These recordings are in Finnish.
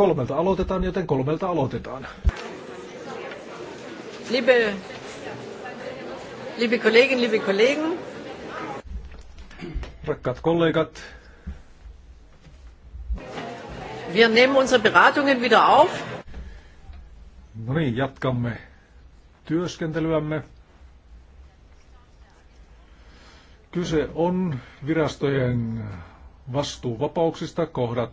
Kolmelta aloitetaan, joten kolmelta aloitetaan. Liebe, liebe Kollegen, liebe Kollegen. Rakkaat kollegat. Wir nehmen unsere Beratungen wieder auf. No niin, jatkamme työskentelyämme. Kyse on virastojen vastuuvapauksista kohdat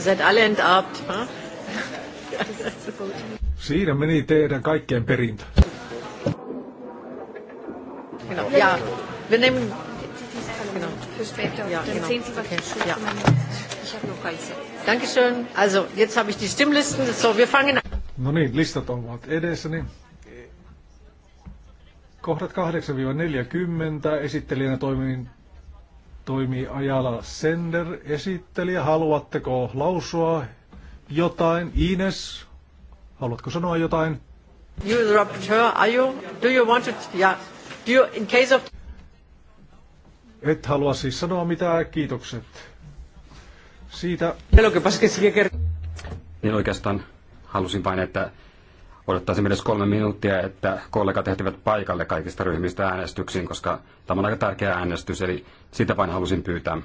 Ihr seid alle enterbt. Siinä meni teidän kaikkien perintö. Genau. Ja, wir nehmen genau. für später. Ja, genau. Sehen Sie, was ja. Ich habe noch Reise. Dankeschön. Also, jetzt habe ich die Stimmlisten. So, wir fangen an. No niin, listat ovat edessäni. Niin- Kohdat 8-40 esittelijänä toimin toimii Ajala Sender esittelijä. Haluatteko lausua jotain? Ines, haluatko sanoa jotain? You the rapporteur, are you? Do you want yeah. Do you, in case of... Et halua siis sanoa mitään, kiitokset. Siitä... Niin oikeastaan halusin vain, että odottaisin edes kolme minuuttia, että kollegat ehtivät paikalle kaikista ryhmistä äänestyksiin, koska tämä on aika tärkeä äänestys, eli sitä vain halusin pyytää.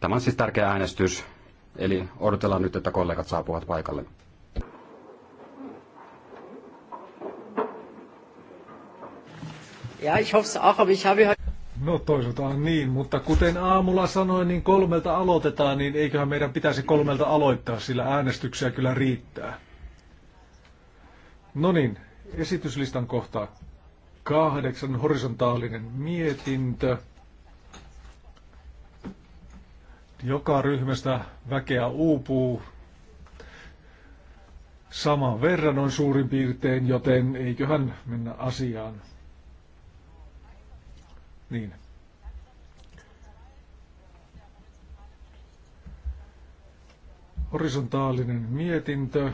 Tämä on siis tärkeä äänestys, eli odotellaan nyt, että kollegat saapuvat paikalle. Ja, ich hoffe es auch, aber ich habe No toivotaan niin, mutta kuten aamulla sanoin, niin kolmelta aloitetaan, niin eiköhän meidän pitäisi kolmelta aloittaa, sillä äänestyksiä kyllä riittää. No niin, esityslistan kohtaa kahdeksan, horisontaalinen mietintö. Joka ryhmästä väkeä uupuu saman verran on suurin piirtein, joten eiköhän mennä asiaan. Niin. Horisontaalinen mietintö.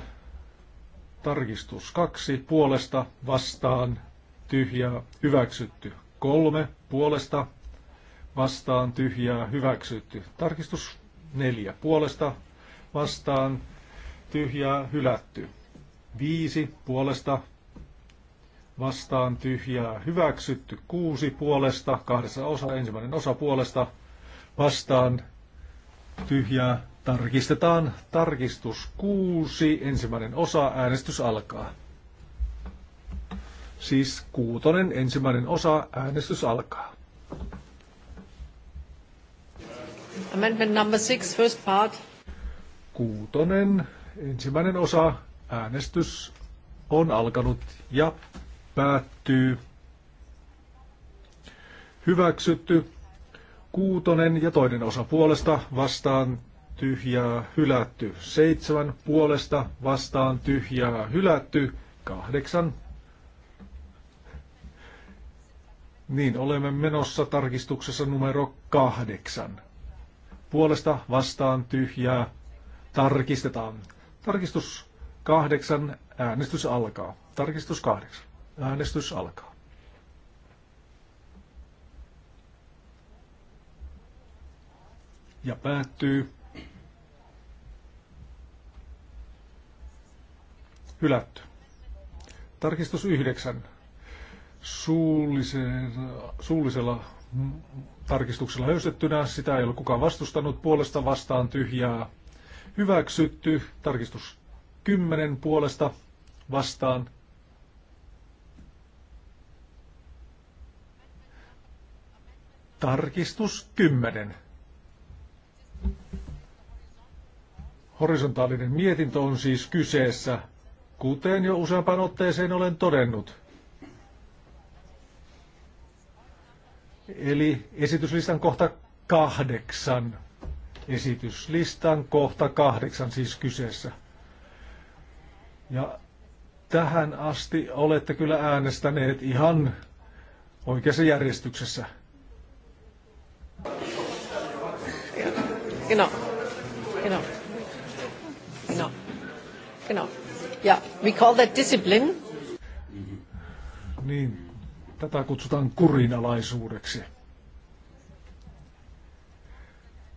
Tarkistus kaksi Puolesta vastaan tyhjää hyväksytty. kolme Puolesta vastaan tyhjää hyväksytty. Tarkistus neljä Puolesta vastaan tyhjää hylätty. viisi Puolesta vastaan tyhjää hyväksytty kuusi puolesta, kahdessa osa, ensimmäinen osa puolesta vastaan tyhjää tarkistetaan. Tarkistus kuusi, ensimmäinen osa, äänestys alkaa. Siis kuutonen, ensimmäinen osa, äänestys alkaa. Amendment number six, first part. Kuutonen, ensimmäinen osa, äänestys on alkanut ja päättyy. Hyväksytty. Kuutonen ja toinen osa puolesta vastaan tyhjää hylätty. Seitsemän puolesta vastaan tyhjää hylätty. Kahdeksan. Niin, olemme menossa tarkistuksessa numero kahdeksan. Puolesta vastaan tyhjää tarkistetaan. Tarkistus kahdeksan. Äänestys alkaa. Tarkistus kahdeksan. Äänestys alkaa. Ja päättyy. Hylätty. Tarkistus yhdeksän. Suullisella, suullisella tarkistuksella höystettynä. Sitä ei ole kukaan vastustanut. Puolesta vastaan tyhjää. Hyväksytty. Tarkistus 10 puolesta vastaan Tarkistus 10. Horisontaalinen mietintö on siis kyseessä, kuten jo useampaan otteeseen olen todennut. Eli esityslistan kohta kahdeksan. Esityslistan kohta kahdeksan siis kyseessä. Ja tähän asti olette kyllä äänestäneet ihan oikeassa järjestyksessä. Genau. Genau. Genau. Genau. Ja, we call that discipline. Niin, tätä kutsutaan kurinalaisuudeksi.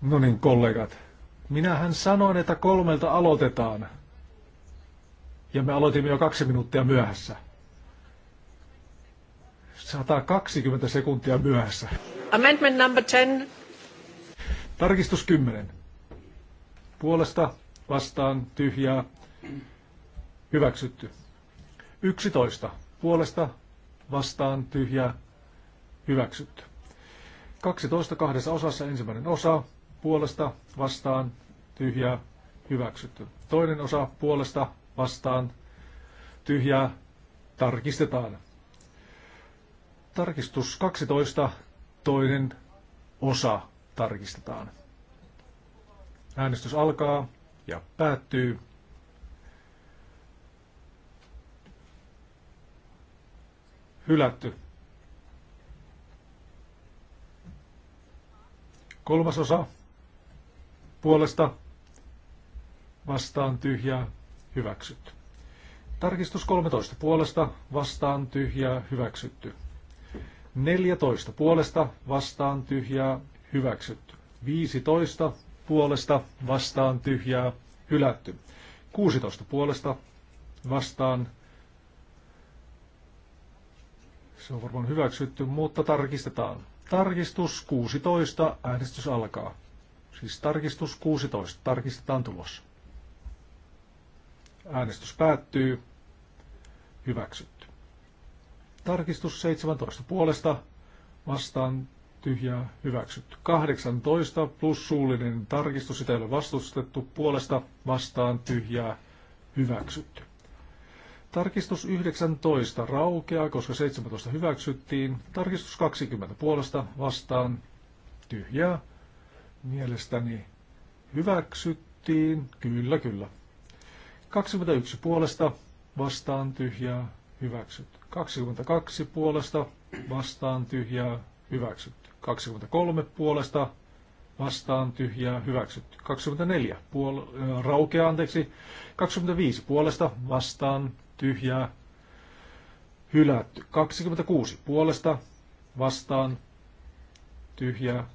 No niin, kollegat. Minähän sanoin, että kolmelta aloitetaan. Ja me aloitimme jo kaksi minuuttia myöhässä. 120 sekuntia myöhässä. Amendment number 10. Tarkistus 10. Puolesta, vastaan, tyhjää, hyväksytty. 11. Puolesta, vastaan, tyhjää, hyväksytty. 12 kahdessa osassa ensimmäinen osa, puolesta, vastaan, tyhjää, hyväksytty. Toinen osa, puolesta, vastaan, tyhjää, tarkistetaan. Tarkistus 12, toinen osa tarkistetaan. Äänestys alkaa ja päättyy. Hylätty. Kolmas osa puolesta vastaan tyhjää hyväksytty. Tarkistus 13 puolesta vastaan tyhjää hyväksytty. 14 puolesta vastaan tyhjää hyväksytty. 15 puolesta vastaan tyhjää hylätty. 16 puolesta vastaan se on varmaan hyväksytty, mutta tarkistetaan. Tarkistus 16, äänestys alkaa. Siis tarkistus 16, tarkistetaan tulos. Äänestys päättyy. Hyväksytty. Tarkistus 17 puolesta vastaan tyhjää hyväksytty. 18 plus suullinen tarkistus, sitä ei ole vastustettu, puolesta vastaan tyhjää hyväksytty. Tarkistus 19 raukeaa, koska 17 hyväksyttiin. Tarkistus 20 puolesta vastaan tyhjää. Mielestäni hyväksyttiin. Kyllä, kyllä. 21 puolesta vastaan tyhjää hyväksytty. 22 puolesta vastaan tyhjää hyväksytty. 23 puolesta vastaan tyhjää hyväksytty. 24 puol- äh, raukea, anteeksi. 25 puolesta vastaan tyhjää hylätty. 26 puolesta vastaan tyhjää.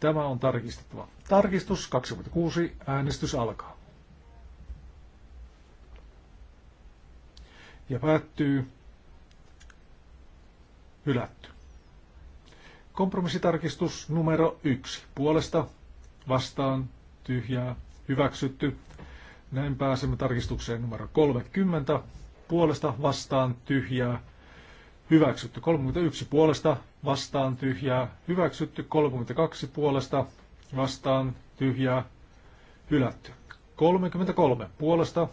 Tämä on tarkistettava. Tarkistus 26, äänestys alkaa. ja päättyy. Hylätty. Kompromissitarkistus numero yksi. Puolesta vastaan tyhjää hyväksytty. Näin pääsemme tarkistukseen numero 30. Puolesta vastaan tyhjää hyväksytty. 31 puolesta vastaan tyhjää hyväksytty. 32 puolesta vastaan tyhjää hylätty. 33 puolesta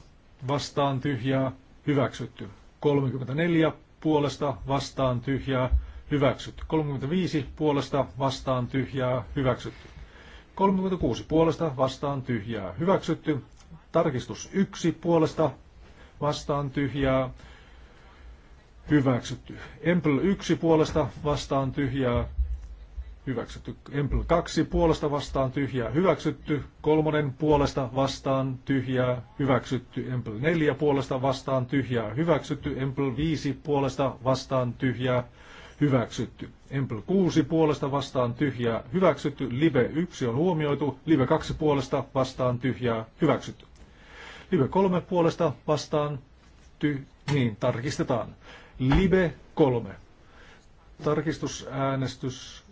vastaan tyhjää hyväksytty. 34 puolesta vastaan tyhjää hyväksytty. 35 puolesta vastaan tyhjää hyväksytty. 36 puolesta vastaan tyhjää hyväksytty. Tarkistus 1 puolesta vastaan tyhjää hyväksytty. Empel 1 puolesta vastaan tyhjää hyväksytty. Empl 2 puolesta vastaan tyhjää hyväksytty. Kolmonen puolesta vastaan tyhjää hyväksytty. Empl 4 puolesta vastaan tyhjää hyväksytty. Empl 5 puolesta vastaan tyhjää hyväksytty. Empl 6 puolesta vastaan tyhjää hyväksytty. Live 1 on huomioitu. Live 2 puolesta vastaan tyhjää hyväksytty. Live 3 puolesta vastaan ty... Niin, tarkistetaan. Live 3. Tarkistusäänestys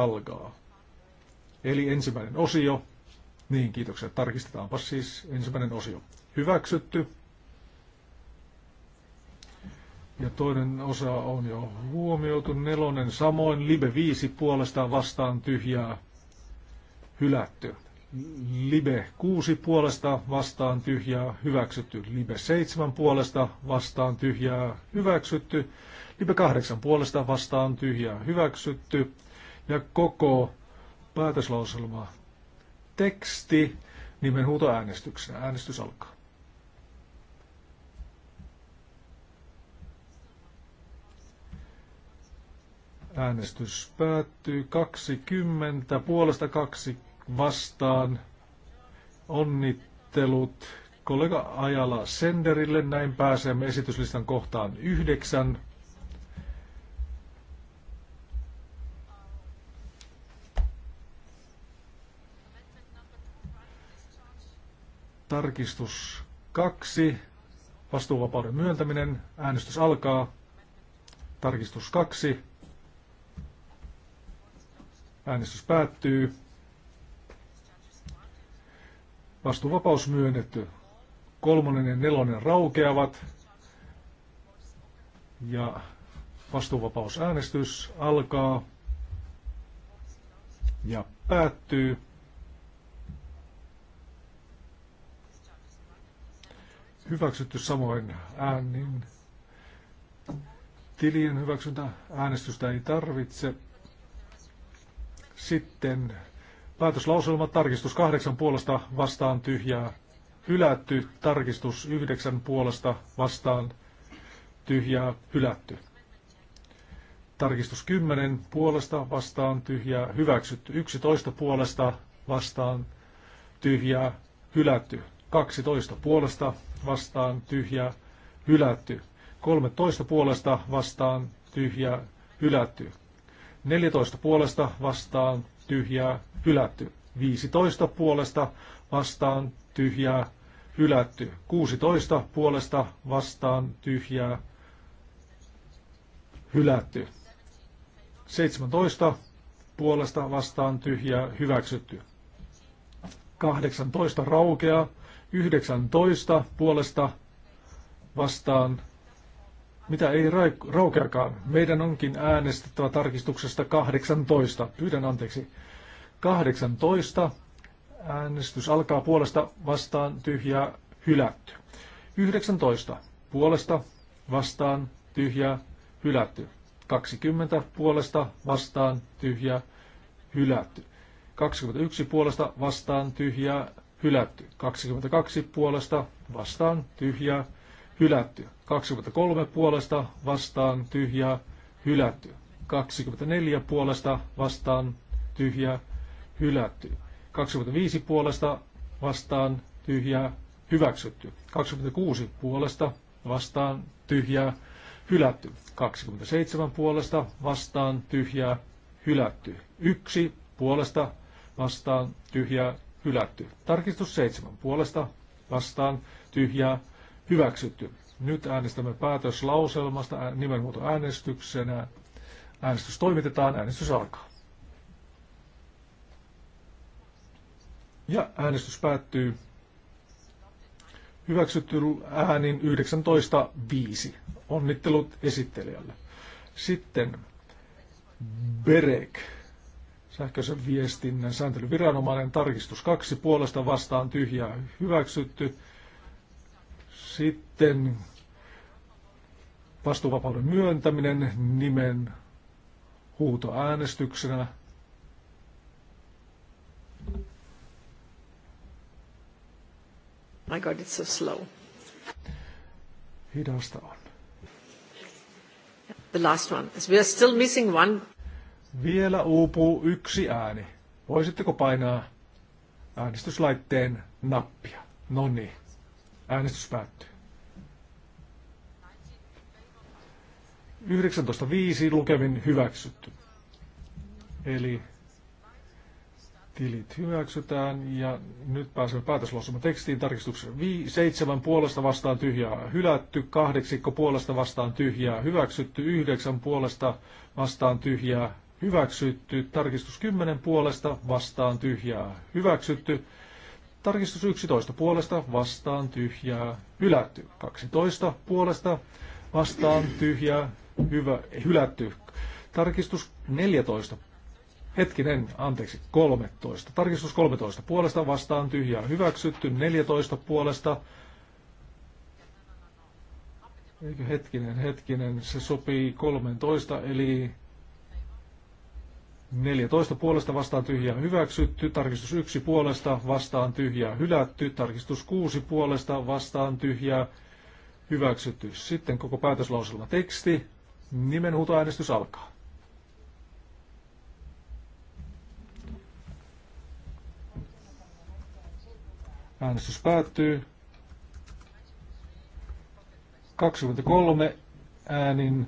alkaa. Eli ensimmäinen osio. Niin, kiitoksia. Tarkistetaanpa siis ensimmäinen osio. Hyväksytty. Ja toinen osa on jo huomioitu. Nelonen samoin. Libe 5 puolestaan vastaan tyhjää hylätty. Libe 6 puolesta vastaan tyhjää hyväksytty. Libe 7 puolesta vastaan tyhjää hyväksytty. Libe 8 puolesta vastaan tyhjää hyväksytty ja koko päätöslauselma teksti nimen huutoäänestyksenä. Äänestys alkaa. Äänestys päättyy 20, puolesta kaksi vastaan. Onnittelut kollega Ajala Senderille. Näin pääsemme esityslistan kohtaan yhdeksän. Tarkistus 2. Vastuuvapauden myöntäminen. Äänestys alkaa. Tarkistus 2. Äänestys päättyy. Vastuuvapaus myönnetty. Kolmonen ja nelonen raukeavat. Ja vastuuvapausäänestys alkaa ja päättyy. hyväksytty samoin äänin. Tilien hyväksyntä äänestystä ei tarvitse. Sitten päätöslauselma tarkistus kahdeksan puolesta vastaan tyhjää. Hylätty tarkistus yhdeksän puolesta vastaan tyhjää hylätty. Tarkistus 10 puolesta vastaan tyhjää hyväksytty. 11 puolesta vastaan tyhjää hylätty. 12 puolesta vastaan tyhjä hylätty. 13 puolesta vastaan tyhjä hylätty. 14 puolesta vastaan tyhjä hylätty. 15 puolesta vastaan tyhjä hylätty. 16 puolesta vastaan tyhjä hylätty. 17 puolesta vastaan tyhjä hyväksytty. 18 raukeaa. 19 puolesta vastaan, mitä ei raukeakaan. Meidän onkin äänestettävä tarkistuksesta 18. Pyydän anteeksi. 18. Äänestys alkaa puolesta vastaan tyhjää hylätty. 19. Puolesta vastaan tyhjää hylätty. 20 puolesta vastaan tyhjä hylätty. 21 puolesta vastaan tyhjä hylätty. 22 puolesta vastaan tyhjää, hylätty. 23 puolesta vastaan tyhjää, hylätty. 24 puolesta vastaan tyhjää, hylätty. 25 puolesta vastaan tyhjää, hyväksytty. 26 puolesta vastaan tyhjää, hylätty. 27 puolesta vastaan tyhjää, hylätty. 1 puolesta vastaan tyhjää, hylätty. Tarkistus 7 puolesta vastaan tyhjää hyväksytty. Nyt äänestämme päätöslauselmasta nimenmuoto äänestyksenä. Äänestys toimitetaan, äänestys alkaa. Ja äänestys päättyy hyväksytty äänin 19.5. Onnittelut esittelijälle. Sitten Berek sähköisen viestinnän sääntelyviranomainen tarkistus kaksi puolesta vastaan tyhjää hyväksytty. Sitten vastuuvapauden myöntäminen nimen huutoäänestyksenä. My God, it's so slow. Hidasta on. The last one. We are still missing one vielä uupuu yksi ääni. Voisitteko painaa äänestyslaitteen nappia? No niin. Äänestys päättyy. 19.5 lukemin hyväksytty. Eli tilit hyväksytään ja nyt pääsemme päätöslausuma tekstiin tarkistuksen 7 puolesta vastaan tyhjää hylätty, kahdeksikko puolesta vastaan tyhjää hyväksytty, yhdeksän puolesta vastaan tyhjää Hyväksytty. Tarkistus 10 puolesta vastaan tyhjää. Hyväksytty. Tarkistus 11 puolesta vastaan tyhjää. Hylätty. 12 puolesta vastaan tyhjää. Hyvä, hylätty. Tarkistus 14 Hetkinen, anteeksi, 13. Tarkistus 13 puolesta vastaan tyhjää hyväksytty, 14 puolesta. Eikö hetkinen, hetkinen, se sopii 13, eli 14 puolesta vastaan tyhjää hyväksytty, tarkistus 1 puolesta vastaan tyhjää hylätty, tarkistus 6 puolesta vastaan tyhjää hyväksytty. Sitten koko päätöslauselma teksti, nimenhuutoäänestys alkaa. Äänestys päättyy. 23 äänin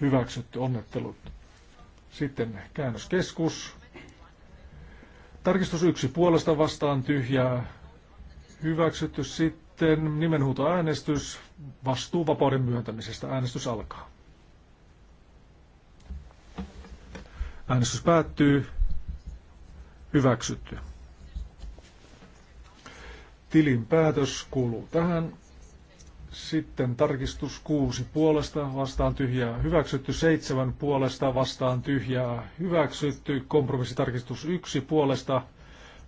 hyväksytty onnettelut. Sitten käännöskeskus. Tarkistus yksi puolesta vastaan tyhjää. Hyväksytty sitten nimenhuutoäänestys vapauden myöntämisestä. Äänestys alkaa. Äänestys päättyy. Hyväksytty. Tilin päätös kuuluu tähän. Sitten tarkistus 6 puolesta vastaan tyhjää hyväksytty, 7 puolesta vastaan tyhjää hyväksytty, kompromissitarkistus 1 puolesta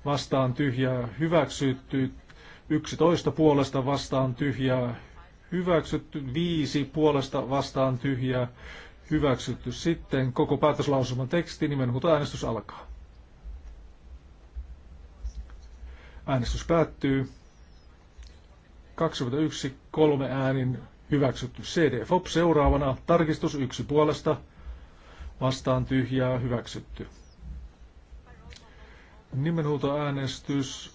vastaan tyhjää hyväksytty, 11 puolesta vastaan tyhjää hyväksytty, 5 puolesta vastaan tyhjää hyväksytty. Sitten koko päätöslausuman teksti, nimenhuuto äänestys alkaa. Äänestys päättyy. 21 kolme äänin hyväksytty CD FOP seuraavana tarkistus yksi puolesta vastaan tyhjää hyväksytty. Nimenhuutoäänestys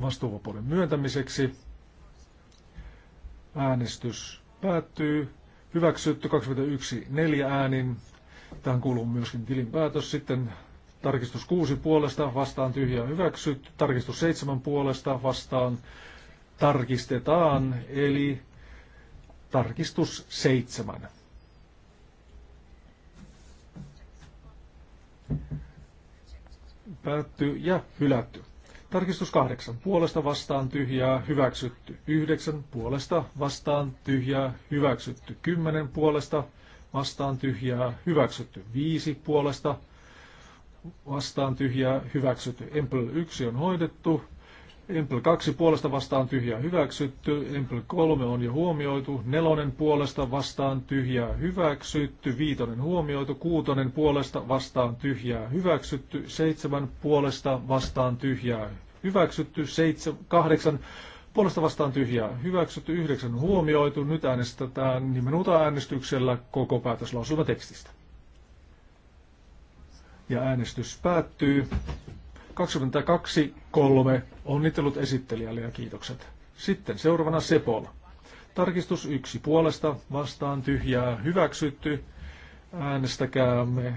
vastuuvapuolen myöntämiseksi. Äänestys päättyy. Hyväksytty 21 neljä äänin. Tähän kuuluu myöskin tilinpäätös. Sitten Tarkistus 6 puolesta vastaan tyhjää hyväksytty. Tarkistus 7 puolesta vastaan tarkistetaan, eli tarkistus 7. Päätty ja hylätty. Tarkistus 8. Puolesta vastaan tyhjää hyväksytty. 9. Puolesta vastaan tyhjää hyväksytty. 10. Puolesta vastaan tyhjää hyväksytty. 5. Puolesta vastaan tyhjää hyväksytty. Empel 1 on hoidettu. Empel 2 puolesta vastaan tyhjää hyväksytty. Empel 3 on jo huomioitu. Nelonen puolesta vastaan tyhjää hyväksytty. Viitonen huomioitu. Kuutonen puolesta vastaan tyhjää hyväksytty. Seitsemän puolesta vastaan tyhjää hyväksytty. Seitse, kahdeksan puolesta vastaan tyhjää hyväksytty. Yhdeksän huomioitu. Nyt äänestetään nimenuuta äänestyksellä koko päätöslausuma tekstistä. Ja äänestys päättyy. 22.3. Onnittelut esittelijälle ja kiitokset. Sitten seuraavana Sepol. Tarkistus yksi puolesta vastaan tyhjää hyväksytty. Äänestäkäämme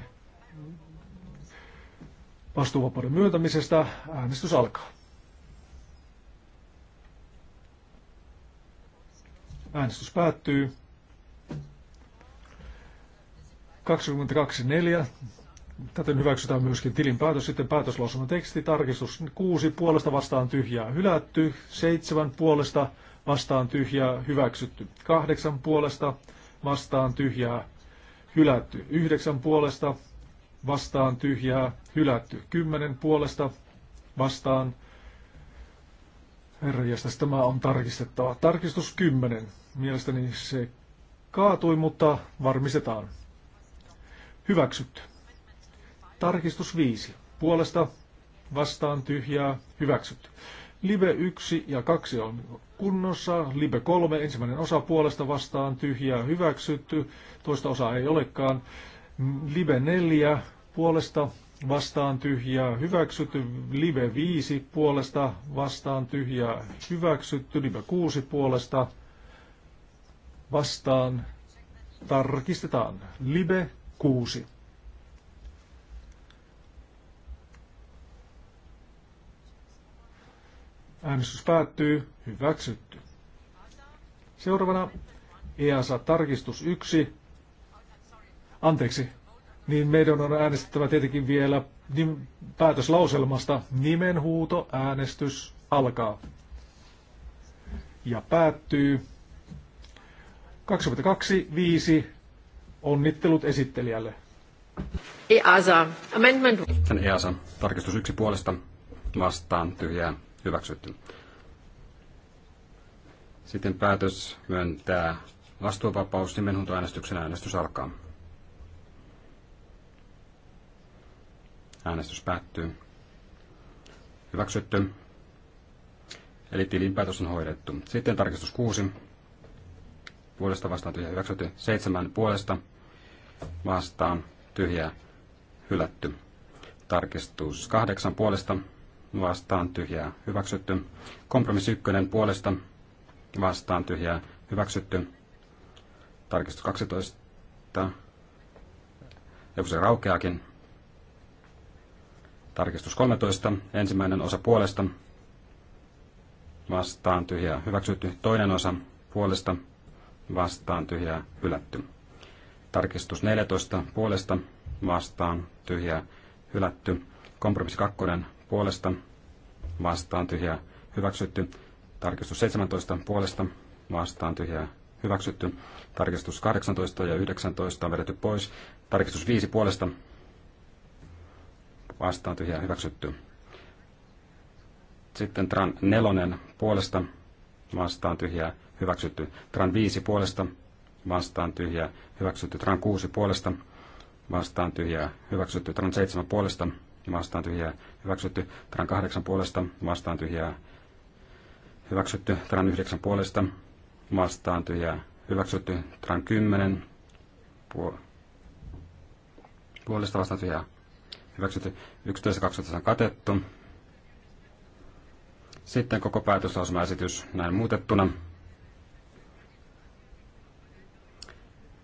vastuuvapauden myöntämisestä. Äänestys alkaa. Äänestys päättyy. 22.4. Täten hyväksytään myöskin tilinpäätös, sitten päätöslausuman teksti, tarkistus 6, puolesta vastaan tyhjää hylätty, 7 puolesta vastaan tyhjää hyväksytty, 8 puolesta vastaan tyhjää hylätty, 9 puolesta vastaan tyhjää hylätty, 10 puolesta vastaan Herranjestas, tämä on tarkistettava. Tarkistus 10. Mielestäni se kaatui, mutta varmistetaan. Hyväksytty. Tarkistus 5. Puolesta vastaan tyhjää hyväksytty. Live 1 ja 2 on kunnossa. Live 3, ensimmäinen osa puolesta vastaan tyhjää hyväksytty. Toista osaa ei olekaan. Live 4 puolesta vastaan tyhjää hyväksytty. Live 5 puolesta vastaan tyhjää hyväksytty. Live 6 puolesta vastaan tarkistetaan. Live 6. Äänestys päättyy. Hyväksytty. Seuraavana EASA tarkistus 1. Anteeksi. Niin meidän on äänestettävä tietenkin vielä päätöslauselmasta. Nimenhuuto äänestys alkaa. Ja päättyy. 22.5. Onnittelut esittelijälle. EASA. Amendment. EASA. E tarkistus yksi puolesta vastaan tyhjää hyväksytty. Sitten päätös myöntää vastuuvapaus nimenhuuntoäänestyksen äänestys alkaa. Äänestys päättyy. Hyväksytty. Eli tilinpäätös on hoidettu. Sitten tarkistus 6. Puolesta vastaan tyhjä hyväksytty. 7 puolesta vastaan tyhjä hylätty. Tarkistus 8 puolesta vastaan tyhjää hyväksytty. Kompromissi ykkönen puolesta vastaan tyhjää hyväksytty. Tarkistus 12. Joku se raukeakin. Tarkistus 13. Ensimmäinen osa puolesta vastaan tyhjää hyväksytty. Toinen osa puolesta vastaan tyhjää hylätty. Tarkistus 14. Puolesta vastaan tyhjää hylätty. Kompromissi 2 puolesta vastaan tyhjää hyväksytty. Tarkistus 17 puolesta vastaan tyhjää hyväksytty. Tarkistus 18 ja 19 on vedetty pois. Tarkistus 5 puolesta vastaan tyhjää hyväksytty. Sitten Tran 4 puolesta vastaan tyhjää hyväksytty. Tran 5 puolesta vastaan tyhjää hyväksytty. Tran 6 puolesta vastaan tyhjää hyväksytty. Tran 7 puolesta vastaan tyhjää hyväksytty. Tran kahdeksan puolesta vastaan tyhjää hyväksytty. Tran yhdeksän puolesta vastaan tyhjää hyväksytty. Tran kymmenen puol- puolesta vastaan tyhjää hyväksytty. 11 12 on katettu. Sitten koko päätöslausumaesitys näin muutettuna.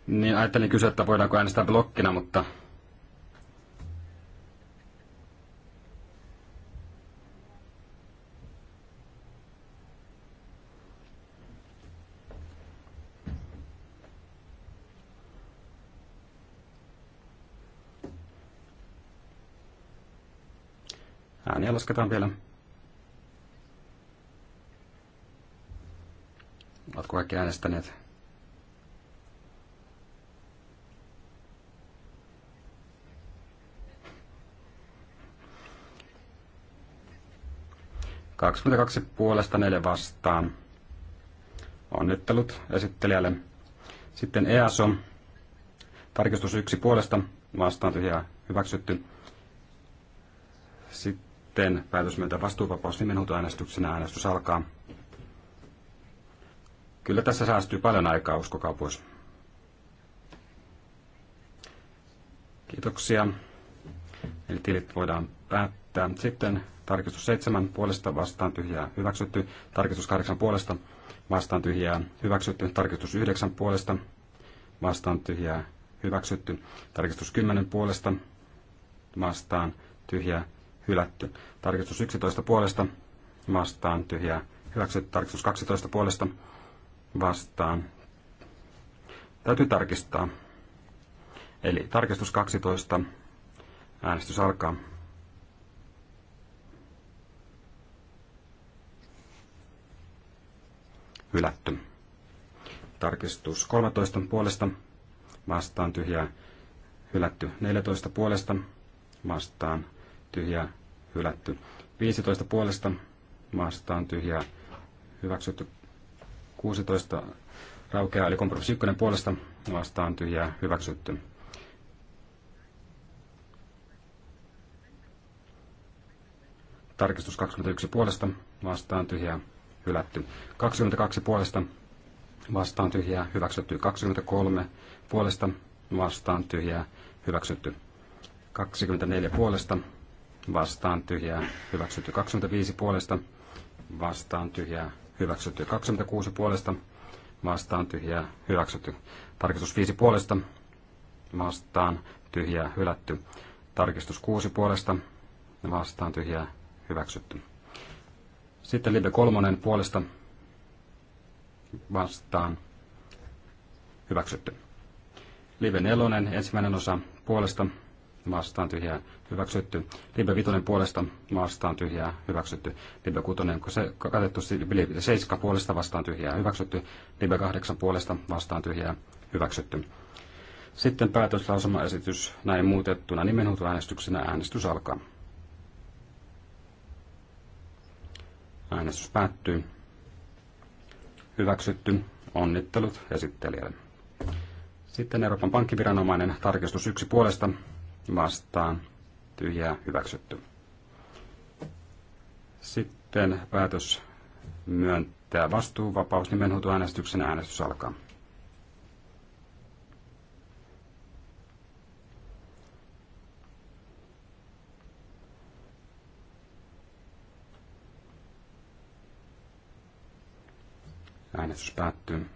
Niin ajattelin kysyä, että voidaanko äänestää blokkina, mutta lasketaan vielä. Oletko kaikki äänestäneet? kaksi puolesta neljä vastaan. Onnittelut esittelijälle. Sitten EASO. Tarkistus yksi puolesta vastaan tyhjää hyväksytty. Sitten sitten päätös myöntää vastuuvapaus nimenhuutoäänestyksenä. Äänestys alkaa. Kyllä tässä säästyy paljon aikaa, uskokaa pois. Kiitoksia. Eli tilit voidaan päättää. Sitten tarkistus 7 puolesta vastaan tyhjää hyväksytty. Tarkistus 8 puolesta vastaan tyhjää hyväksytty. Tarkistus 9 puolesta vastaan tyhjää hyväksytty. Tarkistus 10 puolesta vastaan tyhjää hylätty. Tarkistus 11 puolesta vastaan tyhjää hyväksytty. Tarkistus 12 puolesta vastaan. Täytyy tarkistaa. Eli tarkistus 12. Äänestys alkaa. Hylätty. Tarkistus 13 puolesta vastaan tyhjää hylätty 14 puolesta vastaan tyhjää hylätty. 15 puolesta maasta on tyhjää hyväksytty. 16 raukea eli kompromissi 1 puolesta vastaan tyhjää hyväksytty. Tarkistus 21 puolesta vastaan tyhjää hylätty. 22 puolesta vastaan tyhjää hyväksytty. 23 puolesta vastaan tyhjää hyväksytty. 24 puolesta vastaan tyhjää hyväksytty 25 puolesta, vastaan tyhjää hyväksytty 26 puolesta, vastaan tyhjää hyväksytty tarkistus 5 puolesta, vastaan tyhjää hylätty tarkistus 6 puolesta, vastaan tyhjää hyväksytty. Sitten live kolmonen puolesta vastaan hyväksytty. Live nelonen ensimmäinen osa puolesta vastaan tyhjää hyväksytty. Libe 5 puolesta vastaan tyhjää hyväksytty. Libe 6 onko se katettu? Libe 7 puolesta vastaan tyhjää hyväksytty. Libe 8 puolesta vastaan tyhjää hyväksytty. Sitten päätöslausumaesitys näin muutettuna nimenhuutoäänestyksenä äänestys alkaa. Äänestys päättyy. Hyväksytty. Onnittelut esittelijälle. Sitten Euroopan pankkiviranomainen tarkistus yksi puolesta vastaan tyhjää hyväksytty. Sitten päätös myöntää vastuuvapaus nimenhuutoäänestyksen äänestys alkaa. Äänestys päättyy.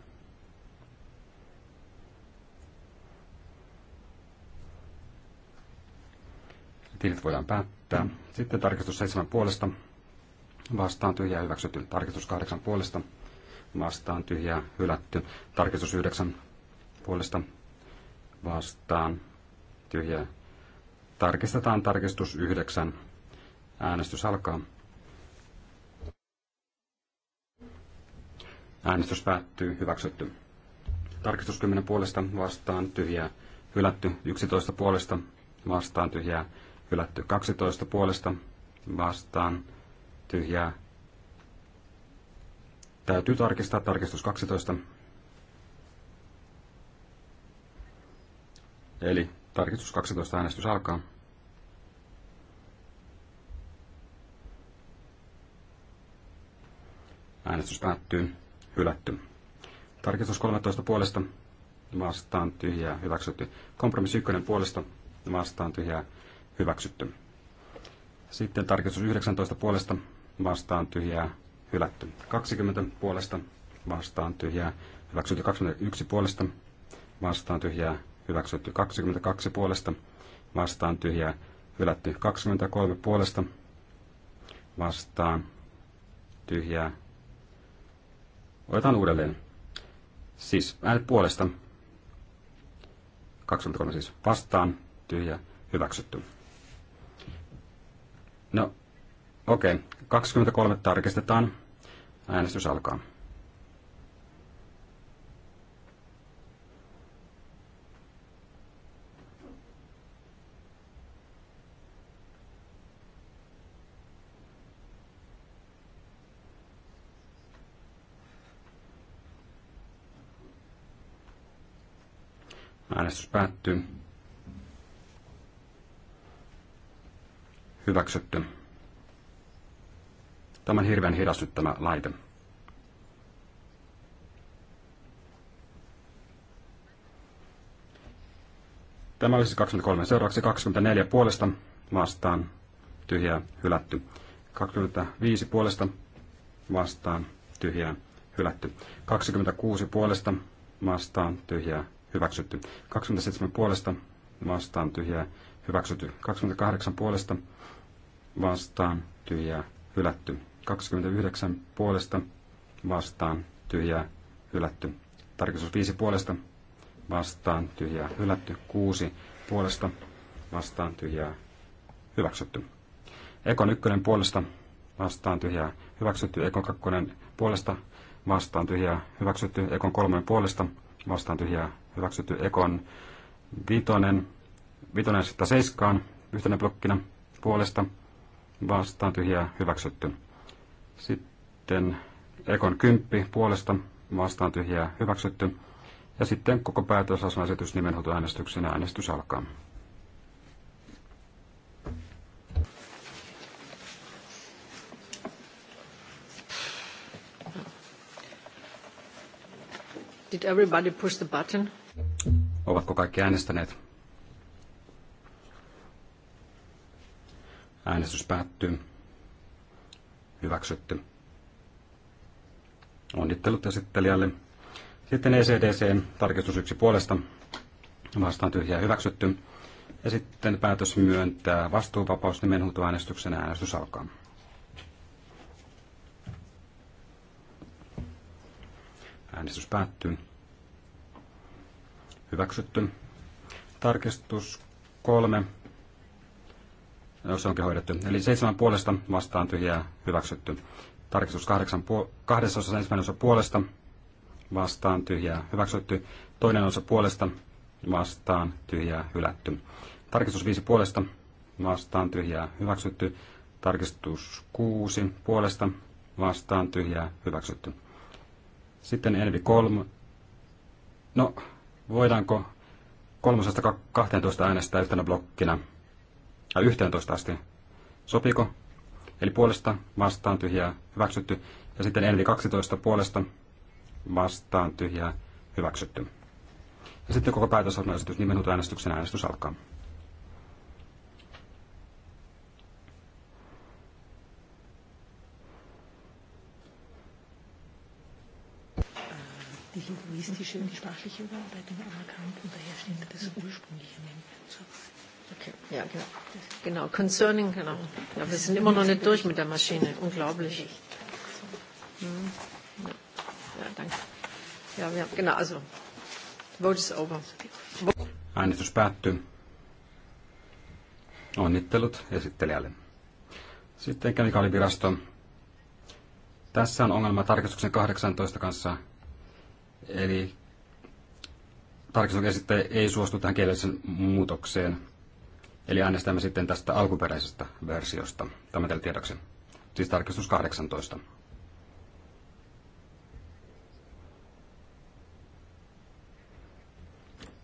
Tilit voidaan päättää. Sitten tarkistus 7 puolesta vastaan tyhjää hyväksytty. Tarkistus 8 puolesta vastaan tyhjää hylätty. Tarkistus 9 puolesta vastaan tyhjää. Tarkistetaan tarkistus 9. Äänestys alkaa. Äänestys päättyy. Hyväksytty. Tarkistus 10 puolesta vastaan tyhjää. Hylätty 11 puolesta vastaan tyhjää hylätty 12 puolesta vastaan tyhjää. Täytyy tarkistaa tarkistus 12. Eli tarkistus 12 äänestys alkaa. Äänestys päättyy. Hylätty. Tarkistus 13 puolesta vastaan tyhjää hyväksytty. Kompromissi 1 puolesta vastaan tyhjää hyväksytty. Sitten tarkistus 19 puolesta vastaan tyhjää hylätty. 20 puolesta vastaan tyhjää hyväksytty. 21 puolesta vastaan tyhjää hyväksytty. 22 puolesta vastaan tyhjää hylätty. 23 puolesta vastaan tyhjää. Otetaan uudelleen. Siis äänet puolesta. 23 siis vastaan tyhjää hyväksytty. No, okei. Okay. 23 tarkistetaan. Äänestys alkaa. Äänestys päättyy. hyväksytty. Tämän hirveän hidas nyt tämä laite. Tämä olisi 23. Seuraavaksi 24 puolesta vastaan tyhjää hylätty. 25 puolesta vastaan tyhjää hylätty. 26 puolesta vastaan tyhjää hyväksytty. 27 puolesta vastaan tyhjää hyväksytty. 28 puolesta vastaan tyhjää hylätty. 29 puolesta vastaan tyhjää hylätty. Tarkistus 5 puolesta vastaan tyhjää hylätty. 6 puolesta vastaan tyhjää hyväksytty. Ekon 1 puolesta vastaan tyhjää hyväksytty. Ekon 2 puolesta vastaan tyhjää hyväksytty. Ekon 3 puolesta vastaan tyhjää hyväksytty. Ekon 5 viitonen seiskaan yhtenä blokkina puolesta vastaan tyhjää hyväksytty. Sitten Ekon kymppi puolesta vastaan tyhjää hyväksytty. Ja sitten koko päätösasun esitys nimenhoitoäänestyksen äänestys alkaa. Did everybody push the button? Ovatko kaikki äänestäneet? Äänestys päättyy. Hyväksytty. Onnittelut esittelijälle. Sitten ECDC, tarkistus yksi puolesta, vastaan tyhjää hyväksytty. Ja sitten päätös myöntää vastuuvapaus äänestyksen äänestys alkaa. Äänestys päättyy. Hyväksytty. Tarkistus kolme jos onkin hoidettu. Eli seitsemän puolesta vastaan tyhjää hyväksytty. Tarkistus kahdeksan puol- kahdessa osassa ensimmäinen osa puolesta vastaan tyhjää hyväksytty. Toinen osa puolesta vastaan tyhjää hylätty. Tarkistus viisi puolesta vastaan tyhjää hyväksytty. Tarkistus kuusi puolesta vastaan tyhjää hyväksytty. Sitten Envi 3. No, voidaanko kolmosesta 12 äänestää yhtenä blokkina? ja 11 asti. Sopiko? Eli puolesta vastaan tyhjää hyväksytty. Ja sitten eli 12 puolesta vastaan tyhjää hyväksytty. Ja sitten koko päätösarvoesitys niin äänestyksen äänestys alkaa. Die linguistische und die sprachliche Überarbeitung anerkannt und daher stimmt das ursprüngliche Mengen zur Wahl. Okay, ja, genau. Genau, concerning, genau. Ja, wir sind immer noch nicht durch mit der Maschine. Unglaublich. Hm. Ja. ja, danke. Ja, ja, genau, also. Vote is over. Äänestys päättyy. Onnittelut esittelijälle. Sitten kemikaalivirasto. Tässä on ongelma tarkistuksen 18 kanssa. Eli tarkistuksen esittäjä ei suostu tähän kielellisen muutokseen. Eli äänestämme sitten tästä alkuperäisestä versiosta. Tämä teille tiedoksi. Siis tarkistus 18.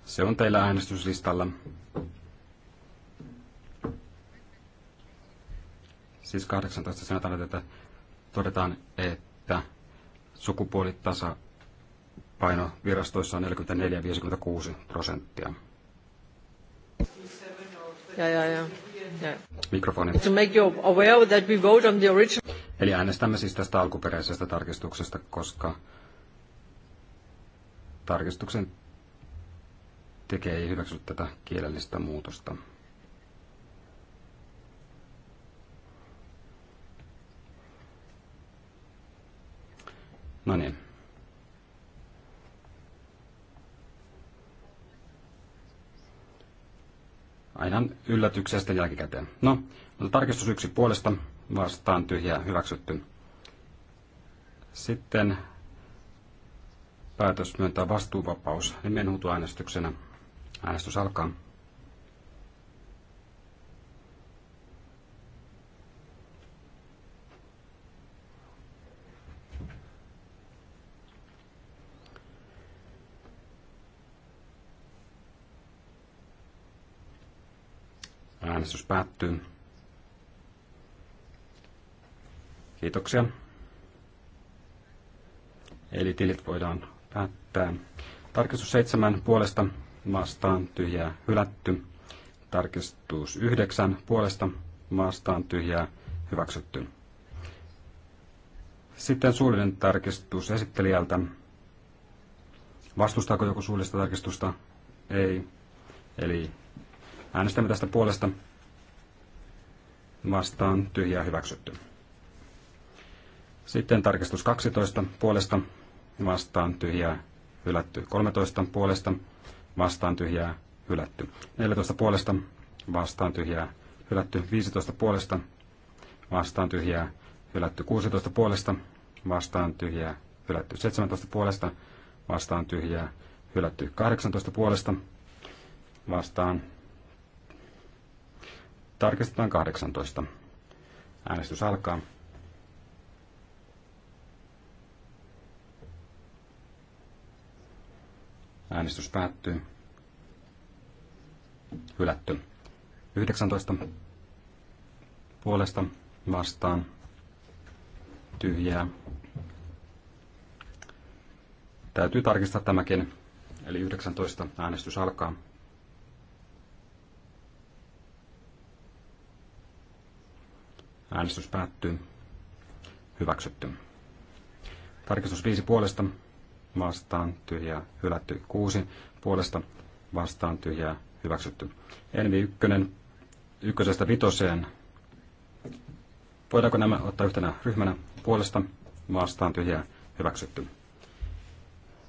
Se on teillä äänestyslistalla. Siis 18 sanotaan, että todetaan, että sukupuolitasa paino virastoissa on 44-56 prosenttia. Mikrofoni. To make you aware that we vote on the original... Eli äänestämme siis tästä alkuperäisestä tarkistuksesta, koska tarkistuksen tekee ei hyväksy tätä kielellistä muutosta. No niin. aina yllätyksestä jälkikäteen. No, tarkistus yksi puolesta vastaan tyhjää hyväksytty. Sitten päätös myöntää vastuuvapaus nimenhuutoäänestyksenä. Äänestys alkaa. Äänestys päättyy. Kiitoksia. Eli tilit voidaan päättää. Tarkistus 7 puolesta vastaan tyhjää hylätty. Tarkistus 9 puolesta vastaan tyhjää hyväksytty. Sitten suullinen tarkistus esittelijältä. Vastustaako joku suullista tarkistusta? Ei. Eli Äänestämme tästä puolesta vastaan tyhjää hyväksytty. Sitten tarkistus 12 puolesta vastaan tyhjää hylätty. 13 puolesta vastaan tyhjää hylätty. 14 puolesta vastaan tyhjää hylätty. 15 puolesta vastaan tyhjää hylätty. 16 puolesta vastaan tyhjää hylätty. 17 puolesta vastaan tyhjää hylätty. 18 puolesta vastaan Tarkistetaan 18. Äänestys alkaa. Äänestys päättyy. Hylätty. 19. Puolesta vastaan. Tyhjää. Täytyy tarkistaa tämäkin. Eli 19 äänestys alkaa. Äänestys päättyy. Hyväksytty. Tarkistus 5 puolesta vastaan tyhjää hylätty. 6 puolesta vastaan tyhjää hyväksytty. Envi 1. Ykkösestä vitoseen. Voidaanko nämä ottaa yhtenä ryhmänä puolesta vastaan tyhjää hyväksytty.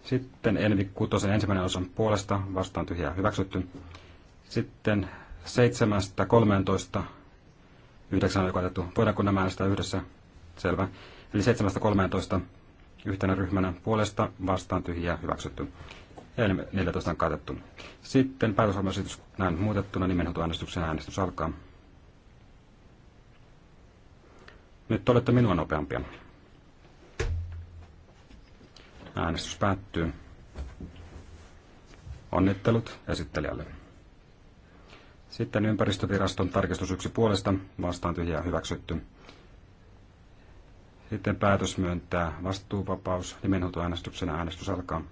Sitten Envi 6. ensimmäinen osa puolesta vastaan tyhjää hyväksytty. Sitten 7.13 Yhdeksän oli katettu. Voidaanko nämä äänestää yhdessä? Selvä. Eli 7-13 yhtenä ryhmänä puolesta vastaan tyhjiä hyväksytty. Ja 14 on katettu. Sitten päätösohjelmaesitys näin muutettuna nimenhoitoäänestyksen äänestys alkaa. Nyt olette minua nopeampia. Äänestys päättyy. Onnittelut esittelijälle. Sitten ympäristöviraston tarkistus yksi puolesta vastaan tyhjää hyväksytty. Sitten päätös myöntää vastuuvapaus nimenhuutoäänestyksenä äänestys alkaa.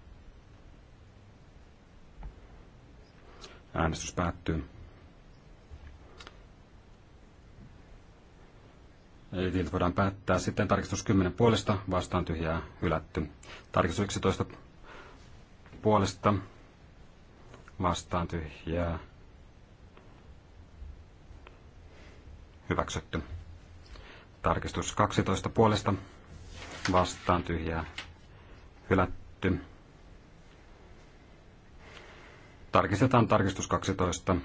Äänestys päättyy. Eli niiltä voidaan päättää. Sitten tarkistus 10 puolesta vastaan tyhjää hylätty. Tarkistus 11 puolesta vastaan tyhjää hylätty hyväksytty. Tarkistus 12 puolesta vastaan tyhjää hylätty. Tarkistetaan tarkistus 12.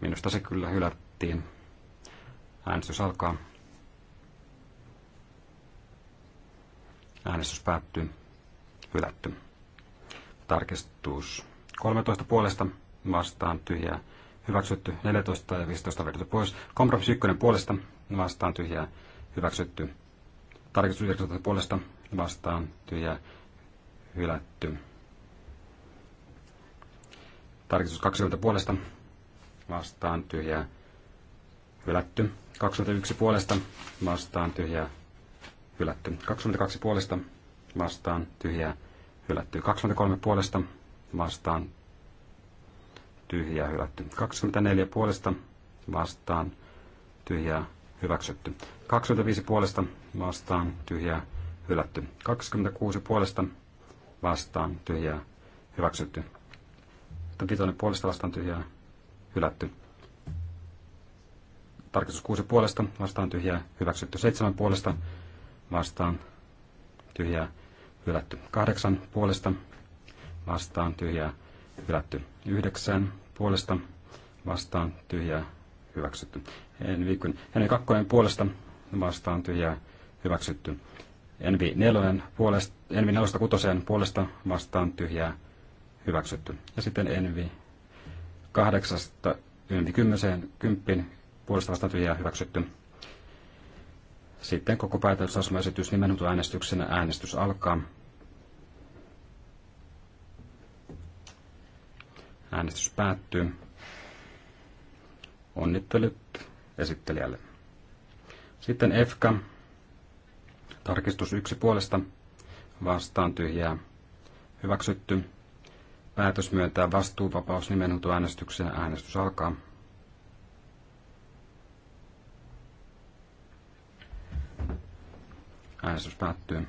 Minusta se kyllä hylättiin. Äänestys alkaa. Äänestys päättyy. Hylätty. Tarkistus 13 puolesta vastaan tyhjää hyväksytty 14 ja 15 vedetty pois. Kompromissi 1 puolesta vastaan tyhjää hyväksytty. Tarkistus 19 puolesta vastaan tyhjää hylätty. Tarkistus 20 puolesta vastaan tyhjää hylätty. 21 puolesta vastaan tyhjää hylätty. 22 puolesta vastaan tyhjää hylätty. 23 puolesta vastaan tyhjää hylätty. 24 puolesta vastaan tyhjää hyväksytty. 25 puolesta vastaan tyhjää hylätty. 26 puolesta vastaan tyhjää hyväksytty. Vitoinen puolesta vastaan tyhjää hylätty. Tarkistus 6 puolesta vastaan tyhjää hyväksytty. 7 puolesta vastaan tyhjää hylätty. 8 puolesta vastaan tyhjää hylätty. 9 puolesta vastaan tyhjää hyväksytty. Envi Henry kakkonen puolesta vastaan tyhjää hyväksytty. Envi nelonen puolesta, Envi nelosta kutoseen puolesta vastaan tyhjää hyväksytty. Ja sitten Envi kahdeksasta Envi kymmeneen kymppin puolesta vastaan tyhjää hyväksytty. Sitten koko päätösasmaesitys äänestyksenä äänestys alkaa. Äänestys päättyy. Onnittelut esittelijälle. Sitten EFKA. Tarkistus yksi puolesta. Vastaan tyhjää. Hyväksytty. Päätös myöntää vastuuvapaus äänestykseen. Äänestys alkaa. Äänestys päättyy.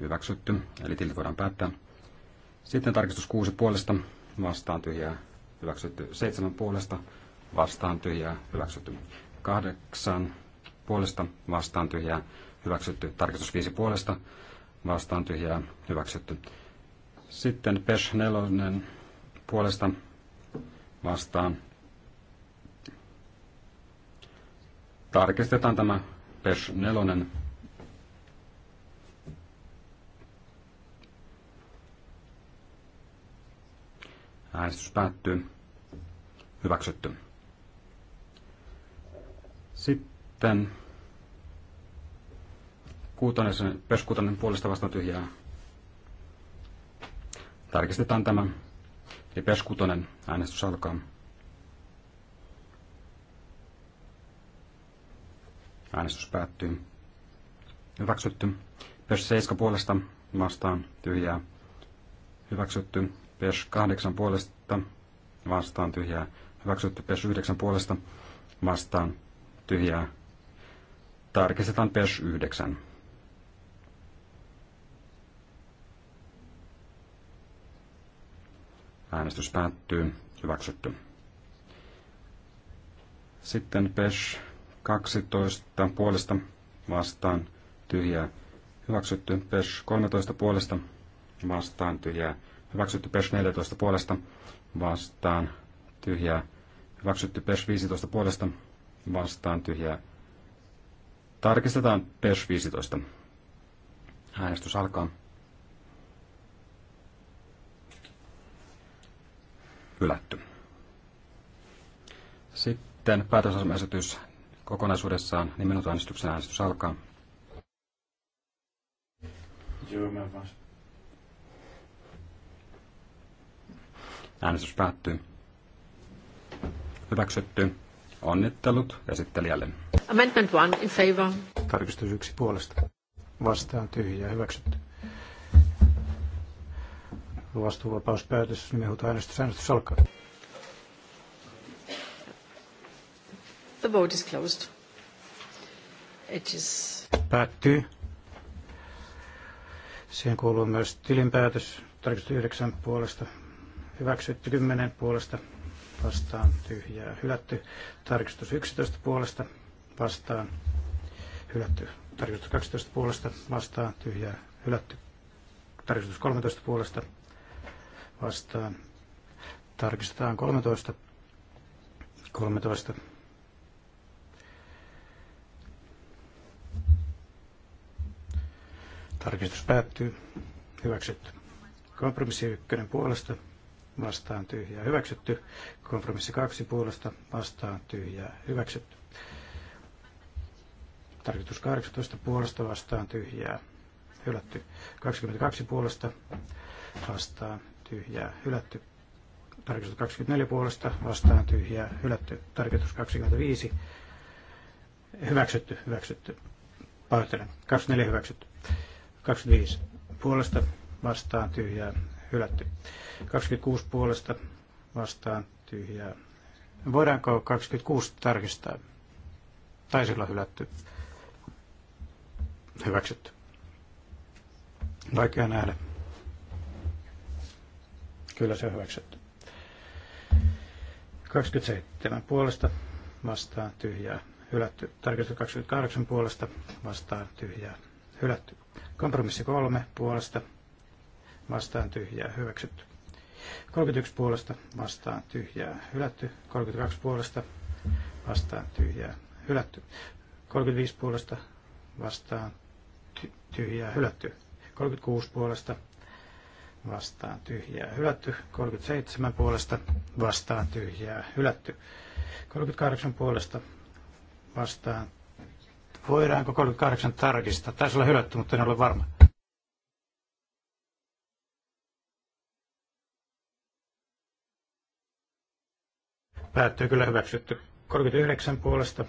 Hyväksytty. Eli tilti voidaan päättää. Sitten tarkistus 6 puolesta vastaan tyhjää hyväksytty. 7 puolesta vastaan tyhjää hyväksytty. 8 puolesta vastaan tyhjää hyväksytty. Tarkistus 5 puolesta vastaan tyhjää hyväksytty. Sitten PES 4 puolesta vastaan. Tarkistetaan tämä PES 4 Äänestys päättyy. Hyväksytty. Sitten kuutonen, peskuutonen puolesta vastaan tyhjää. Tarkistetaan tämä. Eli peskuutonen äänestys alkaa. Äänestys päättyy. Hyväksytty. Pes 7 puolesta vastaan tyhjää. Hyväksytty. PES 8 puolesta vastaan tyhjää hyväksytty, PES 9 puolesta vastaan tyhjää. Tarkistetaan PES 9. Äänestys päättyy. Hyväksytty. Sitten PES 12 puolesta vastaan tyhjää. Hyväksytty. PES 13 puolesta vastaan tyhjää hyväksytty PES 14 puolesta vastaan tyhjää, hyväksytty PES 15 puolesta vastaan tyhjää. Tarkistetaan PES 15. Äänestys alkaa. Hylätty. Sitten päätösasemaisetys kokonaisuudessaan, nimenomaan äänestyksen äänestys alkaa. Joo, mä vastaan. Äänestys päättyy. Hyväksytty. Onnittelut esittelijälle. Amendment 1 in favor. Tarkistus yksi puolesta. Vastaan tyhjä. Hyväksytty. Vastuuvapauspäätös. Nimenhuuto äänestys. Äänestys alkaa. The vote is closed. It is... Päättyy. Siihen kuuluu myös tilinpäätös tarkistus yhdeksän puolesta hyväksytty 10 puolesta vastaan tyhjää hylätty. Tarkistus 11 puolesta vastaan hylätty. Tarkistus 12 puolesta vastaan tyhjää hylätty. Tarkistus 13 puolesta vastaan. Tarkistetaan 13. 13. Tarkistus päättyy. Hyväksytty. Kompromissi ykkönen puolesta vastaan tyhjää hyväksytty. Kompromissi kaksi puolesta vastaan tyhjää hyväksytty. Tarkoitus 18 puolesta vastaan tyhjää hylätty. 22 puolesta vastaan tyhjää hylätty. Tarkoitus 24 puolesta vastaan tyhjää hylätty. Tarkoitus 25 hyväksytty, hyväksytty. Pahoittelen. 24 hyväksytty. 25 puolesta vastaan tyhjää hylätty. 26 puolesta vastaan tyhjää. Voidaanko 26 tarkistaa? Taisi olla hylätty. Hyväksytty. Vaikea nähdä. Kyllä se on hyväksytty. 27 puolesta vastaan tyhjää. Hylätty. Tarkistus 28 puolesta vastaan tyhjää. Hylätty. Kompromissi 3 puolesta vastaan tyhjää hyväksytty. 31 puolesta vastaan tyhjää hylätty. 32 puolesta vastaan tyhjää hylätty. 35 puolesta vastaan tyhjää hylätty. 36 puolesta vastaan tyhjää hylätty. 37 puolesta vastaan tyhjää hylätty. 38 puolesta vastaan. Voidaanko 38 tarkistaa? Taisi olla hylätty, mutta en ole varma. Päättyy kyllä hyväksytty. 39 puolesta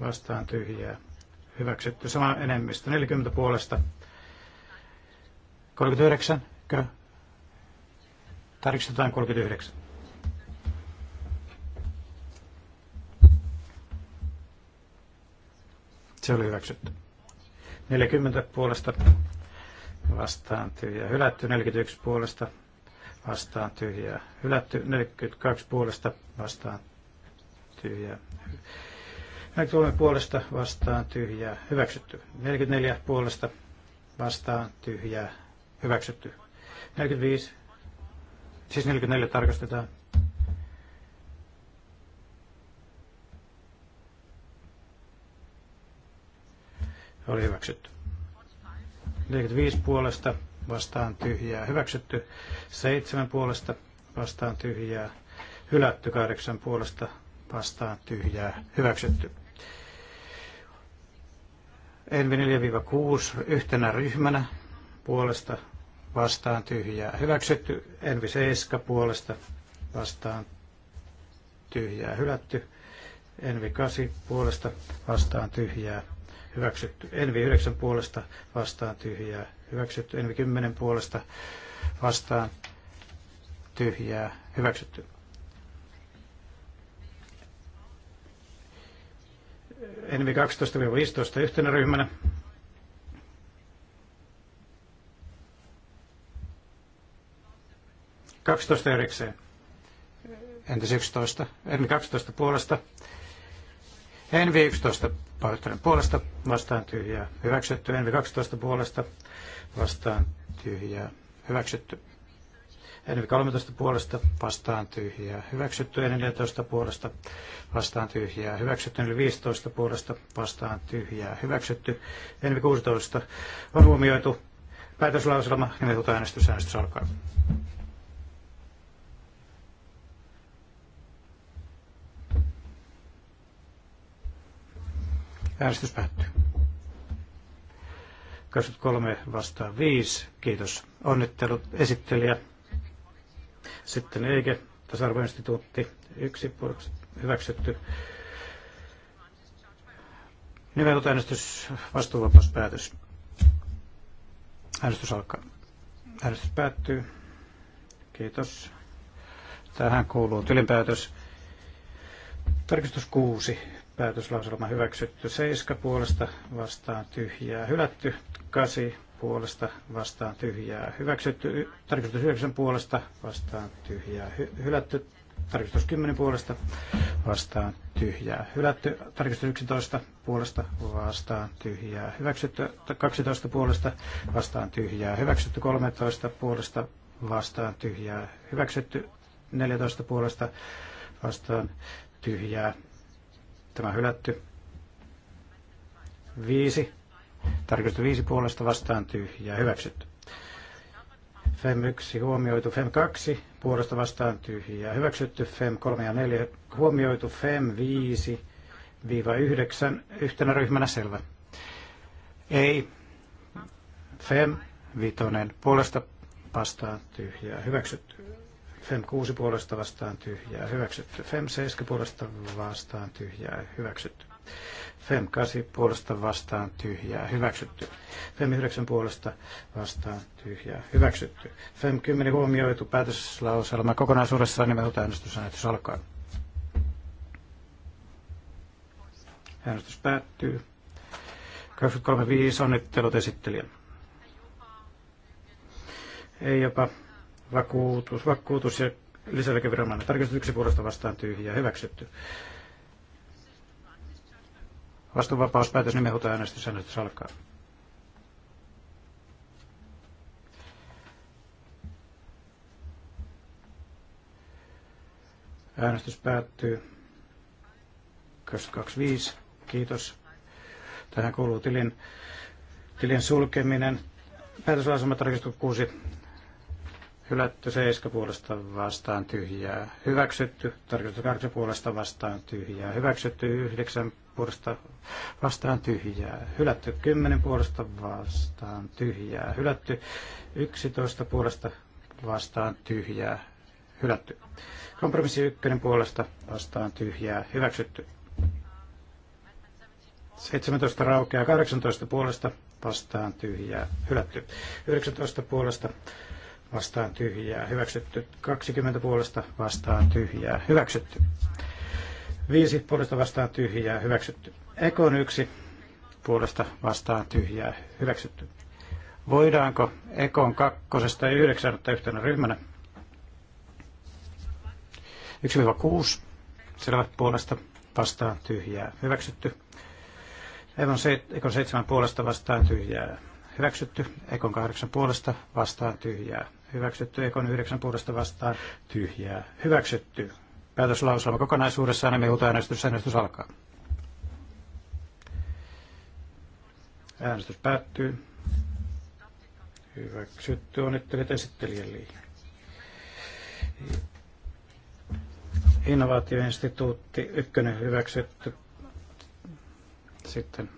vastaan tyhjää. Hyväksytty sama enemmistö. 40 puolesta. 39. Kö? Tarkistetaan 39. Se oli hyväksytty. 40 puolesta vastaan tyhjää. Hylätty 41 puolesta vastaan tyhjää. Hylätty 42 puolesta vastaan tyhjää. 43 puolesta vastaan tyhjää. Hyväksytty. 44 puolesta vastaan tyhjää. Hyväksytty. 45. Siis 44 tarkastetaan. Oli hyväksytty. 45 puolesta vastaan tyhjää hyväksytty, seitsemän puolesta vastaan tyhjää hylätty, kahdeksan puolesta vastaan tyhjää hyväksytty. Envi 4-6 yhtenä ryhmänä puolesta vastaan tyhjää hyväksytty, Envi 7 puolesta vastaan tyhjää hylätty, Envi 8 puolesta vastaan tyhjää hyväksytty. Envi 9 puolesta vastaan tyhjää, hyväksytty. Envi 10 puolesta vastaan tyhjää, hyväksytty. Envi 12-15 yhtenä ryhmänä. Kaksitoista erikseen. Entäs 11? Envi 12 puolesta Envi 11 pahoittelen puolesta vastaan tyhjää hyväksytty. Envi 12 puolesta vastaan tyhjää hyväksytty. Envi 13 puolesta vastaan tyhjää hyväksytty. Envi 14 puolesta vastaan tyhjää hyväksytty. Envi 15 puolesta vastaan tyhjää hyväksytty. Envi 16 on huomioitu. Päätöslauselma, nimenhuutoäänestys, äänestys alkaa. Äänestys päättyy. 23 vastaan 5. Kiitos. Onnittelut esittelijä. Sitten Eike, tasa-arvoinstituutti, yksi hyväksytty. Nimetut äänestys, vastuuvapaus päätös. Äänestys alkaa. Äänestys päättyy. Kiitos. Tähän kuuluu tilinpäätös. Tarkistus 6. Päätöslauselma hyväksytty 7 puolesta vastaan tyhjää hylätty. 8 puolesta vastaan tyhjää hyväksytty. Tarkistus 9 puolesta vastaan tyhjää hy- hylätty. Tarkistus 10 puolesta vastaan tyhjää hylätty. Tarkistus 11 puolesta vastaan tyhjää hyväksytty. 12 puolesta vastaan tyhjää hyväksytty. 13 puolesta vastaan tyhjää hyväksytty. 14 puolesta vastaan tyhjää 7 hylätty. 5. Tarkistus 5 puolesta vastaan tyhjä Hyväksytty. FEM 1 huomioitu, FEM 2 puolesta vastaan tyhjä Hyväksytty FEM 3 ja 4 huomioitu, FEM 5 viiva 9 yhtenä ryhmänä selvä. Ei. FEM 5 puolesta vastaan tyhjää. Hyväksytty. FEM 6 puolesta vastaan tyhjää hyväksytty. FEM 7 puolesta vastaan tyhjää hyväksytty. FEM 8 puolesta vastaan tyhjää hyväksytty. FEM 9 puolesta vastaan tyhjää hyväksytty. FEM 10 huomioitu päätöslauselma kokonaisuudessaan nimeltä äänestysäänestys alkaa. Äänestys päättyy. 23.5. Onnittelut esittelijä. Ei jopa vakuutus, vakuutus ja lisäeläkeviranomainen. Tarkistus yksi puolesta vastaan tyhjää. Hyväksytty. Vastuunvapauspäätös nimenhuuto äänestys. Äänestys alkaa. Äänestys päättyy 25. Kiitos. Tähän kuuluu tilin, tilin sulkeminen. tarkistuu 6 Hylätty seiska puolesta vastaan tyhjää. Hyväksytty. Tarkistus kahdeksan puolesta vastaan tyhjää. Hyväksytty Yhdeksän puolesta vastaan tyhjää. Hylätty Kymmenen puolesta vastaan tyhjää. Hylätty yksitoista puolesta vastaan tyhjää. Hylätty. Kompromissi ykkönen puolesta vastaan tyhjää. Hyväksytty. 17 raukeaa 18 puolesta vastaan tyhjää. Hylätty. 19 puolesta vastaan tyhjää, hyväksytty. 20 puolesta vastaan tyhjää, hyväksytty. 5 puolesta vastaan tyhjää, hyväksytty. Ekon 1 puolesta vastaan tyhjää, hyväksytty. Voidaanko Ekon kakkosesta ja yhdeksän ottaa yhtenä ryhmänä? 1-6, selvä puolesta vastaan tyhjää, hyväksytty. Ekon seitsemän puolesta vastaan tyhjää, hyväksytty. Ekon kahdeksan puolesta vastaan tyhjää, hyväksytty, Ekon 9 puolesta vastaan, tyhjää, hyväksytty. Päätöslauselma kokonaisuudessaan ja uutta äänestys, äänestys alkaa. Äänestys päättyy. Hyväksytty, onnittelut esittelijälle. Innovaatioinstituutti ykkönen hyväksytty. Sitten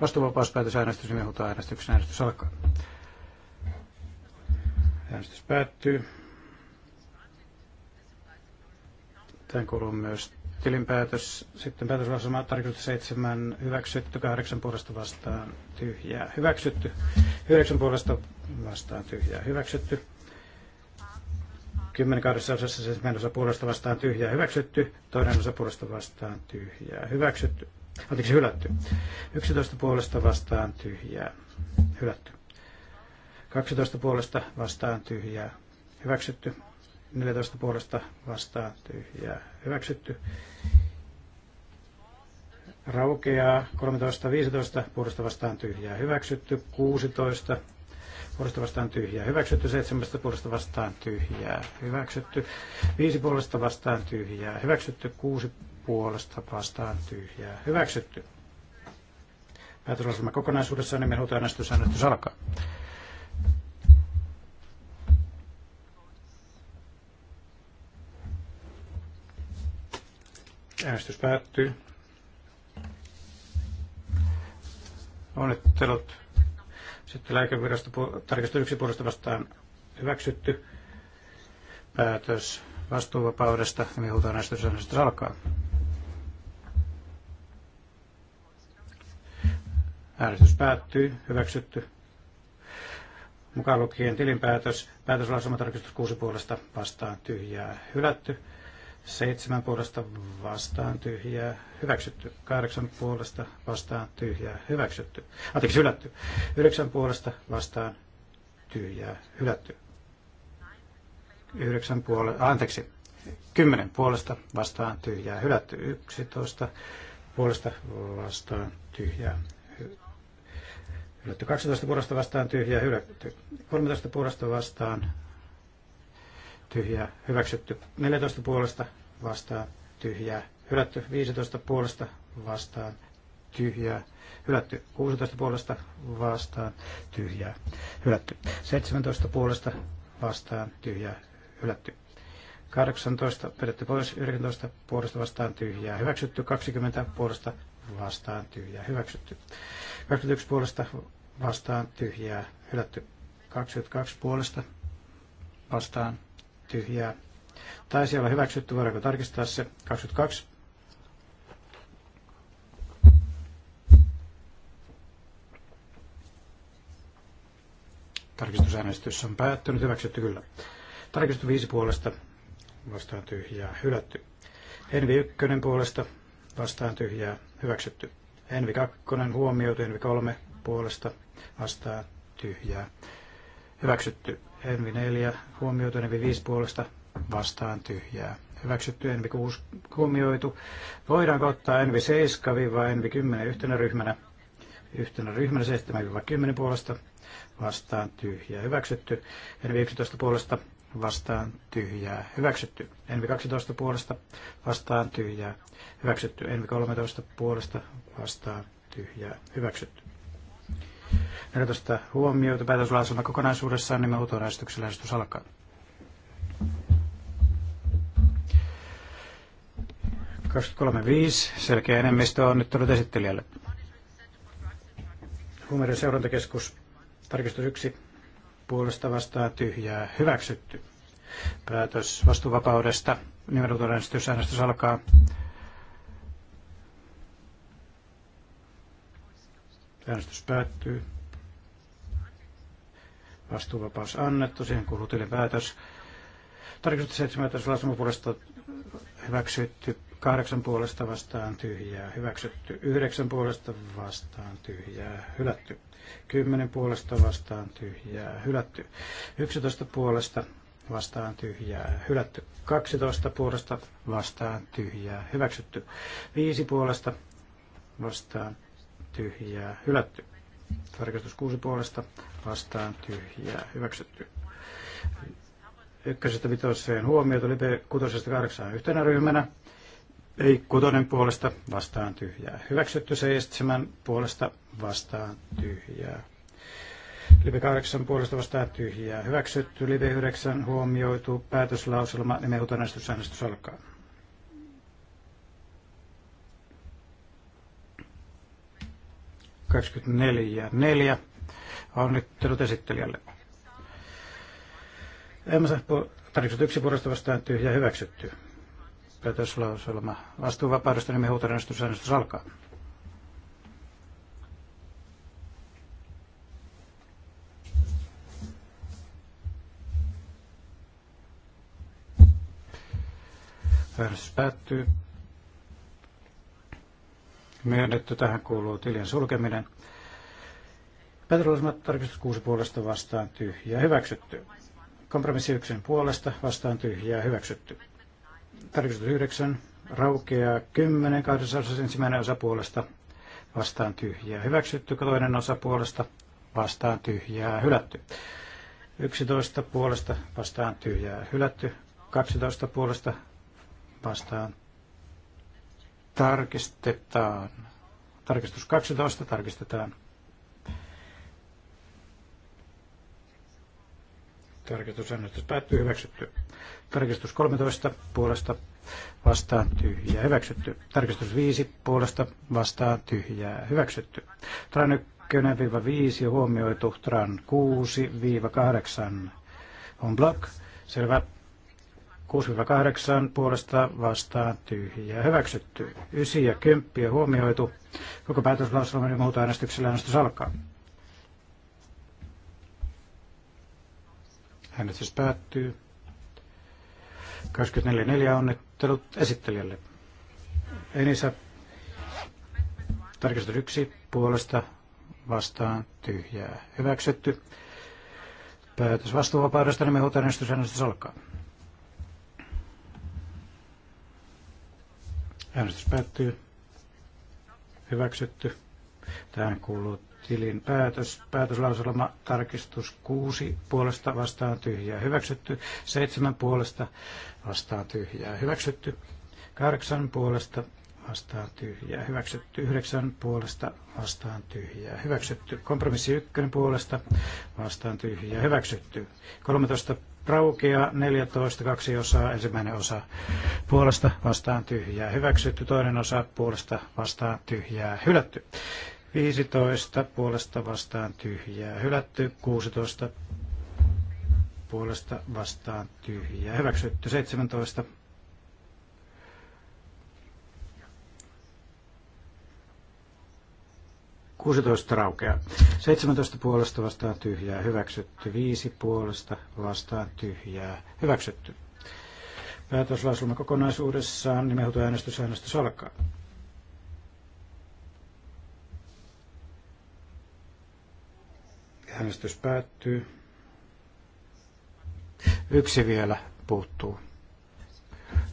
vastuuvapauspäätösäänestys me meuta äänestyksen äänestys alkaa. Äänestys päättyy. Tämän kuuluu myös tilinpäätös. Sitten päätöslausuma tarkoitus 7 hyväksytty, 8 puolesta vastaan tyhjää hyväksytty, 9 puolesta vastaan tyhjää hyväksytty. 10 kahdessa osassa siis osa puolesta vastaan tyhjää hyväksytty, toinen osa puolesta vastaan tyhjää hyväksytty, anteeksi hylätty, 11 puolesta vastaan tyhjää hylätty. 12 puolesta vastaan tyhjää hyväksytty. 14 puolesta vastaan tyhjää hyväksytty. Raukeaa 13, 15 puolesta vastaan tyhjää hyväksytty. 16 puolesta vastaan tyhjää hyväksytty. 17 puolesta vastaan tyhjää hyväksytty. 5 puolesta vastaan tyhjää hyväksytty. 6 puolesta vastaan tyhjää hyväksytty. Päätöslauselma kokonaisuudessaan niin me nimenhuutoäänestys äänestys alkaa. Äänestys päättyy. Onnittelut. Sitten lääkevirasto tarkistus yksi puolesta vastaan hyväksytty. Päätös vastuuvapaudesta ja mihulta äänestys alkaa. Äänestys päättyy. Hyväksytty. Mukaan lukien tilinpäätös. Päätöslausumatarkistus kuusi puolesta vastaan tyhjää hylätty. Seitsemän puolesta vastaan tyhjää hyväksytty. Kahdeksan puolesta vastaan tyhjää hyväksytty. Anteeksi, hylätty. Yhdeksän puolesta vastaan tyhjää hylätty. Yhdeksän puolesta, ah, anteeksi, kymmenen puolesta vastaan tyhjää hylätty. Yksitoista puolesta vastaan tyhjää hylätty. 12 puolesta vastaan tyhjää hylätty. 13 puolesta vastaan tyhjää hyväksytty. 14 puolesta vastaan tyhjää hylätty. 15 puolesta vastaan tyhjää hylätty. 16 puolesta vastaan tyhjää hylätty. 17 puolesta vastaan tyhjää hylätty. 18 vedetty pois, 19 puolesta vastaan tyhjää hyväksytty, 20 puolesta vastaan tyhjää hyväksytty, 21 puolesta vastaan tyhjää hylätty, 22 puolesta vastaan tyhjää. Taisi olla hyväksytty, voidaanko tarkistaa se? 22. Tarkistusäänestys on päättynyt, hyväksytty kyllä. Tarkistus 5 puolesta, vastaan tyhjää, hylätty. Envi 1 puolesta, vastaan tyhjää, hyväksytty. Envi 2 huomioitu, Envi 3 puolesta, vastaan tyhjää, Hyväksytty Envi 4, huomioitu Envi 5 puolesta vastaan tyhjää. Hyväksytty Envi 6 huomioitu. Voidaanko ottaa Envi 7-Envi 10 yhtenä ryhmänä? Yhtenä ryhmänä 7-10 puolesta vastaan tyhjää. Hyväksytty Envi 11 puolesta vastaan tyhjää. Hyväksytty Envi 12 puolesta vastaan tyhjää. Hyväksytty Envi 13 puolesta vastaan tyhjää. Hyväksytty ehdotusta huomioita päätöslauselma kokonaisuudessaan, niin me huutoäänestyksellä äänestys alkaa. selkeä enemmistö on nyt tullut esittelijälle. Huumeiden seurantakeskus, tarkistus yksi, puolesta vastaa tyhjää, hyväksytty. Päätös vastuuvapaudesta, nimenhuutoäänestys, äänestys alkaa. Äänestys päättyy vastuuvapaus annettu, siihen kuuluu tilinpäätös. Tarkistus 17 lausuman puolesta hyväksytty, 8 puolesta vastaan tyhjää, hyväksytty, 9 puolesta vastaan tyhjää, hylätty, 10 puolesta vastaan tyhjää, hylätty, 11 puolesta vastaan tyhjää, hylätty, 12 puolesta vastaan tyhjää, hyväksytty, 5 puolesta vastaan tyhjää, hylätty. Tarkastus 6 puolesta vastaan tyhjää hyväksytty. Ykkösestä vitoseen huomioitu lipe kutosesta kahdeksaan yhtenä ryhmänä. Ei kutonen puolesta vastaan tyhjää. Hyväksytty seitsemän puolesta vastaan tyhjää. Live 8 puolesta vastaan tyhjää. Hyväksytty. Live 9 huomioitu. Päätöslauselma. Nimenhuutoäänestys äänestys alkaa. 24. 4. Onnittelut esittelijälle. Emsa tarkistus puolesta vastaan tyhjä hyväksytty. Päätöslauselma vastuuvapaudesta nimi huutorannistusäännöstys alkaa. Äänestys päättyy myönnetty. Tähän kuuluu tilien sulkeminen. Petrolismat tarkistus 6 puolesta vastaan tyhjää hyväksytty. Kompromissi 1 puolesta vastaan tyhjää hyväksytty. Tarkistus 9 raukeaa 10 kahdessa ensimmäinen osa puolesta vastaan tyhjää hyväksytty. Toinen osa puolesta vastaan tyhjää hylätty. 11 puolesta vastaan tyhjää hylätty. 12 puolesta vastaan tarkistetaan. Tarkistus 12 tarkistetaan. Tarkistus Tarkistusäänestys päättyy hyväksytty. Tarkistus 13 puolesta vastaan tyhjää hyväksytty. Tarkistus 5 puolesta vastaan tyhjää hyväksytty. Tran 1-5 huomioitu. Tran 6-8 on block. Selvä 68 puolesta vastaan tyhjiä Hyväksytty. 9 ja 10 huomioitu. Koko päätöslauselma ja muuta äänestyksellä äänestys alkaa. Äänestys päättyy. 24.4. onnittelut esittelijälle. Enisä. tarkistus 1 puolesta vastaan tyhjää. Hyväksytty. Päätös vastuuvapaudesta nimenhuutoäänestys niin äänestys alkaa. Äänestys päättyy. Hyväksytty. Tähän kuuluu tilin päätös. Päätöslauselma tarkistus 6 puolesta vastaan tyhjää hyväksytty. 7 puolesta vastaan tyhjää hyväksytty. 8 puolesta vastaan tyhjää hyväksytty. 9 puolesta vastaan tyhjää hyväksytty. Kompromissi 1 puolesta vastaan tyhjää hyväksytty. 13 raukea 14, kaksi osaa, ensimmäinen osa puolesta vastaan tyhjää hyväksytty, toinen osa puolesta vastaan tyhjää hylätty. 15 puolesta vastaan tyhjää hylätty, 16 puolesta vastaan tyhjää hyväksytty, 17 16 raukeaa. 17 puolesta vastaan tyhjää hyväksytty. 5 puolesta vastaan tyhjää hyväksytty. Päätöslauselma kokonaisuudessaan nimenomaan äänestysäänestys alkaa. Äänestys päättyy. Yksi vielä puuttuu.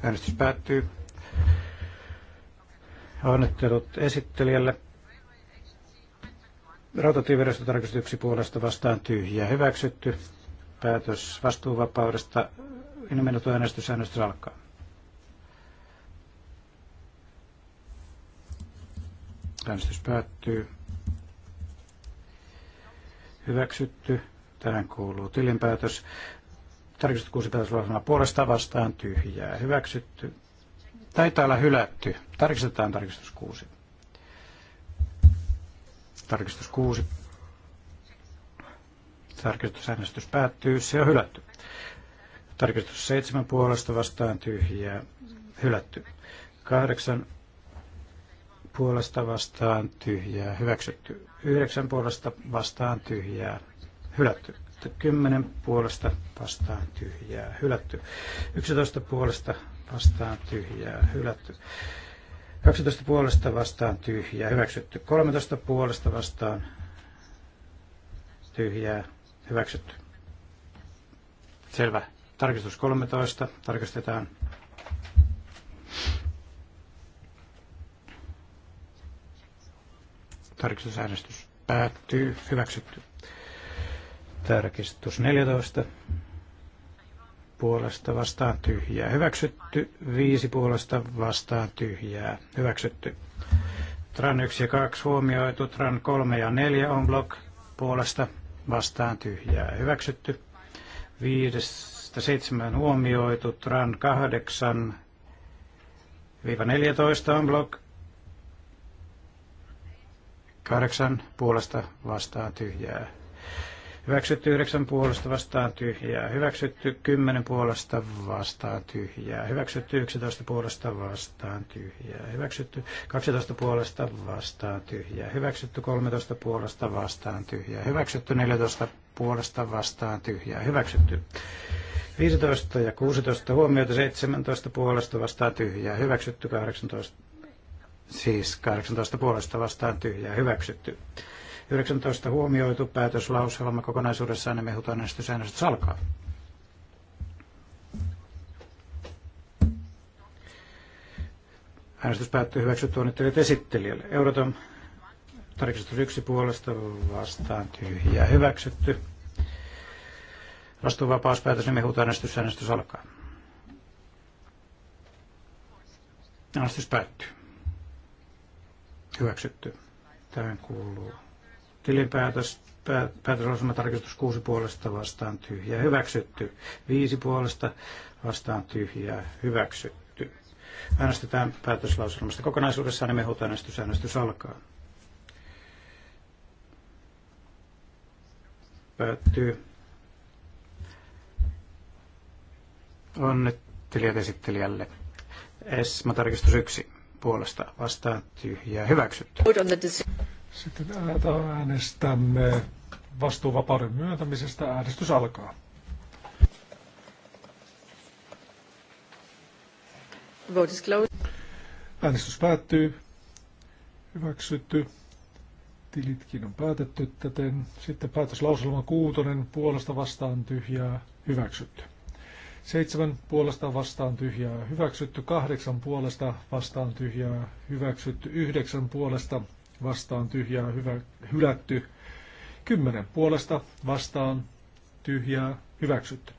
Äänestys päättyy. Onnittelut esittelijälle. Rautatievirasto tarkistus yksi puolesta vastaan tyhjää hyväksytty. Päätös vastuuvapaudesta. Nimennyt äänestys, äänestys alkaa. Äänestys päättyy. Hyväksytty. Tähän kuuluu tilinpäätös. Tarkistus kuusi päätöslausuma puolesta vastaan tyhjää. Hyväksytty. Taitaa olla hylätty. Tarkistetaan tarkistus kuusi. Tarkistus 6. Tarkistusäänestys päättyy. Se on hylätty. Tarkistus 7 puolesta vastaan tyhjää. Hylätty. 8 puolesta vastaan tyhjää. Hyväksytty. 9 puolesta vastaan tyhjää. Hylätty. 10 puolesta vastaan tyhjää. Hylätty. 11 puolesta vastaan tyhjää. Hylätty. 12 puolesta vastaan tyhjää, hyväksytty. 13 puolesta vastaan tyhjää, hyväksytty. Selvä. Tarkistus 13. Tarkistetaan. Tarkistusäänestys päättyy. Hyväksytty. Tarkistus 14 puolesta vastaan tyhjää. Hyväksytty. Viisi puolesta vastaan tyhjää. Hyväksytty. Tran 1 ja 2 huomioitu. Tran 3 ja 4 on blok puolesta vastaan tyhjää. Hyväksytty. Viidestä seitsemän huomioitu. Tran 8 Viiva 14 on blok. Kahdeksan puolesta vastaan tyhjää Hyväksytty yhdeksän puolesta vastaan tyhjää. Hyväksytty kymmenen puolesta vastaan tyhjää. Hyväksytty yksitoista puolesta vastaan tyhjää. Hyväksytty kaksitoista puolesta vastaan tyhjää. Hyväksytty kolmetoista puolesta vastaan tyhjää. Hyväksytty neljätoista puolesta vastaan tyhjää. Hyväksytty 15 ja 16 huomiota 17 puolesta vastaan tyhjää. Hyväksytty 18 siis 18 puolesta vastaan tyhjää hyväksytty. 19 huomioitu päätöslauselma kokonaisuudessaan ja mehutanäänestysäänestys salkaa. Äänestys päättyy hyväksytty onnittelut esittelijälle. Euroton tarkistus yksi puolesta vastaan tyhjää hyväksytty. Vastuuvapauspäätös ja niin mehutanäänestys äänestys salkaa. Äänestys päättyy. Hyväksytty. tämän kuuluu Tilinpäätös, tarkistus kuusi puolesta vastaan tyhjää hyväksytty. viisi puolesta vastaan tyhjää hyväksytty. Äänestetään päätöslauselmasta kokonaisuudessaan ja mehutäänestys. Äänestys alkaa. Päättyy. Onnittelijat esittelijälle. Esma tarkistus yksi puolesta vastaan tyhjää hyväksytty. Sitten äänestämme vastuuvapauden myöntämisestä. Äänestys alkaa. Vote is closed. Äänestys päättyy. Hyväksytty. Tilitkin on päätetty täten. Sitten päätöslauselma kuutonen puolesta vastaan tyhjää hyväksytty. Seitsemän puolesta vastaan tyhjää hyväksytty. Kahdeksan puolesta vastaan tyhjää hyväksytty. Yhdeksän puolesta vastaan tyhjää hyvä, hylätty. Kymmenen puolesta vastaan tyhjää hyväksytty.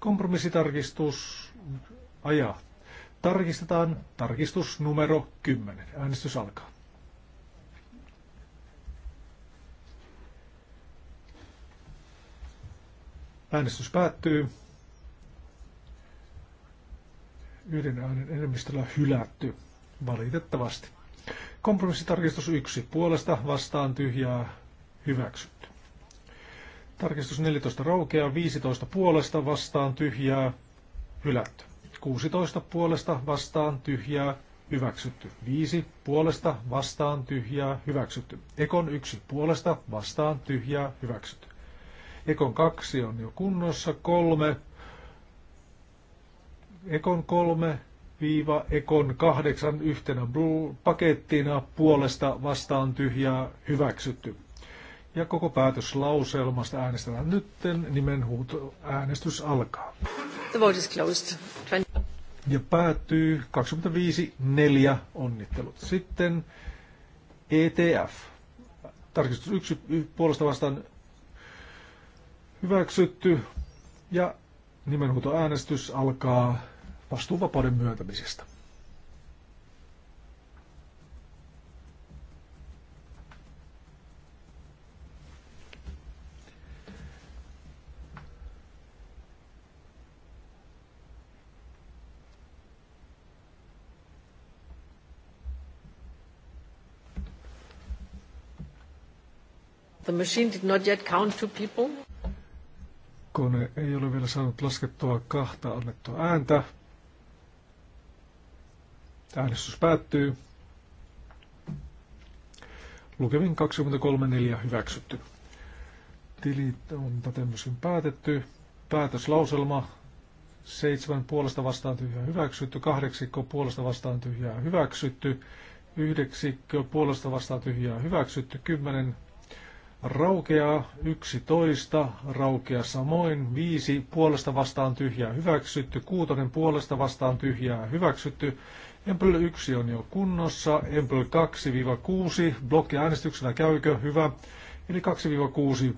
Kompromissitarkistus ajaa. Tarkistetaan tarkistus numero 10. Äänestys alkaa. Äänestys päättyy. Yhden äänen enemmistöllä hylätty. Valitettavasti. Kompromissitarkistus 1. Puolesta vastaan tyhjää hyväksytty. Tarkistus 14 Raukea 15 puolesta vastaan tyhjää hylätty. 16 puolesta vastaan tyhjää hyväksytty. 5 puolesta vastaan tyhjää hyväksytty. Ekon 1 puolesta vastaan tyhjää hyväksytty. Ekon 2 on jo kunnossa, 3 Ekon kolme viiva Ekon kahdeksan yhtenä pakettina puolesta vastaan tyhjää hyväksytty. Ja koko päätöslauselmasta äänestetään nyt, nimen nimenhuuto äänestys alkaa. The vote is closed. 20. Ja päättyy 25 neljä Onnittelut. Sitten ETF. Tarkistus yksi puolesta vastaan hyväksytty. Ja äänestys alkaa vastuuvapauden myöntämisestä. The machine did not yet count two people. Kone ei ole vielä saanut laskettua kahta annettua ääntä. Äänestys päättyy. Lukemin 23.4 hyväksytty. Tilit on täten myöskin päätetty. Päätöslauselma 7 puolesta vastaan tyhjää hyväksytty, kahdeksikko puolesta vastaan tyhjää hyväksytty, yhdeksikkö puolesta vastaan tyhjää hyväksytty, kymmenen raukeaa, 11 raukeaa samoin, viisi puolesta vastaan tyhjää hyväksytty, kuutonen puolesta vastaan tyhjää hyväksytty, Empel 1 on jo kunnossa, Empel 2-6, blokki äänestyksenä käykö, hyvä. Eli 2-6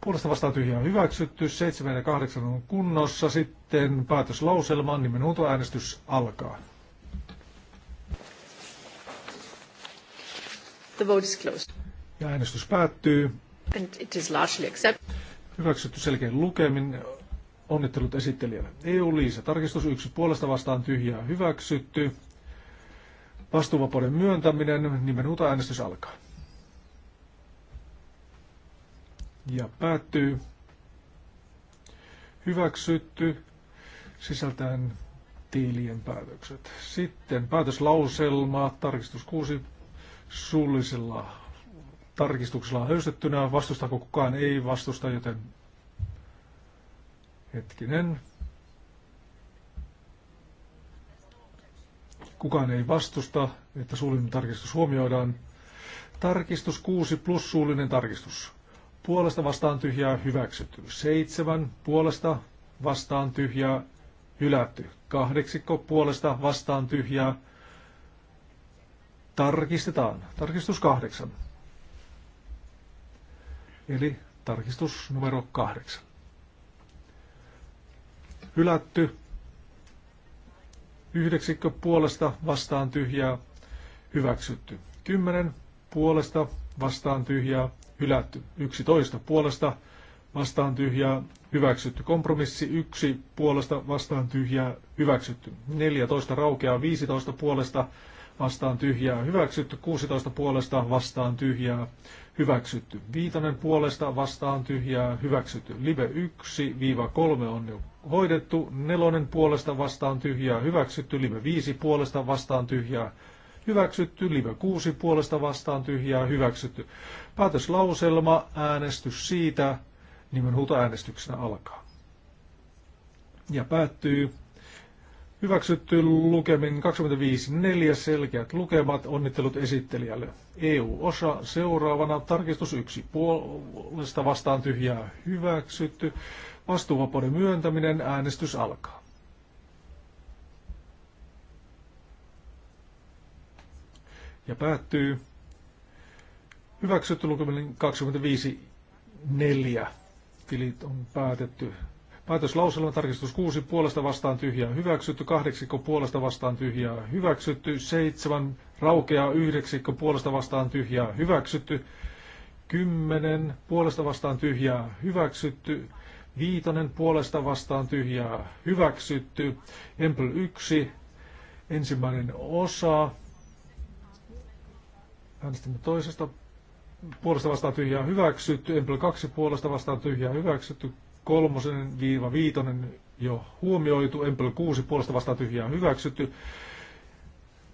puolesta vastaan tyhjä on hyväksytty, 7 ja 8 on kunnossa, sitten päätöslauselma, nimenhuuto äänestys alkaa. The vote is closed. Ja äänestys päättyy. And it is largely accepted. Hyväksytty selkein lukemin. Onnittelut esittelijälle. EU-liisa. Tarkistus yksi puolesta vastaan tyhjää hyväksytty. Vastuuvapauden myöntäminen, nimenhuuta äänestys alkaa. Ja päättyy. Hyväksytty sisältäen tiilien päätökset. Sitten päätöslauselma, tarkistus 6 suullisella tarkistuksella höystettynä. Vastustaako kukaan? Ei vastusta, joten hetkinen. kukaan ei vastusta, että suullinen tarkistus huomioidaan. Tarkistus 6 plus suullinen tarkistus. Puolesta vastaan tyhjää hyväksytty. 7 puolesta vastaan tyhjää hylätty. Kahdeksikko puolesta vastaan tyhjää tarkistetaan. Tarkistus 8. Eli tarkistus numero 8. Hylätty Yhdeksikkö puolesta vastaan tyhjää hyväksytty. 10 puolesta vastaan tyhjää hylätty. 11 puolesta vastaan tyhjää hyväksytty. Kompromissi 1 puolesta vastaan tyhjää hyväksytty. 14 raukeaa 15 puolesta vastaan tyhjää hyväksytty, 16 puolesta vastaan tyhjää hyväksytty, Viitanen puolesta vastaan tyhjää hyväksytty, Live 1-3 on jo hoidettu, Nelonen puolesta vastaan tyhjää hyväksytty, Live 5 puolesta vastaan tyhjää hyväksytty, Live 6 puolesta vastaan tyhjää hyväksytty. Päätöslauselma, äänestys siitä, äänestyksenä alkaa. Ja päättyy Hyväksytty lukemin 25.4. Selkeät lukemat. Onnittelut esittelijälle. EU-osa seuraavana. Tarkistus yksi Puolesta vastaan tyhjää hyväksytty. Vastuuvapauden myöntäminen. Äänestys alkaa. Ja päättyy. Hyväksytty lukemin 25.4. Tilit on päätetty. Päätöslauselma tarkistus 6 puolesta vastaan tyhjää hyväksytty, 8 puolesta vastaan tyhjää hyväksytty, 7 raukeaa 9 puolesta vastaan tyhjää hyväksytty, 10 puolesta vastaan tyhjää hyväksytty, Viitonen puolesta vastaan tyhjää hyväksytty. Empel 1, ensimmäinen osa. Äänestimme toisesta puolesta vastaan tyhjää hyväksytty. Empel 2 puolesta vastaan tyhjää hyväksytty kolmosen viiva viitonen jo huomioitu, Empel 6 puolesta vastaan tyhjää hyväksytty.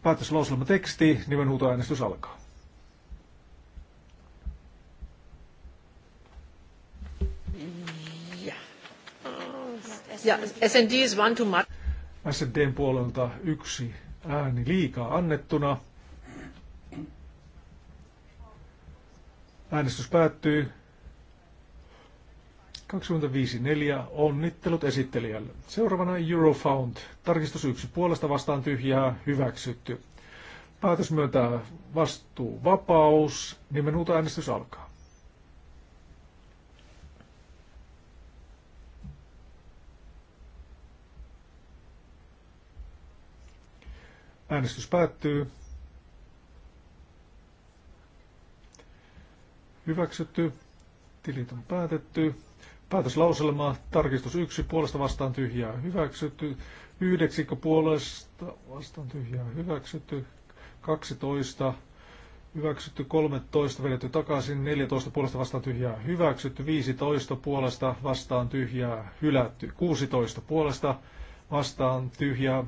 Päätöslauselma teksti, nimenhuutoäänestys alkaa. Ja SND is puolelta yksi ääni liikaa annettuna. Äänestys päättyy. 25.4. Onnittelut esittelijälle. Seuraavana Eurofound. Tarkistus yksi Puolesta vastaan tyhjää. Hyväksytty. Päätös myöntää vastuu vapaus. Nimenuuta äänestys alkaa. Äänestys päättyy. Hyväksytty. Tilit on päätetty. Päätöslauselma, tarkistus 1, puolesta vastaan tyhjää hyväksytty. Yhdeksikko puolesta vastaan tyhjää hyväksytty. 12 hyväksytty, 13 vedetty takaisin, 14 puolesta vastaan tyhjää hyväksytty, 15 puolesta vastaan tyhjää hylätty, 16 puolesta vastaan tyhjää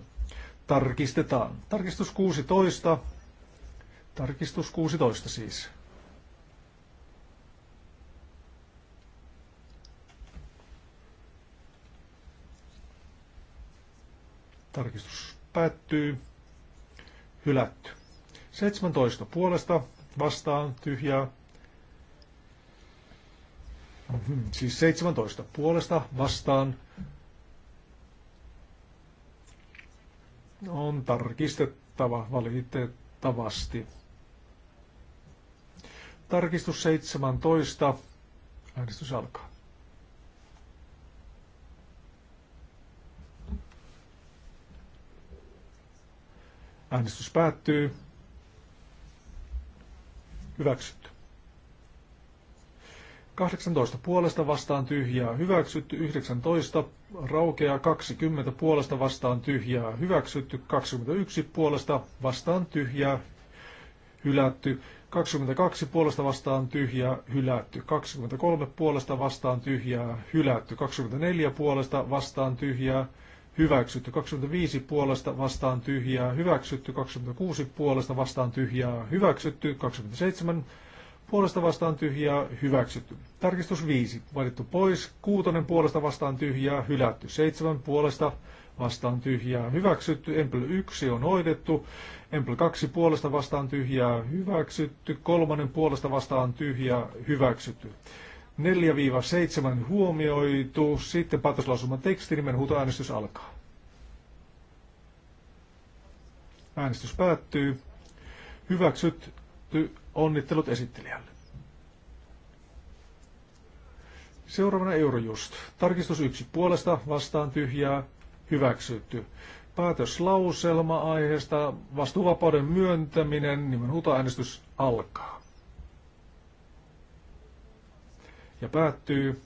tarkistetaan. Tarkistus 16, tarkistus 16 siis. Tarkistus päättyy. Hylätty. 17 puolesta vastaan tyhjää. Mhm, siis 17 puolesta vastaan on tarkistettava valitettavasti. Tarkistus 17. Äänestys alkaa. Äänestys päättyy. Hyväksytty. 18 puolesta vastaan tyhjää hyväksytty, 19 raukeaa, 20 puolesta vastaan tyhjää hyväksytty, 21 puolesta vastaan tyhjää hylätty, 22 puolesta vastaan tyhjää hylätty, 23 puolesta vastaan tyhjää hylätty, 24 puolesta vastaan tyhjää hyväksytty 25 puolesta vastaan tyhjää, hyväksytty 26 puolesta vastaan tyhjää, hyväksytty 27 puolesta vastaan tyhjää, hyväksytty. Tarkistus 5, valittu pois, 6 puolesta vastaan tyhjää, hylätty, 7 puolesta vastaan tyhjää, hyväksytty, Empel 1 on hoidettu, Empel 2 puolesta vastaan tyhjää, hyväksytty, 3 puolesta vastaan tyhjää, hyväksytty. 4-7 huomioitu. Sitten päätöslausuman teksti, äänestys alkaa. Äänestys päättyy. Hyväksytty. Onnittelut esittelijälle. Seuraavana Eurojust. Tarkistus yksi puolesta vastaan tyhjää. Hyväksytty. Päätöslauselma aiheesta vastuuvapauden myöntäminen. Nimenhuutoäänestys alkaa. ja päättyy.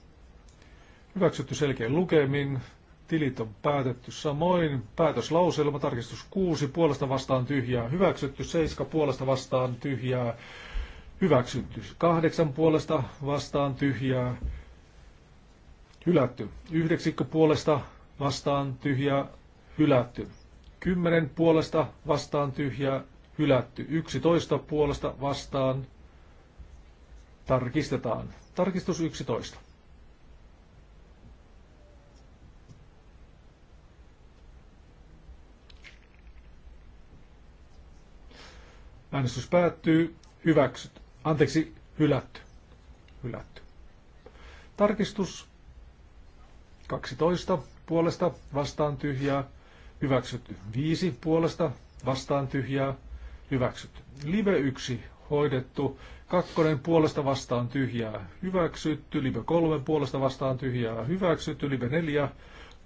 Hyväksytty selkeän lukemin. Tilit on päätetty samoin. Päätöslauselma, tarkistus 6, puolesta vastaan tyhjää. Hyväksytty 7, puolesta vastaan tyhjää. Hyväksytty 8, puolesta vastaan tyhjää. Hylätty 9 puolesta vastaan tyhjää. Hylätty 10 puolesta vastaan tyhjää. Hylätty 11 puolesta vastaan Tarkistetaan. Tarkistus 11. Äänestys päättyy. Hyväksyt. Anteeksi, hylätty. Hylätty. Tarkistus 12 puolesta vastaan tyhjää. Hyväksytty. 5 puolesta vastaan tyhjää. Hyväksytty. Live 1 hoidettu. Kakkonen puolesta vastaan tyhjää hyväksytty, libe kolme puolesta vastaan tyhjää hyväksytty, libe neljä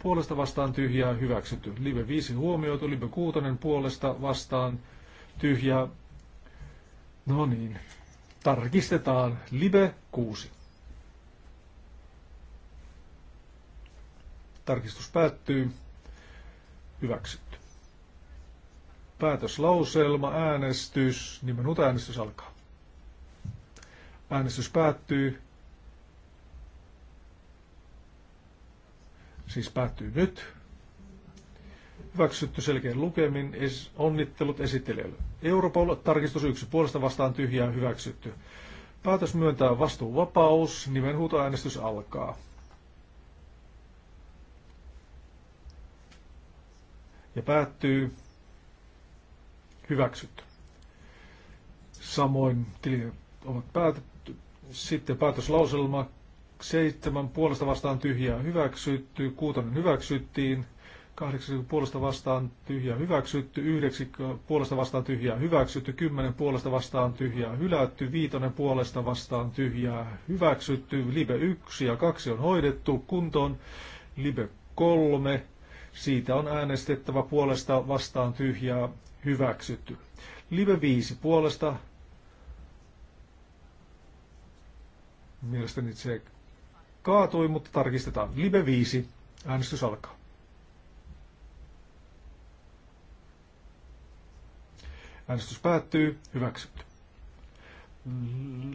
puolesta vastaan tyhjää hyväksytty, libe viisi huomioitu, libe kuutonen puolesta vastaan tyhjää. No niin, tarkistetaan libe kuusi. Tarkistus päättyy. Hyväksytty. Päätöslauselma, äänestys, minun äänestys alkaa. Äänestys päättyy. Siis päättyy nyt. Hyväksytty selkeän lukemin. Es, onnittelut esittelijöille. Europol tarkistus 1. Puolesta vastaan tyhjää hyväksytty. Päätös myöntää vastuuvapaus. Nimenhuutoäänestys alkaa. Ja päättyy hyväksytty. Samoin tili ovat päätetty. Sitten päätöslauselma seitsemän puolesta vastaan tyhjää hyväksytty, kuutonen hyväksyttiin, kahdeksan puolesta vastaan tyhjää hyväksytty, 9 puolesta vastaan tyhjää hyväksytty, 10 puolesta vastaan tyhjää hylätty, 5 puolesta vastaan tyhjää hyväksytty, libe 1 ja 2 on hoidettu kuntoon, libe 3, siitä on äänestettävä puolesta vastaan tyhjää hyväksytty. Live 5 puolesta. Mielestäni se kaatui, mutta tarkistetaan. Live 5. Äänestys alkaa. Äänestys päättyy. Hyväksytty.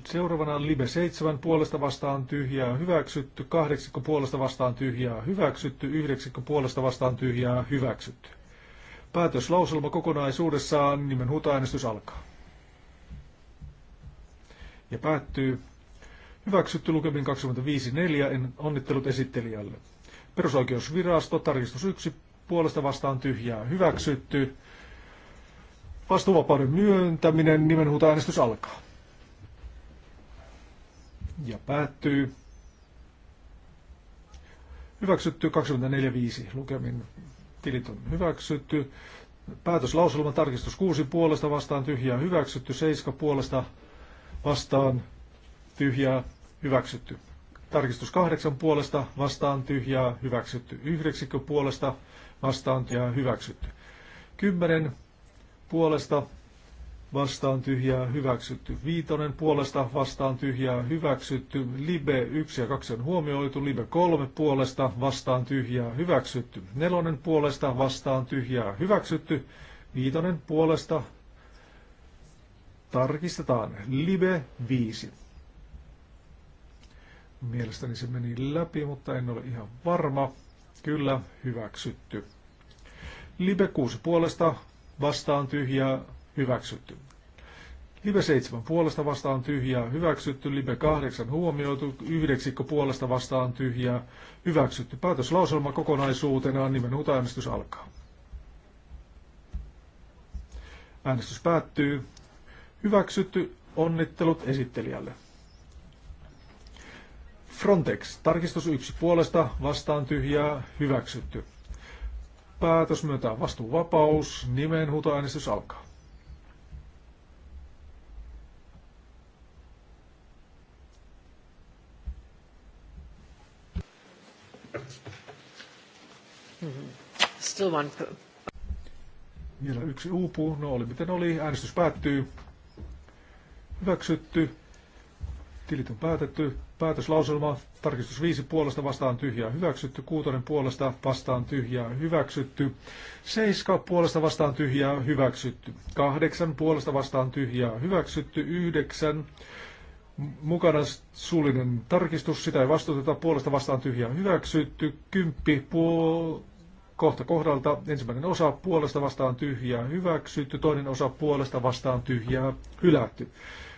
Seuraavana Libe 7 puolesta vastaan tyhjää hyväksytty, 8 puolesta vastaan tyhjää hyväksytty, 9 puolesta vastaan tyhjää hyväksytty. Päätöslauselma kokonaisuudessaan nimen huutoäänestys alkaa. Ja päättyy. Hyväksytty lukemin 25.4. En onnittelut esittelijälle. Perusoikeusvirasto, tarkistus 1, puolesta vastaan tyhjää. Hyväksytty. Vastuuvapauden myöntäminen, nimenhuutoäänestys alkaa. Ja päättyy. Hyväksytty 24.5 lukemin tilit on hyväksytty. Päätöslauselman tarkistus 6 puolesta vastaan tyhjää hyväksytty, 7 puolesta vastaan tyhjää hyväksytty. Tarkistus 8 puolesta vastaan tyhjää hyväksytty, 9 puolesta vastaan tyhjää hyväksytty. 10 puolesta vastaan tyhjää hyväksytty. Viitonen puolesta vastaan tyhjää hyväksytty. Libe 1 ja 2 on huomioitu. Libe 3 puolesta vastaan tyhjää hyväksytty. Nelonen puolesta vastaan tyhjää hyväksytty. Viitonen puolesta tarkistetaan. Libe 5. Mielestäni se meni läpi, mutta en ole ihan varma. Kyllä, hyväksytty. Libe 6 puolesta vastaan tyhjää hyväksytty. Live 7 puolesta vastaan tyhjää, hyväksytty. Live 8 huomioitu, yhdeksikko puolesta vastaan tyhjää, hyväksytty. Päätöslauselma kokonaisuutenaan nimen huutoäänestys alkaa. Äänestys päättyy. Hyväksytty. Onnittelut esittelijälle. Frontex. Tarkistus 1 puolesta vastaan tyhjää, hyväksytty. Päätös myöntää vastuuvapaus. Nimenhuutoäänestys alkaa. Still one. Vielä yksi uupuu. No oli miten oli. Äänestys päättyy. Hyväksytty. Tilit on päätetty. Päätöslauselma. Tarkistus 5 puolesta vastaan tyhjää. Hyväksytty. Kuutonen puolesta vastaan tyhjää. Hyväksytty. 7 puolesta vastaan tyhjää. Hyväksytty. 8 puolesta vastaan tyhjää. Hyväksytty. 9 mukana suullinen tarkistus, sitä ei vastuuteta. puolesta vastaan tyhjää hyväksytty, kymppi puol- kohta kohdalta. Ensimmäinen osa puolesta vastaan tyhjää hyväksytty, toinen osa puolesta vastaan tyhjää hylätty.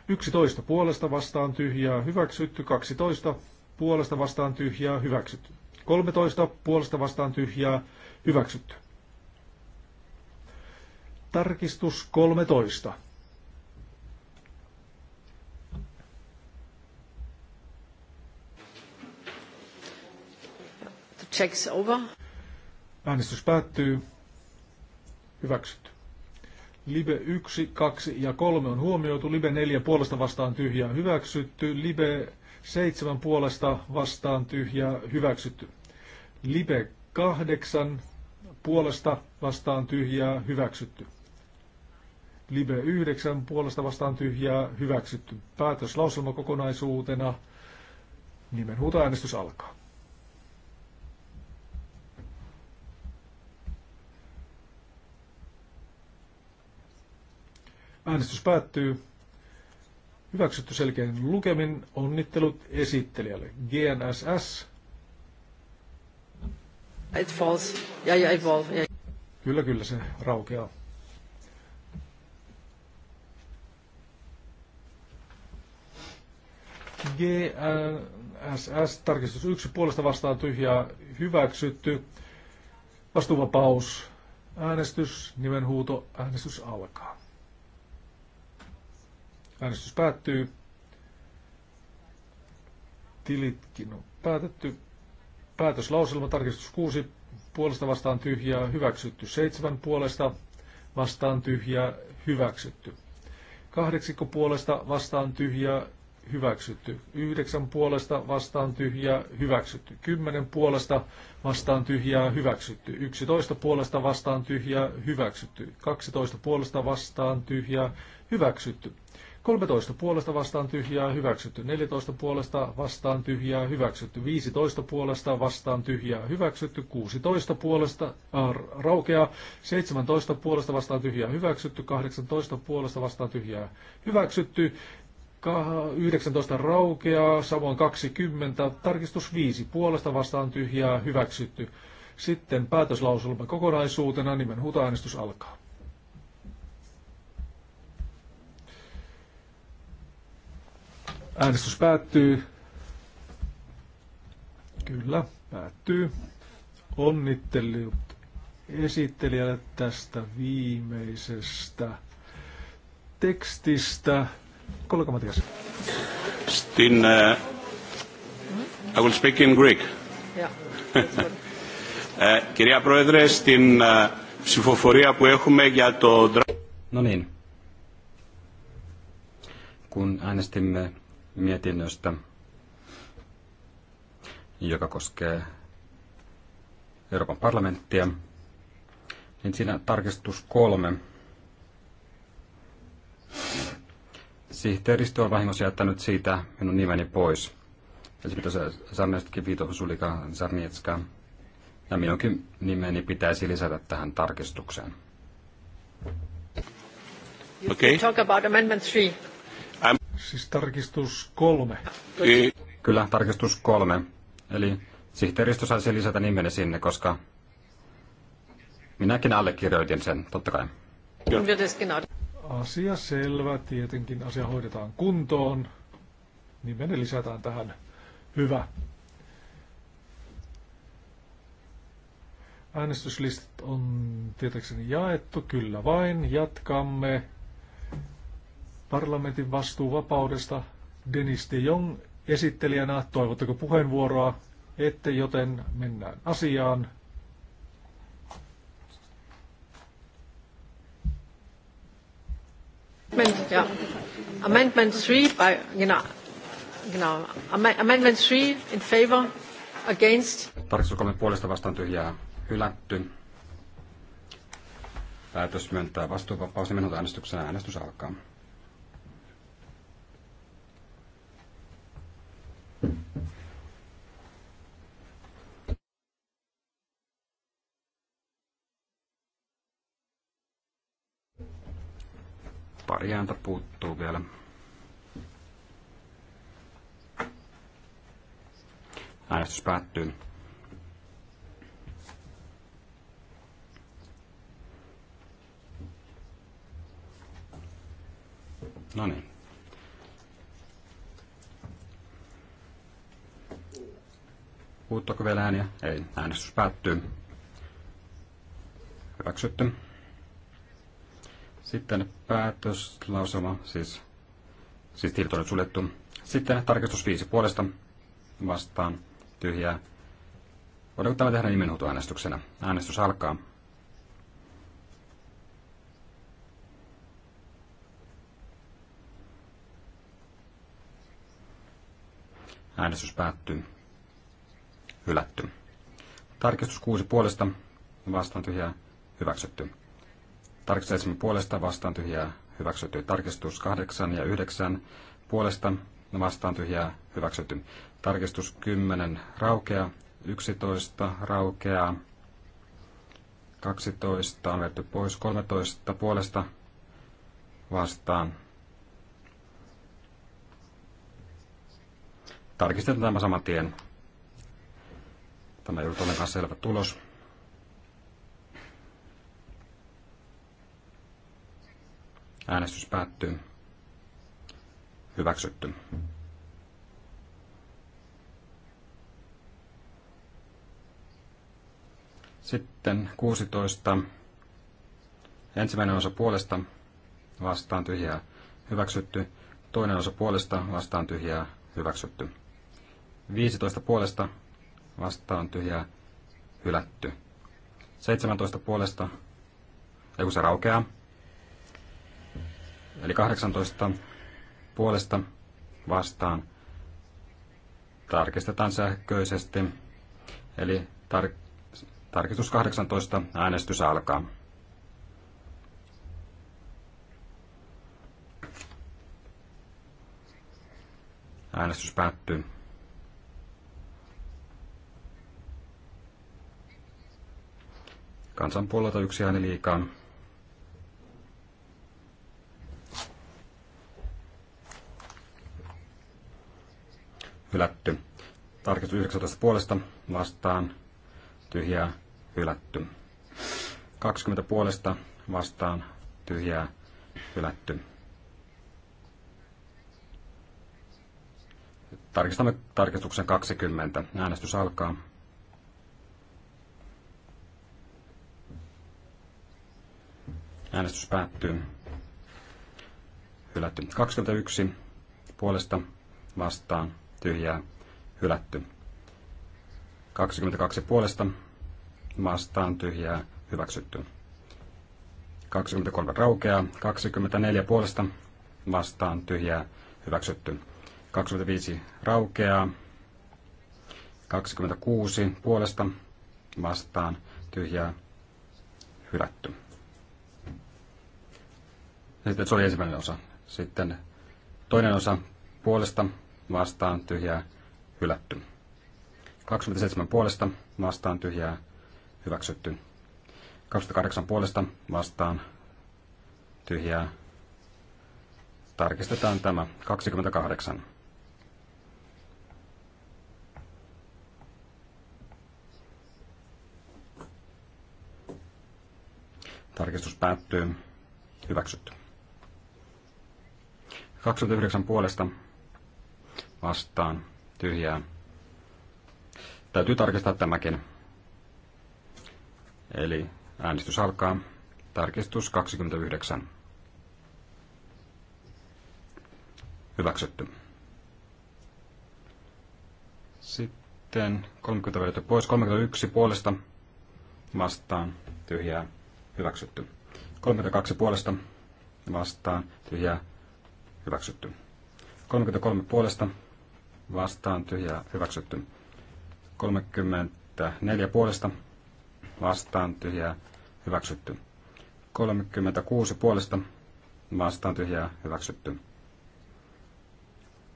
11 puolesta vastaan tyhjää hyväksytty, 12 puolesta vastaan tyhjää hyväksytty. 13 puolesta vastaan tyhjää hyväksytty. Tarkistus 13. Checks over. Äänestys päättyy. Hyväksytty. Libe 1, 2 ja 3 on huomioitu. Libe 4 puolesta vastaan tyhjää hyväksytty. Libe 7 puolesta vastaan tyhjää hyväksytty. Libe 8 puolesta vastaan tyhjää hyväksytty. Libe 9 puolesta vastaan tyhjää hyväksytty. Päätös Päätöslauselma kokonaisuutena. Nimenhuutoäänestys alkaa. Äänestys päättyy. Hyväksytty selkein lukemin. Onnittelut esittelijälle. GNSS. It falls. Yeah, yeah, it falls. Yeah. Kyllä, kyllä se raukeaa. GNSS, tarkistus Yksi puolesta vastaan tyhjää, hyväksytty. Vastuuvapaus, äänestys, nimenhuuto, äänestys alkaa. Äänestys päättyy. Tilitkin on päätetty. Päätöslauselma tarkistus 6. Puolesta vastaan tyhjää hyväksytty. 7. Puolesta vastaan tyhjää hyväksytty. Kahdeksikko puolesta vastaan tyhjää hyväksytty. Yhdeksän puolesta vastaan tyhjää hyväksytty. Kymmenen puolesta vastaan tyhjää hyväksytty. Yksitoista puolesta vastaan tyhjää hyväksytty. Kaksitoista puolesta vastaan tyhjää hyväksytty. 13 puolesta vastaan tyhjää hyväksytty, 14 puolesta vastaan tyhjää hyväksytty, 15 puolesta vastaan tyhjää hyväksytty, 16 puolesta äh, raukeaa, 17 puolesta vastaan tyhjää hyväksytty, 18 puolesta vastaan tyhjää hyväksytty, 19 raukeaa, samoin 20, tarkistus 5 puolesta vastaan tyhjää hyväksytty. Sitten päätöslauselma kokonaisuutena, nimen huutoäänestys alkaa. Äänestys päättyy. Kyllä, päättyy. Onnittelut esittelijälle tästä viimeisestä tekstistä. Kollega Matias. Stin, uh, I will speak in Greek. Yeah. Uh, κυρία Πρόεδρε, στην uh, ψηφοφορία που έχουμε για το... No niin. Kun äänestimme mietinnöstä, joka koskee Euroopan parlamenttia, niin siinä tarkistus kolme. Sihteeristö on vahingossa jättänyt siitä minun nimeni pois. Esimerkiksi Sarnestki, Vito, viitosulika Sarnietska. Ja minunkin nimeni pitäisi lisätä tähän tarkistukseen. Okay. talk about amendment three. Siis tarkistus kolme. Kyllä, tarkistus kolme. Eli sihteeristö saisi lisätä nimeni niin sinne, koska minäkin allekirjoitin sen, totta kai. Asia selvä, tietenkin asia hoidetaan kuntoon. Nimeni niin lisätään tähän. Hyvä. Äänestyslistat on tietääkseni jaettu, kyllä vain. Jatkamme Parlamentin vastuuvapaudesta Denis de Jong esittelijänä. Toivotteko puheenvuoroa? Ette, joten mennään asiaan. Amendment, 3 by, you know, you know, Amendment 3 in favor, against. Tarkistus puolesta vastaan tyhjää hylätty. Päätös myöntää vastuuvapaus nimenhoitoäänestyksenä äänestys alkaa. Pari ääntä puuttuu vielä. Äänestys päättyy. No niin. Puuttuuko vielä ääniä? Ei. Äänestys päättyy. Hyväksytty. Sitten päätöslausuma, siis, siis tilit on suljettu. Sitten tarkistus 5 puolesta vastaan tyhjää. Voidaanko tämä tehdä nimenhuutoäänestyksenä? Äänestys alkaa. Äänestys päättyy. Hylätty. Tarkistus 6 puolesta vastaan tyhjää hyväksytty. Tarkistaisimme puolesta vastaan tyhjää hyväksytty. Tarkistus 8 ja 9 puolesta no, vastaan tyhjää hyväksytty. Tarkistus 10 raukea, 11 raukea. 12 on vetty pois, 13 puolesta vastaan. Tarkistetaan tämä saman tien. Tämä ei ollut ollenkaan selvä tulos. Äänestys päättyy. Hyväksytty. Sitten 16. Ensimmäinen osa puolesta vastaan tyhjää hyväksytty. Toinen osa puolesta vastaan tyhjää hyväksytty. 15 puolesta vastaan tyhjää hylätty. 17 puolesta, ei kun se raukeaa. Eli 18 puolesta vastaan tarkistetaan sähköisesti. Eli tar- tarkistus 18, äänestys alkaa. Äänestys päättyy. Kansanpuolelta yksi ääni liikaa. hylätty. Tarkistus 19 puolesta vastaan tyhjää hylätty. 20 puolesta vastaan tyhjää hylätty. Tarkistamme tarkistuksen 20. Äänestys alkaa. Äänestys päättyy. Hylätty. 21 puolesta vastaan tyhjää hylätty. 22 puolesta vastaan tyhjää hyväksytty. 23 raukeaa, 24 puolesta vastaan tyhjää hyväksytty. 25 raukeaa, 26 puolesta vastaan tyhjää hylätty. Sitten se oli ensimmäinen osa. Sitten toinen osa puolesta vastaan tyhjää hylätty. 27 puolesta vastaan tyhjää hyväksytty. 28 puolesta vastaan tyhjää. Tarkistetaan tämä 28. Tarkistus päättyy. Hyväksytty. 29 puolesta vastaan tyhjää. Täytyy tarkistaa tämäkin. Eli äänestys alkaa. Tarkistus 29. Hyväksytty. Sitten 30 vedetty pois. 31 puolesta vastaan tyhjää. Hyväksytty. 32 puolesta vastaan tyhjää. Hyväksytty. 33 puolesta vastaan tyhjää hyväksytty. 34 puolesta vastaan tyhjää hyväksytty. 36 puolesta vastaan tyhjää hyväksytty.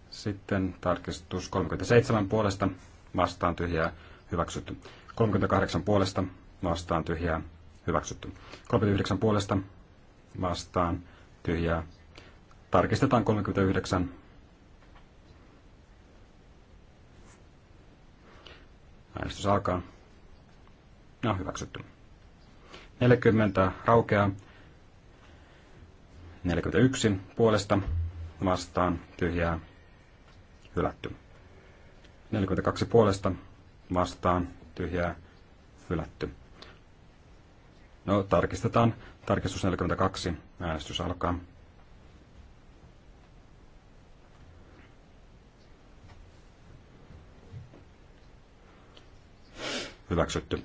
Sitten tarkistus 37 puolesta vastaan tyhjää hyväksytty. 38 puolesta vastaan tyhjää hyväksytty. 39 puolesta vastaan tyhjää. Tarkistetaan 39 Äänestys alkaa. No, hyväksytty. 40 raukeaa. 41 puolesta vastaan tyhjää hylätty. 42 puolesta vastaan tyhjää hylätty. No, tarkistetaan. Tarkistus 42. Äänestys alkaa. hyväksytty.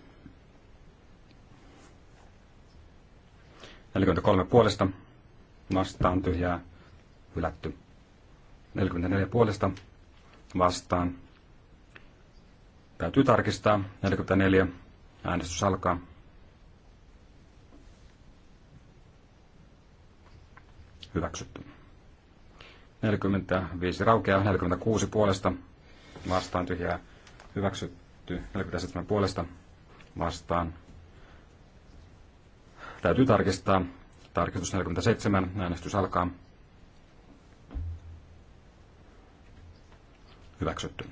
43 puolesta vastaan tyhjää hylätty. 44 puolesta vastaan. Täytyy tarkistaa. 44. Äänestys alkaa. Hyväksytty. 45 raukeaa. 46 puolesta vastaan tyhjää hyväksytty hylätty. 47 puolesta vastaan. Täytyy tarkistaa. Tarkistus 47. Äänestys alkaa. Hyväksytty.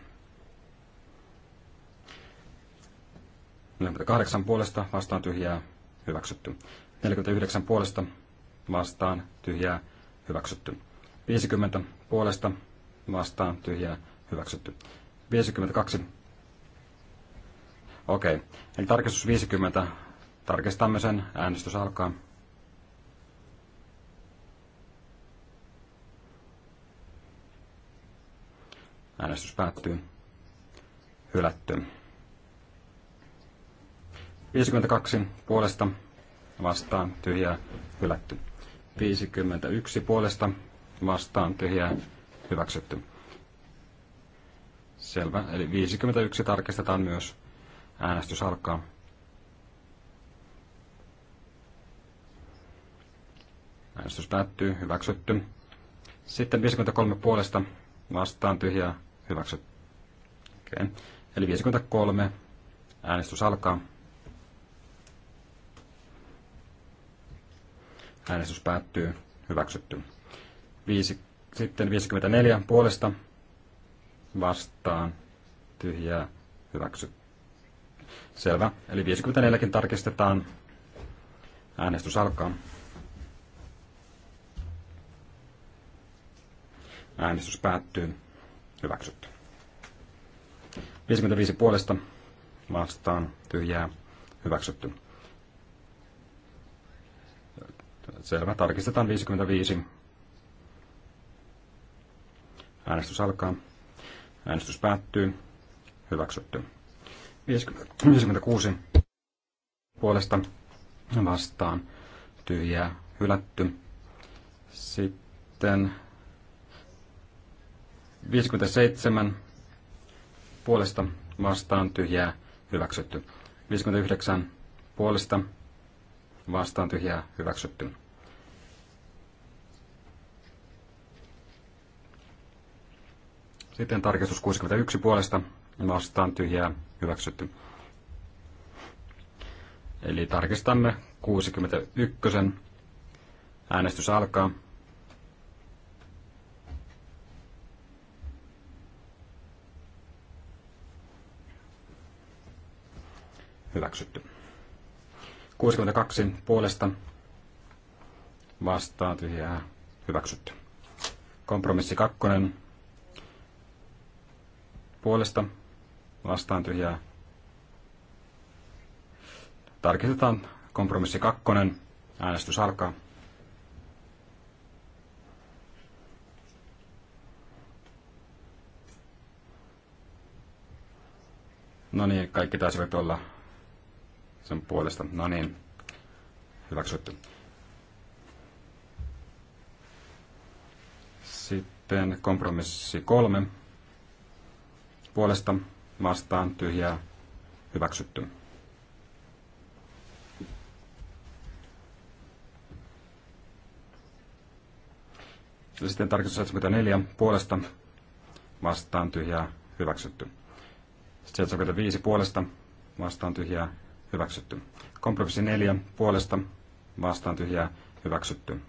48 puolesta vastaan tyhjää. Hyväksytty. 49 puolesta vastaan tyhjää. Hyväksytty. 50 puolesta vastaan tyhjää. Hyväksytty. 52 Okei, okay. eli tarkistus 50. Tarkistamme sen. Äänestys alkaa. Äänestys päättyy. Hylätty. 52 puolesta vastaan tyhjää hylätty. 51 puolesta vastaan tyhjää hyväksytty. Selvä. Eli 51 tarkistetaan myös. Äänestys alkaa. Äänestys päättyy. Hyväksytty. Sitten 53 puolesta vastaan tyhjää. Hyväksytty. Okay. Eli 53. Äänestys alkaa. Äänestys päättyy. Hyväksytty. Viisi, sitten 54 puolesta vastaan tyhjää hyväksytty. Selvä. Eli 54kin tarkistetaan. Äänestys alkaa. Äänestys päättyy. Hyväksytty. 55 puolesta vastaan tyhjää hyväksytty. Selvä. Tarkistetaan 55. Äänestys alkaa. Äänestys päättyy. Hyväksytty. 56 puolesta vastaan tyhjää hylätty. Sitten 57 puolesta vastaan tyhjää hyväksytty. 59 puolesta vastaan tyhjää hyväksytty. Sitten tarkistus 61 puolesta vastaan tyhjää hyväksytty. Eli tarkistamme 61. Äänestys alkaa. Hyväksytty. 62 puolesta vastaa tyhjää hyväksytty. Kompromissi 2 puolesta vastaan tyhjää. Tarkistetaan kompromissi kakkonen. Äänestys alkaa. No niin, kaikki taisivat olla sen puolesta. No niin, hyväksytty. Sitten kompromissi kolme puolesta vastaan tyhjää hyväksytty. Sitten tarkistus 74 puolesta vastaan tyhjää hyväksytty. Sitten 75 puolesta vastaan tyhjää hyväksytty. Kompromissi 4 puolesta vastaan tyhjää hyväksytty.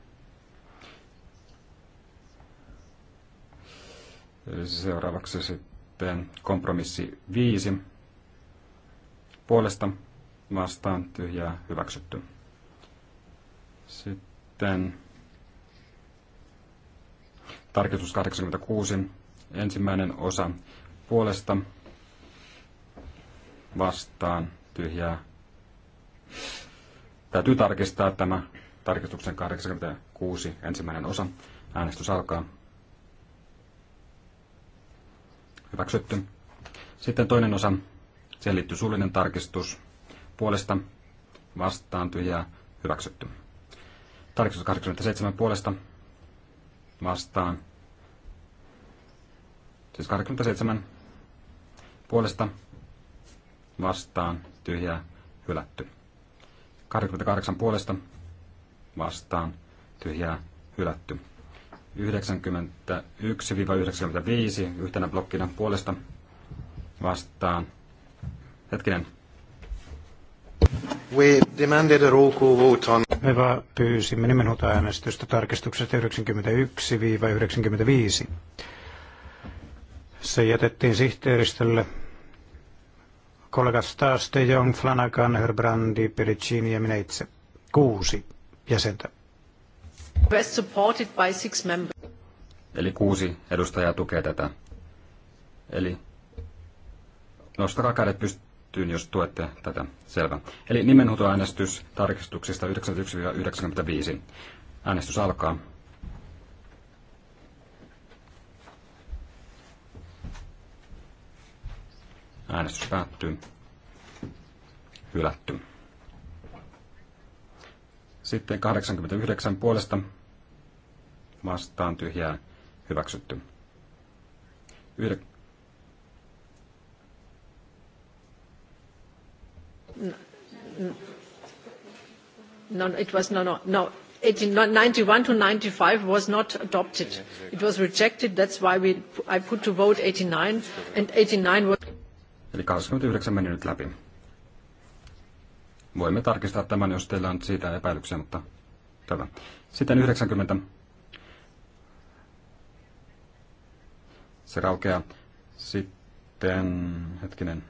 Seuraavaksi sitten liittyen kompromissi 5 puolesta vastaan tyhjää hyväksytty. Sitten tarkistus 86, ensimmäinen osa puolesta vastaan tyhjää. Täytyy tarkistaa tämä tarkistuksen 86 ensimmäinen osa. Äänestys alkaa. Hyväksytty. Sitten toinen osa. Siihen liittyy suullinen tarkistus. Puolesta vastaan tyhjää. Hyväksytty. Tarkistus 87 puolesta vastaan. Siis 87 puolesta vastaan tyhjää hylätty. 88 puolesta vastaan tyhjää hylätty. 91-95 yhtenä blokkina puolesta vastaan. Hetkinen. We demanded a roll call vote on... Me vaan pyysimme äänestystä tarkistukset 91-95. Se jätettiin sihteeristölle Kollega Stas, De Jong, Flanagan, Herbrandi, Pericini ja minä itse. Kuusi jäsentä Eli kuusi edustajaa tukee tätä. Eli nostakaa kädet pystyyn, jos tuette tätä. Selvä. Eli nimenhuutoäänestys tarkistuksista 91-95. Äänestys alkaa. Äänestys päättyy. Hylätty. Sitten 89 puolesta vastaan tyhjää hyväksytty. Yhde... No, no it was no, no, no. 91 no, to 95 was not adopted. It was rejected. That's why we, I put to vote 89, and 89 was... Eli 89 meni nyt läpi. Voimme tarkistaa tämän, jos teillä on siitä epäilyksiä, mutta tämä. Sitten 90. Se raukeaa. Sitten, hetkinen.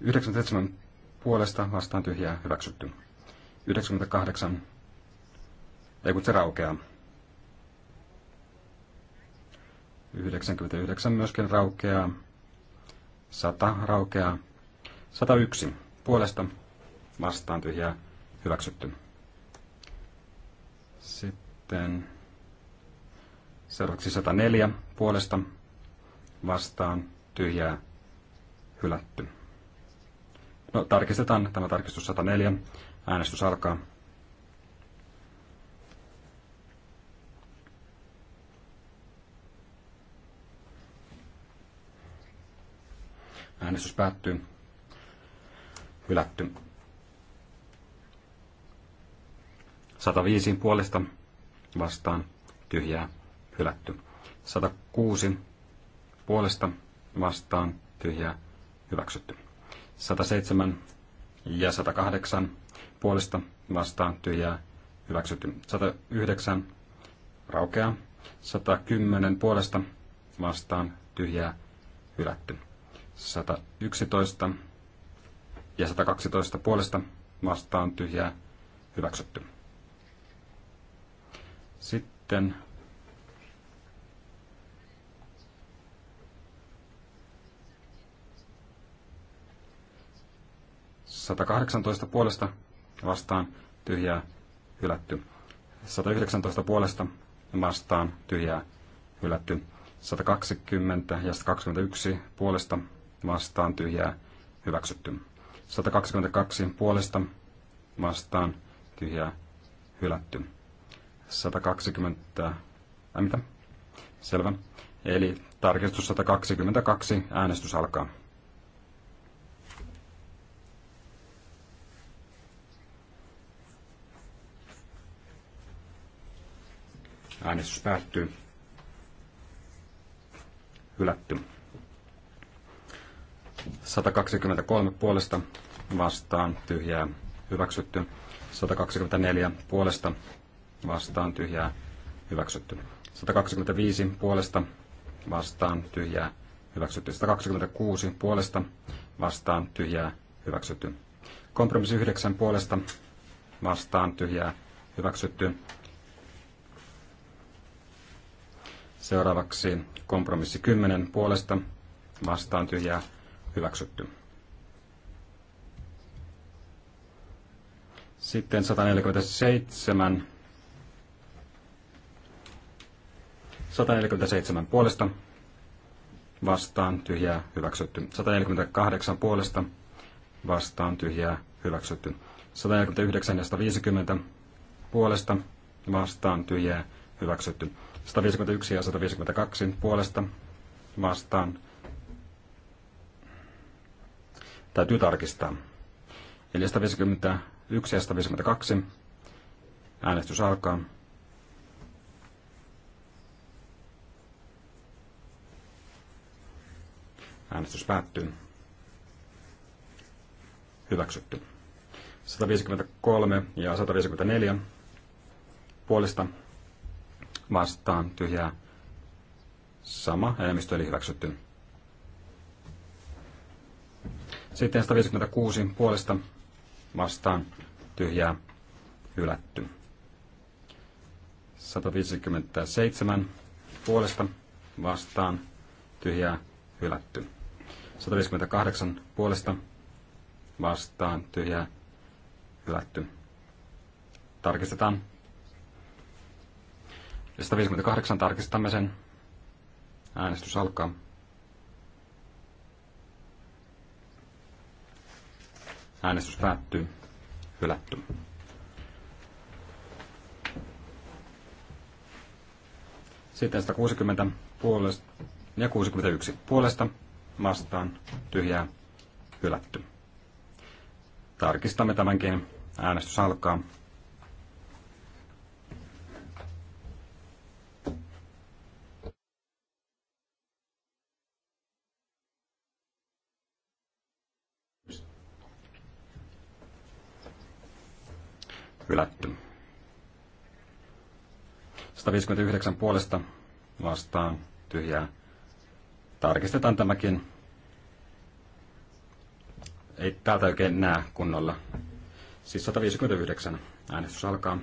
Yhdeksän puolesta vastaan tyhjää hyväksytty. 98. Ei kun se raukeaa. 99 myöskin raukeaa. 100 raukeaa. 101 puolesta vastaan tyhjää hyväksytty. Sitten seuraavaksi 104 puolesta vastaan tyhjää hylätty. No tarkistetaan tämä tarkistus 104. Äänestys alkaa. Äänestys päättyy. Hylätty. 105 puolesta vastaan tyhjää hylätty. 106 puolesta vastaan tyhjää hyväksytty. 107 ja 108 puolesta vastaan tyhjää hyväksytty. 109 raukeaa. 110 puolesta vastaan tyhjää hylätty. 111 ja 112 puolesta vastaan tyhjää hyväksytty. Sitten Sata puolesta vastaan tyhjää hylätty. 119 puolesta vastaan tyhjää hylätty. 120 ja 121 puolesta vastaan tyhjää hyväksytty. 122 puolesta vastaan tyhjää hylätty. 120, äh mitä? Selvä. Eli tarkistus 122, äänestys alkaa. Äänestys päättyy. Hylätty. 123 puolesta vastaan tyhjää hyväksytty. 124 puolesta vastaan tyhjää hyväksytty. 125 puolesta vastaan tyhjää hyväksytty. 126 puolesta vastaan tyhjää hyväksytty. Kompromissi 9 puolesta vastaan tyhjää hyväksytty. Seuraavaksi kompromissi 10 puolesta vastaan tyhjää hyväksytty hyväksytty. Sitten 147. 147 puolesta vastaan tyhjää hyväksytty. 148 puolesta vastaan tyhjää hyväksytty. 149 ja 150 puolesta vastaan tyhjää hyväksytty. 151 ja 152 puolesta vastaan täytyy tarkistaa. Eli 151 ja 152. Äänestys alkaa. Äänestys päättyy. Hyväksytty. 153 ja 154 puolesta vastaan tyhjää sama enemmistö eli hyväksytty. Sitten 156 puolesta vastaan tyhjää hylätty. 157 puolesta vastaan tyhjää hylätty. 158 puolesta vastaan tyhjää hylätty. Tarkistetaan. 158 tarkistamme sen. Äänestys alkaa. Äänestys päättyy. Hylätty. Sitten 160 puolesta ja 61 puolesta vastaan tyhjää hylätty. Tarkistamme tämänkin. Äänestys alkaa. 159 puolesta vastaan tyhjää. Tarkistetaan tämäkin. Ei täältä oikein näe kunnolla. Siis 159. Äänestys alkaa.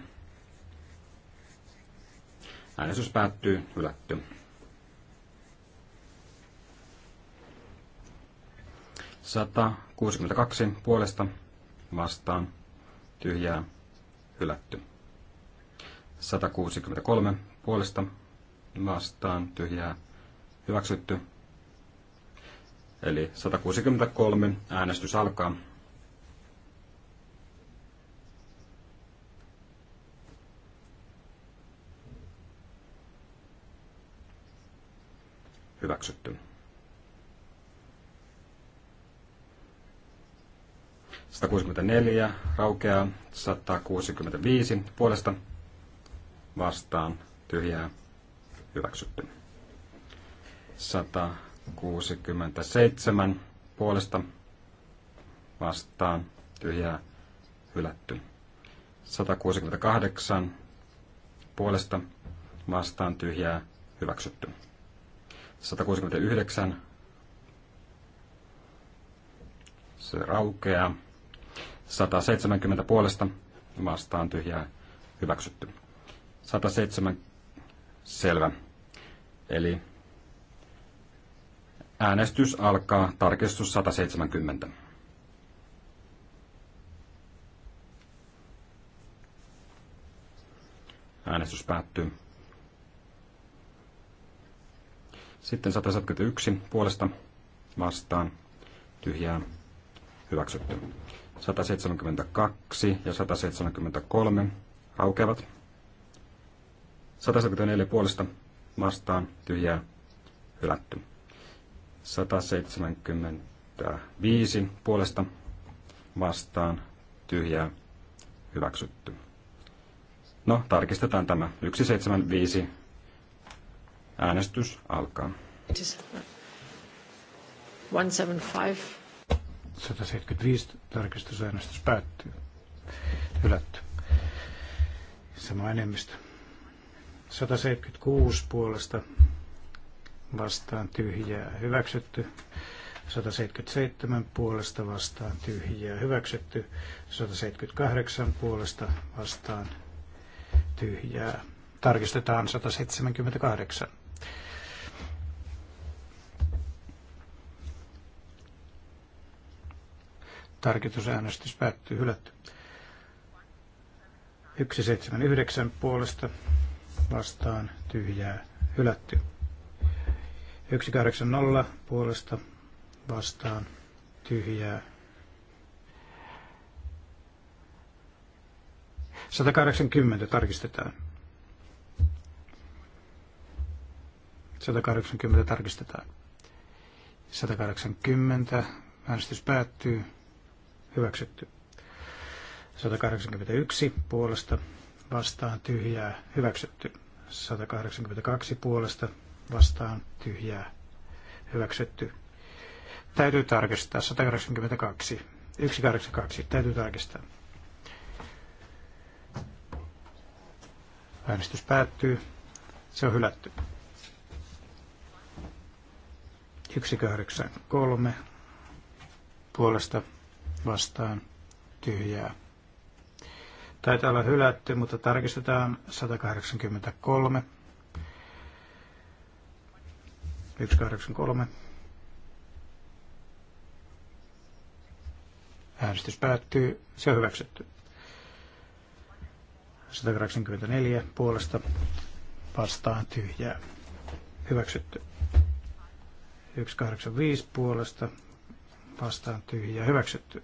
Äänestys päättyy. Hylätty. Sata 162 puolesta vastaan tyhjää hylätty. 163 puolesta vastaan tyhjää hyväksytty. Eli 163 äänestys alkaa. Hyväksytty. 164 raukeaa 165 puolesta vastaan tyhjää hyväksytty. 167 puolesta vastaan tyhjää hylätty. 168 puolesta vastaan tyhjää hyväksytty. 169 se raukeaa. 170 puolesta vastaan tyhjää hyväksytty. 107 selvä. Eli äänestys alkaa tarkistus 170. Äänestys päättyy. Sitten 171 puolesta vastaan tyhjää hyväksytty. 172 ja 173 aukeavat. 174 puolesta vastaan tyhjää hylätty. 175 puolesta vastaan tyhjää hyväksytty. No, tarkistetaan tämä. 175 äänestys alkaa. 175. 175 tarkistusäänestys päättyy. Hylätty. Sama enemmistö. 176 puolesta vastaan tyhjää hyväksytty. 177 puolesta vastaan tyhjää hyväksytty. 178 puolesta vastaan tyhjää. Tarkistetaan 178. Tarkistusäänestys päättyy hylätty. 179 puolesta vastaan tyhjää hylätty. 180 puolesta vastaan tyhjää. 180 tarkistetaan. 180 tarkistetaan. 180. Äänestys päättyy. Hyväksytty. 181 puolesta vastaan tyhjää hyväksytty. 182 puolesta vastaan tyhjää hyväksytty. Täytyy tarkistaa 182. 182 täytyy tarkistaa. Äänestys päättyy. Se on hylätty. 183 puolesta vastaan tyhjää Taitaa olla hylätty, mutta tarkistetaan 183. 183. Äänestys päättyy. Se on hyväksytty. 184 puolesta vastaan tyhjää. Hyväksytty. 185 puolesta vastaan tyhjää. Hyväksytty.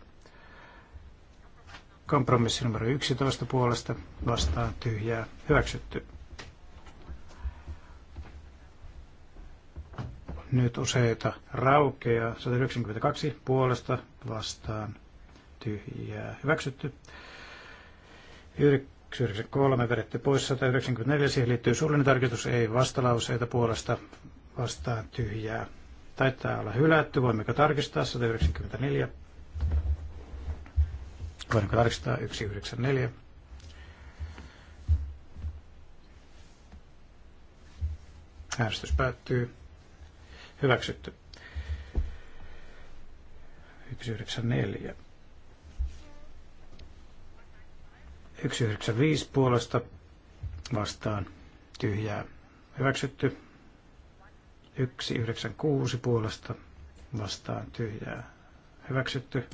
Kompromissi numero 11 puolesta vastaan tyhjää hyväksytty. Nyt useita raukeaa. 192 puolesta vastaan tyhjää hyväksytty. 93 vedetty pois, 194 siihen liittyy suullinen tarkistus, ei vastalauseita puolesta vastaan tyhjää. Taitaa olla hylätty, voimmeko tarkistaa 194 vuoden 1894. 194? Äänestys päättyy. Hyväksytty. 194. 195 puolesta vastaan tyhjää hyväksytty. 196 puolesta vastaan tyhjää hyväksytty.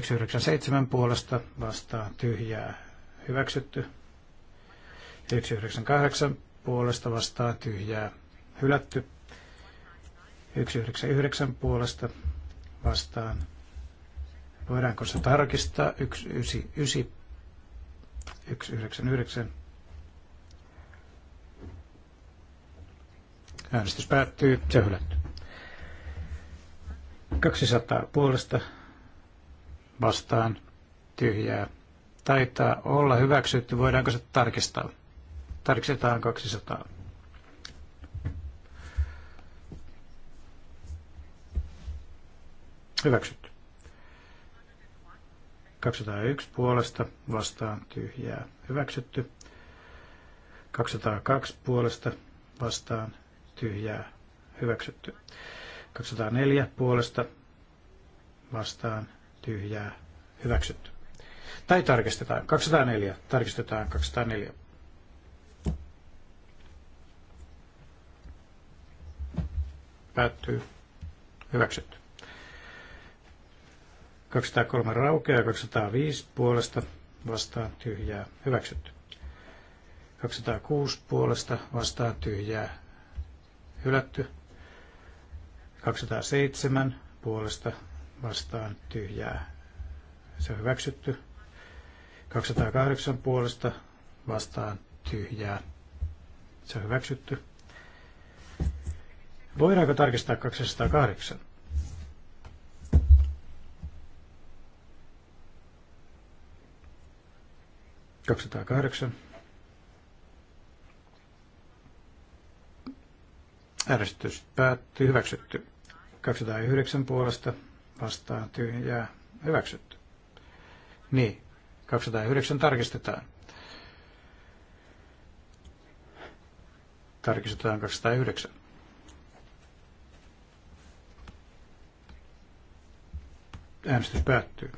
197 puolesta vastaan tyhjää hyväksytty. 198 puolesta vastaan tyhjää hylätty. 199 puolesta vastaan. Voidaanko se tarkistaa? 199. 199. Äänestys päättyy. Se hylätty. 200 puolesta vastaan tyhjää. Taitaa olla hyväksytty. Voidaanko se tarkistaa? Tarkistetaan 200. Hyväksytty. 201 puolesta vastaan tyhjää. Hyväksytty. 202 puolesta vastaan tyhjää. Hyväksytty. 204 puolesta vastaan tyhjää hyväksytty. Tai tarkistetaan. 204. Tarkistetaan 204. Päättyy. Hyväksytty. 203 raukeaa, 205 puolesta vastaan tyhjää, hyväksytty. 206 puolesta vastaan tyhjää, hylätty. 207 puolesta vastaan tyhjää. Se on hyväksytty. 208 puolesta vastaan tyhjää. Se on hyväksytty. Voidaanko tarkistaa 208? kahdeksan. Äänestys päättyy. Hyväksytty. 209 puolesta vastaan tyhjää hyväksytty. Niin, 209 tarkistetaan. Tarkistetaan 209. Äänestys päättyy.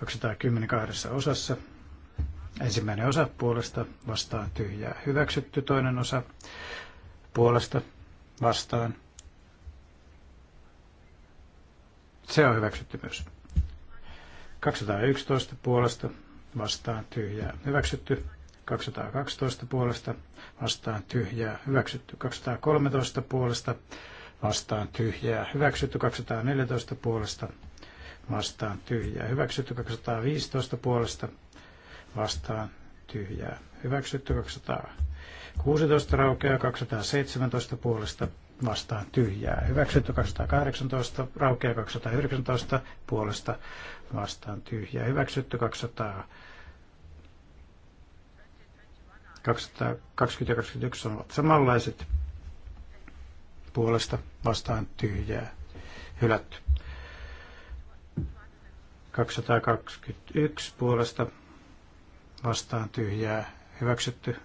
210 kahdessa osassa. Ensimmäinen osa puolesta vastaan tyhjää hyväksytty, toinen osa puolesta vastaan Se on hyväksytty myös. 211 puolesta vastaan tyhjää hyväksytty. 212 puolesta vastaan tyhjää hyväksytty. 213 puolesta vastaan tyhjää hyväksytty. 214 puolesta vastaan tyhjää hyväksytty. 215 puolesta vastaan tyhjää hyväksytty. 216 raukeaa 217 puolesta vastaan tyhjää. Hyväksytty 218, raukea 219, puolesta vastaan tyhjää. Hyväksytty 200, 220 ja 21 ovat samanlaiset puolesta vastaan tyhjää. Hylätty. 221 puolesta vastaan tyhjää. Hyväksytty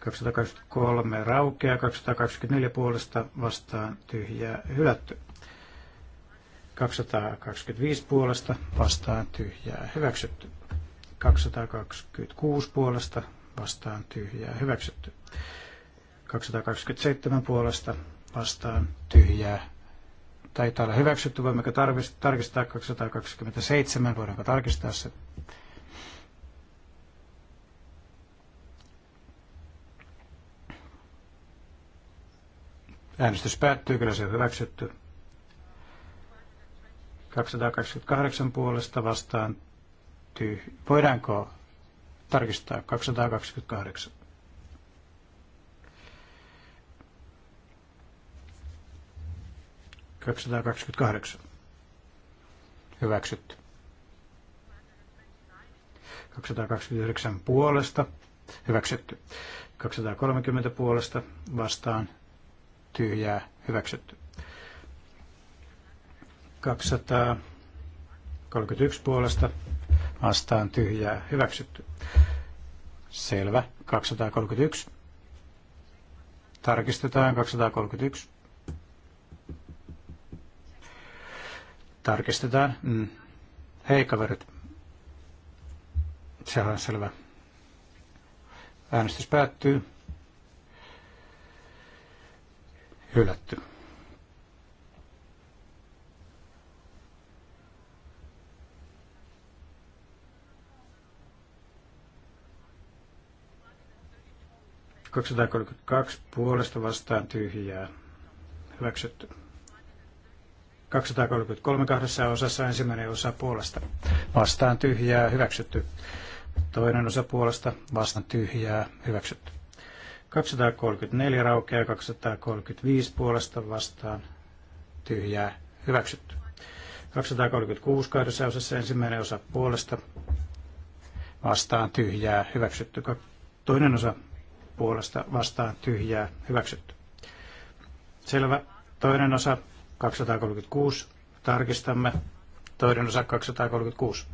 223 raukea, 224 puolesta vastaan tyhjää hylätty. 225 puolesta vastaan tyhjää hyväksytty. 226 puolesta vastaan tyhjää hyväksytty. 227 puolesta vastaan tyhjää. Taitaa olla hyväksytty. Voimmeko tarkistaa 227? Voidaanko tarkistaa se? Äänestys päättyy, kyllä se on hyväksytty. 228 puolesta vastaan tyh... Voidaanko tarkistaa 228? kaksisataakaksikymmentäkahdeksan. Hyväksytty. 229 puolesta. Hyväksytty. 230 puolesta vastaan tyhjää hyväksytty. 231 puolesta vastaan tyhjää hyväksytty. Selvä. 231. Tarkistetaan 231. Tarkistetaan. Mm. Hei kaverit. Sehän on selvä. Äänestys päättyy. hylätty. kaksi puolesta vastaan tyhjää. Hyväksytty. 233 kahdessa osassa ensimmäinen osa puolesta vastaan tyhjää hyväksytty. Toinen osa puolesta vastaan tyhjää hyväksytty. 234 raukeaa 235 puolesta vastaan tyhjää hyväksytty. 236 kahdessa osassa ensimmäinen osa puolesta vastaan tyhjää hyväksytty. Toinen osa puolesta vastaan tyhjää hyväksytty. Selvä. Toinen osa 236. Tarkistamme. Toinen osa 236.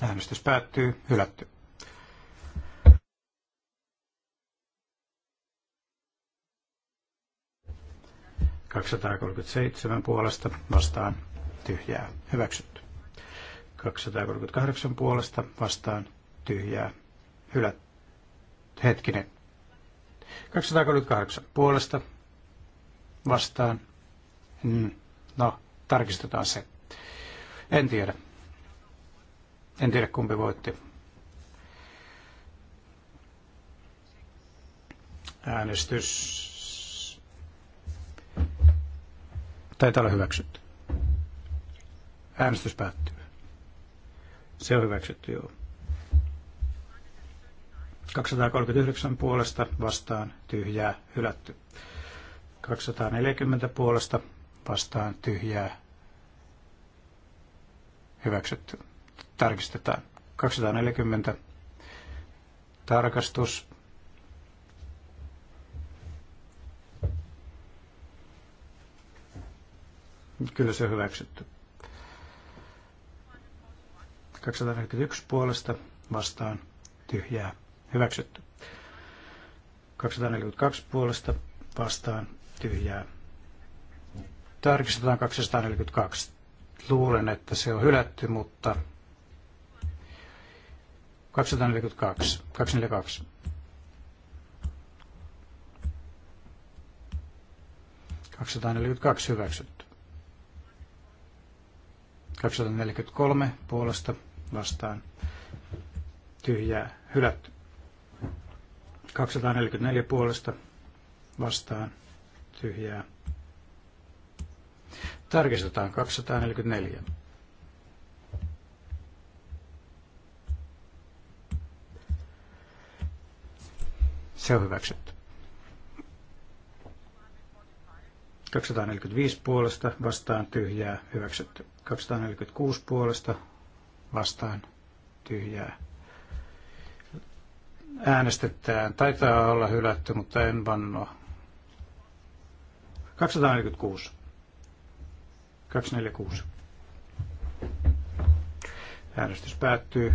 Äänestys päättyy. Hylätty. Kaksisataakolmekymmentäseitsemän puolesta vastaan tyhjää hyväksytty. 238 puolesta vastaan tyhjää hylät. Hetkinen. 238 puolesta vastaan. Mm. No, tarkistetaan se. En tiedä. En tiedä kumpi voitti. Äänestys taitaa olla hyväksytty. Äänestys päättyy. Se on hyväksytty, joo. 239 puolesta vastaan tyhjää hylätty. 240 puolesta vastaan tyhjää hyväksytty tarkistetaan. 240 tarkastus. Kyllä se on hyväksytty. 241 puolesta vastaan tyhjää hyväksytty. 242 puolesta vastaan tyhjää. Tarkistetaan 242. Luulen, että se on hylätty, mutta 242. hyväksytty. 243 puolesta vastaan tyhjää hylätty. 244 puolesta vastaan tyhjää. Tarkistetaan 244. Se on hyväksytty. 245 puolesta vastaan tyhjää hyväksytty. 246 puolesta vastaan tyhjää äänestetään. Taitaa olla hylätty, mutta en vannoa. 246. 246. Äänestys päättyy.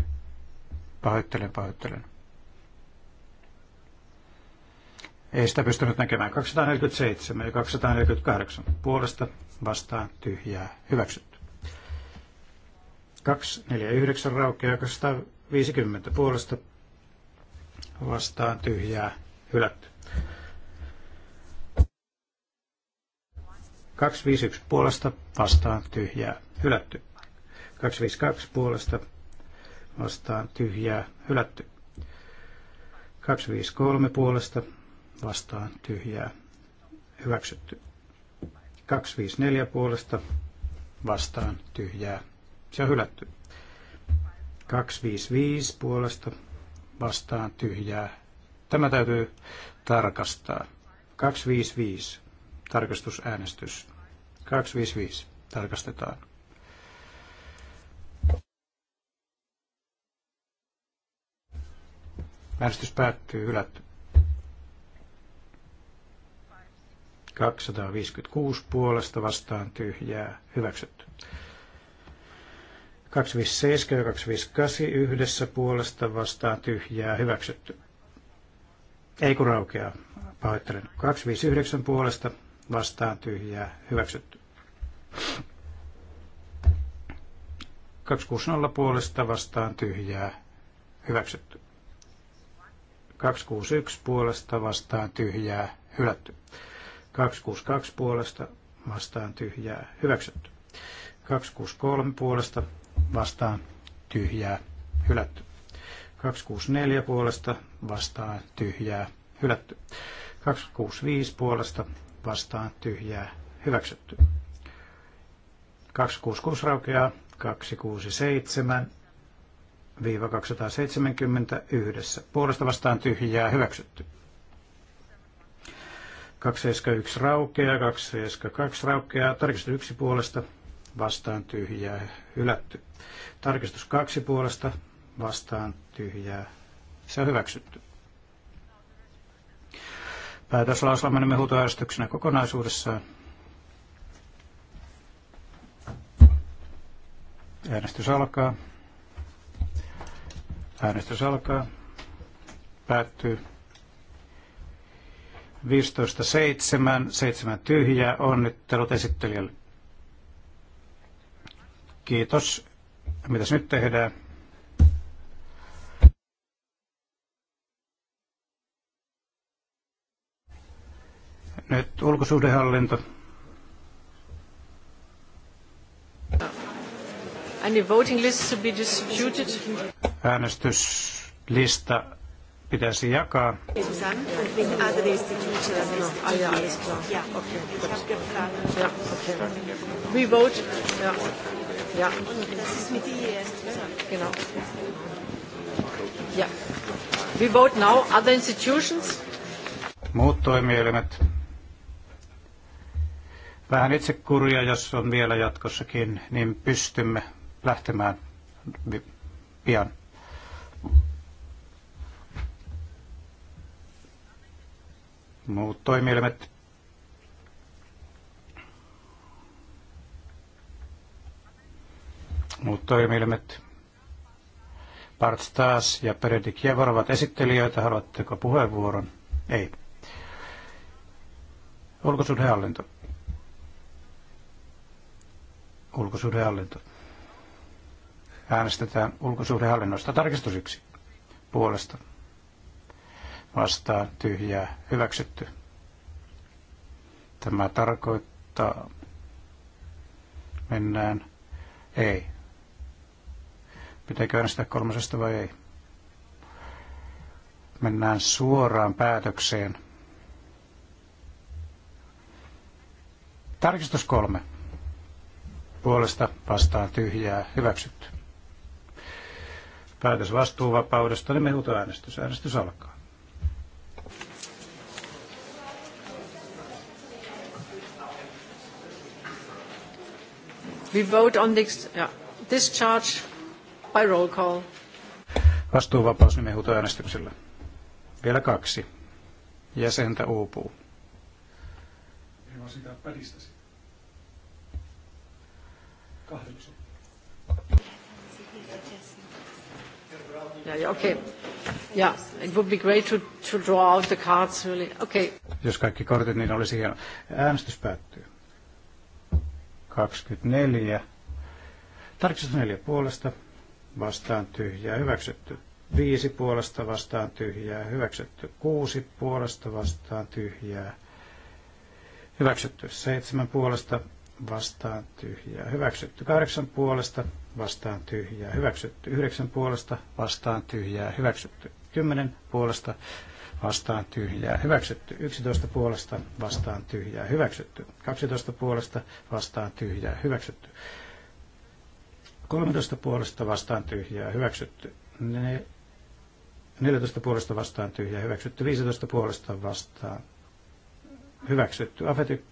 Pahoittelen, pahoittelen. Ei sitä pystynyt näkemään. 247 ja 248 puolesta vastaan tyhjää hyväksytty. 249 raukeaa 250 puolesta vastaan tyhjää hylätty. 251 puolesta vastaan tyhjää hylätty. 252 puolesta vastaan tyhjää hylätty. 253 puolesta vastaan tyhjää hyväksytty. 254 puolesta vastaan tyhjää. Se on hylätty. 255 puolesta vastaan tyhjää. Tämä täytyy tarkastaa. 255 tarkastusäänestys. 255 tarkastetaan. Äänestys päättyy hylätty. 256 puolesta vastaan tyhjää hyväksytty. 257 ja 258 yhdessä puolesta vastaan tyhjää hyväksytty. Ei kun raukeaa, pahoittelen. 259 puolesta vastaan tyhjää hyväksytty. 260 puolesta vastaan tyhjää hyväksytty. 261 puolesta vastaan tyhjää hylätty. 262 puolesta vastaan tyhjää hyväksytty. 263 puolesta vastaan tyhjää hylätty. 264 puolesta vastaan tyhjää hylätty. 265 puolesta vastaan tyhjää hyväksytty. 266 raukeaa 267 270 yhdessä. Puolesta vastaan tyhjää hyväksytty. 271 raukeaa, 272 raukeaa, tarkistus 1 puolesta vastaan tyhjää hylätty. Tarkistus 2 puolesta vastaan tyhjää. Se on hyväksytty. Päätöslausla menemme huutoäänestyksenä kokonaisuudessaan. Äänestys alkaa. Äänestys alkaa. Päättyy. 15 7, 7 tyhjää. Onnittelut esittelijälle. Kiitos. Mitäs nyt tehdään? Nyt ulkosuhdehallinto. Any voting list to be distributed. Äänestyslista pitäisi jakaa. We vote. We vote now other institutions. Muut toimielimet. Vähän itsekuria, jos on vielä jatkossakin, niin pystymme lähtemään pian. muut toimielimet muut toimielimet Bart Stas ja Peredik Jevor ovat esittelijöitä. Haluatteko puheenvuoron? Ei. Ulkosuhdehallinto. Ulkosuhdehallinto. Äänestetään ulkosuhdehallinnosta. Tarkistus yksi. Puolesta vastaan tyhjää hyväksytty. Tämä tarkoittaa, mennään ei. Pitääkö äänestää kolmosesta vai ei? Mennään suoraan päätökseen. Tarkistus kolme. Puolesta vastaan tyhjää hyväksytty. Päätös vastuuvapaudesta, niin me äänestys. Äänestys alkaa. We vote on this, yeah, discharge by roll call. Vastuuvapaus nimenhuutoäänestyksellä. Vielä kaksi. Jäsentä uupuu. Ei vaan sitä pädistäsi. Kahdeksan. Yeah, yeah, okay. Yeah, it would be great to, to draw out the cards really. Okay. Jos kaikki kortit, niin olisi hieno. Äänestys päättyy. 24. Tarkistus 4 puolesta vastaan tyhjää hyväksytty. 5 puolesta vastaan tyhjää hyväksytty. 6 puolesta vastaan tyhjää hyväksytty. 7 puolesta vastaan tyhjää hyväksytty. 8 puolesta vastaan tyhjää hyväksytty. 9 puolesta vastaan tyhjää hyväksytty. 10 puolesta vastaan tyhjää vastaan tyhjää hyväksytty. 11 puolesta vastaan tyhjää hyväksytty. 12 puolesta vastaan tyhjää hyväksytty. 13 puolesta vastaan tyhjää hyväksytty. 14 puolesta vastaan tyhjää hyväksytty. 15 puolesta vastaan hyväksytty. Afet 1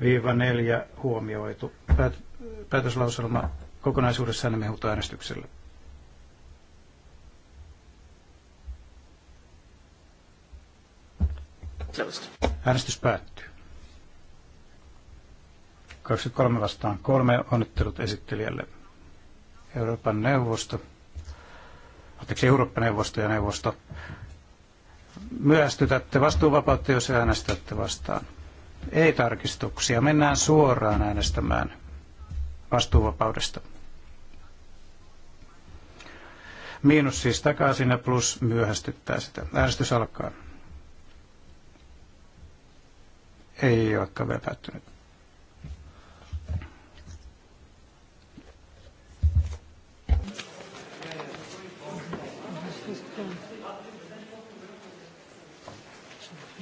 viiva 4 huomioitu. Päätöslauselma kokonaisuudessaan me äänestyksellä. Closed. Äänestys päättyy. 23 vastaan kolme onnittelut esittelijälle. Euroopan neuvosto, anteeksi Eurooppa-neuvosto ja neuvosto, myöstytätte vastuuvapautta, jos äänestätte vastaan. Ei tarkistuksia, mennään suoraan äänestämään vastuuvapaudesta. Miinus siis takaisin ja plus myöhästyttää sitä. Äänestys alkaa. ei olekaan vielä päättynyt.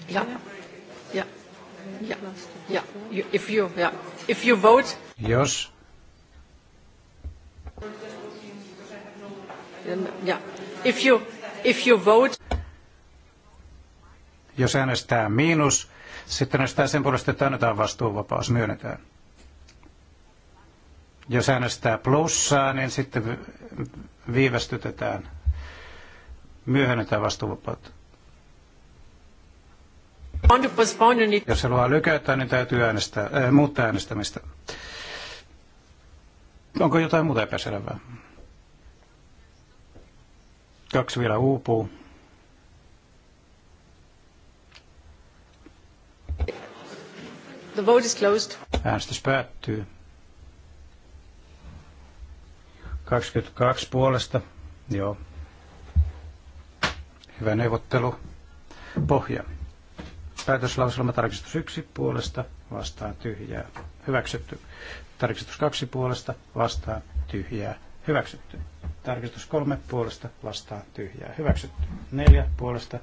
Ja. Ja. Ja. Ja. If you, yeah. If you vote. Jos. Ja. If you, if you vote. Jos äänestää miinus, sitten äänestää sen puolesta, että annetaan vastuuvapaus, myönnetään. Jos äänestää plussaa, niin sitten viivästytetään, myöhennetään vastuuvapautta. Jos luo lykätä, niin täytyy äänestää, äh, muuttaa äänestämistä. Onko jotain muuta epäselvää? Kaksi vielä uupuu. The vote is closed. Äänestys päättyy. 22 puolesta. Joo. Hyvä neuvottelu. Pohja. Päätöslauselma tarkistus 1 puolesta vastaan tyhjää. Hyväksytty. Tarkistus 2 puolesta vastaan tyhjää. Hyväksytty. Tarkistus 3 puolesta vastaan tyhjää. Hyväksytty. 4 puolesta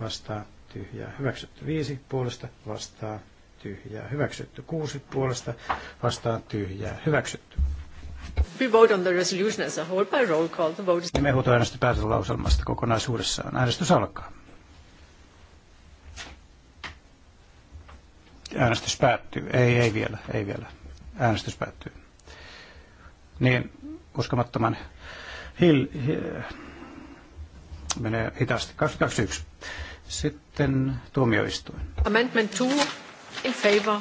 vastaan tyhjää. Hyväksytty. 5 puolesta vastaan tyhjää hyväksytty. Kuusi puolesta vastaan tyhjää hyväksytty. We vote on the resolution as a whole by roll call. The vote is... Nimenhuutoäänestö niin päätöslauselmasta kokonaisuudessaan. Äänestys alkaa. Äänestys päättyy. Ei, ei vielä, ei vielä. Äänestys päättyy. Niin uskomattoman hil, hil, menee hitaasti. 221. Sitten tuomioistuin. Amendment 2. In favor.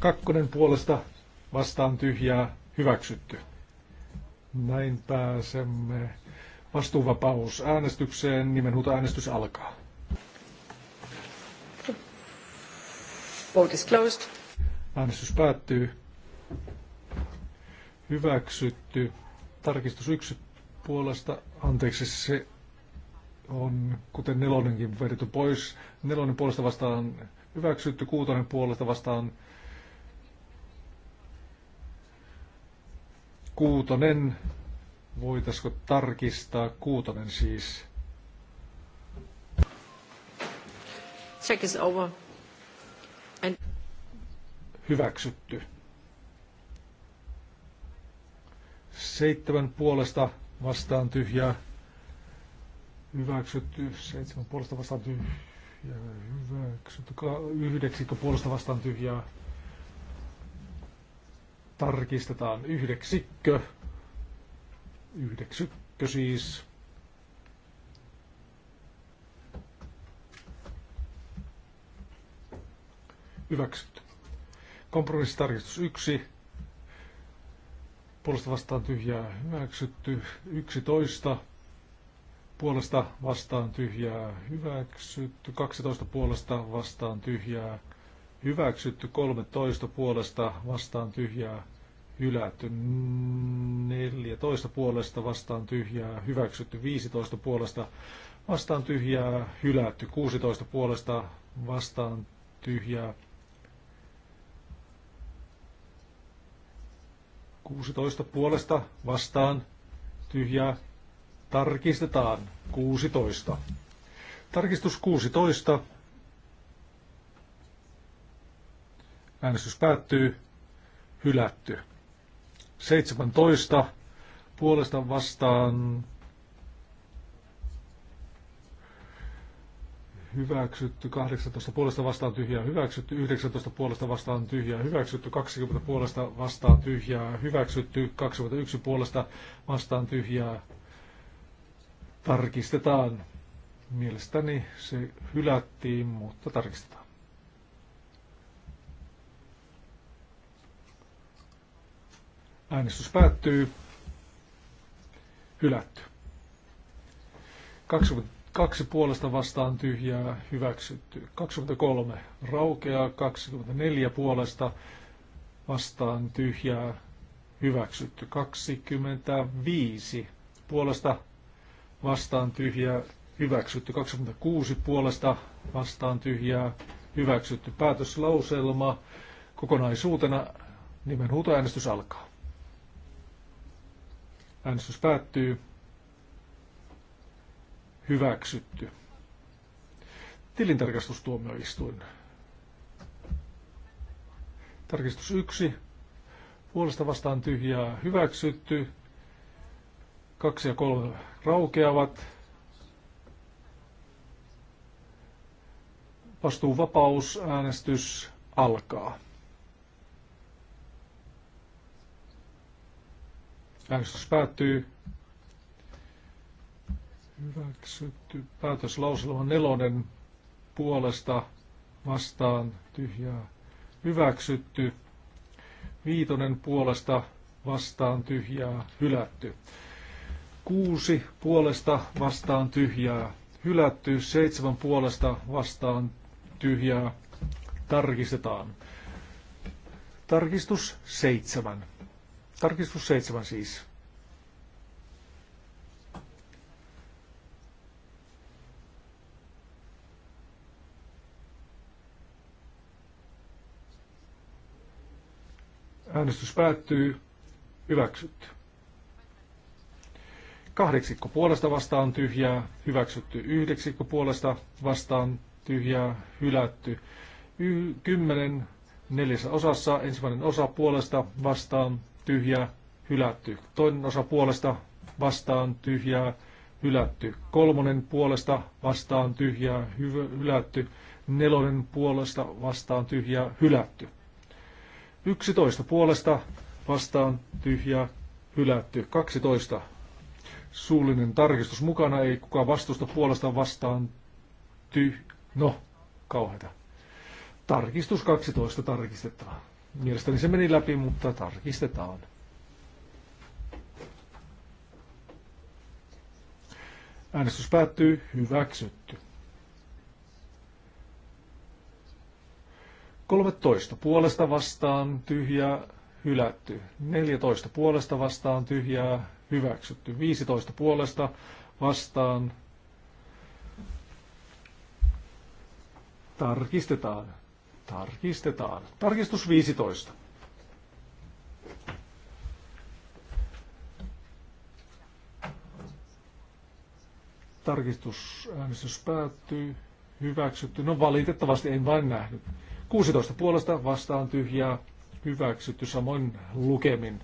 Kakkonen puolesta vastaan tyhjää hyväksytty. Näin pääsemme vastuuvapaus äänestykseen. Nimenhuuta äänestys alkaa. Vote is closed. Äänestys päättyy. Hyväksytty. Tarkistus yksi puolesta. Anteeksi, se on kuten nelonenkin vedetty pois. Nelonen puolesta vastaan hyväksytty kuutonen puolesta vastaan kuutonen. Voitaisiko tarkistaa kuutonen siis? Check is over. And... Hyväksytty. Seitsemän puolesta vastaan tyhjää. Hyväksytty. Seitsemän puolesta vastaan tyhjää yhdeksi, kun puolesta vastaan tyhjää. Tarkistetaan yhdeksikkö. Yhdeksikkö siis. Hyväksytty. Kompromissitarkistus 1. Puolesta vastaan tyhjää hyväksytty. 11 puolesta vastaan tyhjää hyväksytty, 12 puolesta vastaan tyhjää hyväksytty, 13 puolesta vastaan tyhjää hylätty, 14 puolesta vastaan tyhjää hyväksytty, 15 puolesta vastaan tyhjää hylätty, 16 puolesta vastaan tyhjää 16 puolesta vastaan tyhjää Tarkistetaan 16. Tarkistus 16. Äänestys päättyy. Hylätty. 17. Puolesta vastaan hyväksytty, 18 puolesta vastaan tyhjää hyväksytty, 19 puolesta vastaan tyhjää hyväksytty, 20 puolesta vastaan tyhjää hyväksytty, 21 puolesta vastaan tyhjää Tarkistetaan. Mielestäni se hylättiin, mutta tarkistetaan. Äänestys päättyy. Hylätty. Kaksi puolesta vastaan tyhjää hyväksytty. 23 raukeaa, 24 puolesta vastaan tyhjää hyväksytty. 25 puolesta vastaan tyhjää hyväksytty. 26 puolesta vastaan tyhjää hyväksytty. Päätöslauselma kokonaisuutena nimenhuutoäänestys alkaa. Äänestys päättyy. Hyväksytty. Tilintarkastustuomioistuin. Tarkistus 1. Puolesta vastaan tyhjää hyväksytty. Kaksi ja kolme raukeavat. Vastuuvapausäänestys alkaa. Äänestys päättyy. Hyväksytty päätöslauselma nelonen puolesta vastaan tyhjää. Hyväksytty. Viitonen puolesta vastaan tyhjää hylätty. Kuusi puolesta vastaan tyhjää. Hylätty seitsemän puolesta vastaan tyhjää. Tarkistetaan. Tarkistus seitsemän. Tarkistus seitsemän siis. Äänestys päättyy. Hyväksytty. Kahdeksikko puolesta vastaan tyhjää, hyväksytty. Yhdeksikko puolesta vastaan tyhjää, hylätty. Y- kymmenen neljässä osassa, ensimmäinen osa puolesta vastaan tyhjää, hylätty. Toinen osa puolesta vastaan tyhjää, hylätty. Kolmonen puolesta vastaan tyhjää, hy- hylätty. Nelonen puolesta vastaan tyhjää, hylätty. Yksitoista puolesta vastaan tyhjää, hylätty. 12 suullinen tarkistus mukana, ei kukaan vastusta puolesta vastaan ty... No, kauheita. Tarkistus 12 tarkistetaan. Mielestäni se meni läpi, mutta tarkistetaan. Äänestys päättyy hyväksytty. 13 puolesta vastaan tyhjää hylätty. 14 puolesta vastaan tyhjää hyväksytty. 15 puolesta vastaan tarkistetaan. Tarkistetaan. Tarkistus 15. Tarkistusäänestys päättyy. Hyväksytty. No valitettavasti en vain nähnyt. 16 puolesta vastaan tyhjää. Hyväksytty samoin lukemin.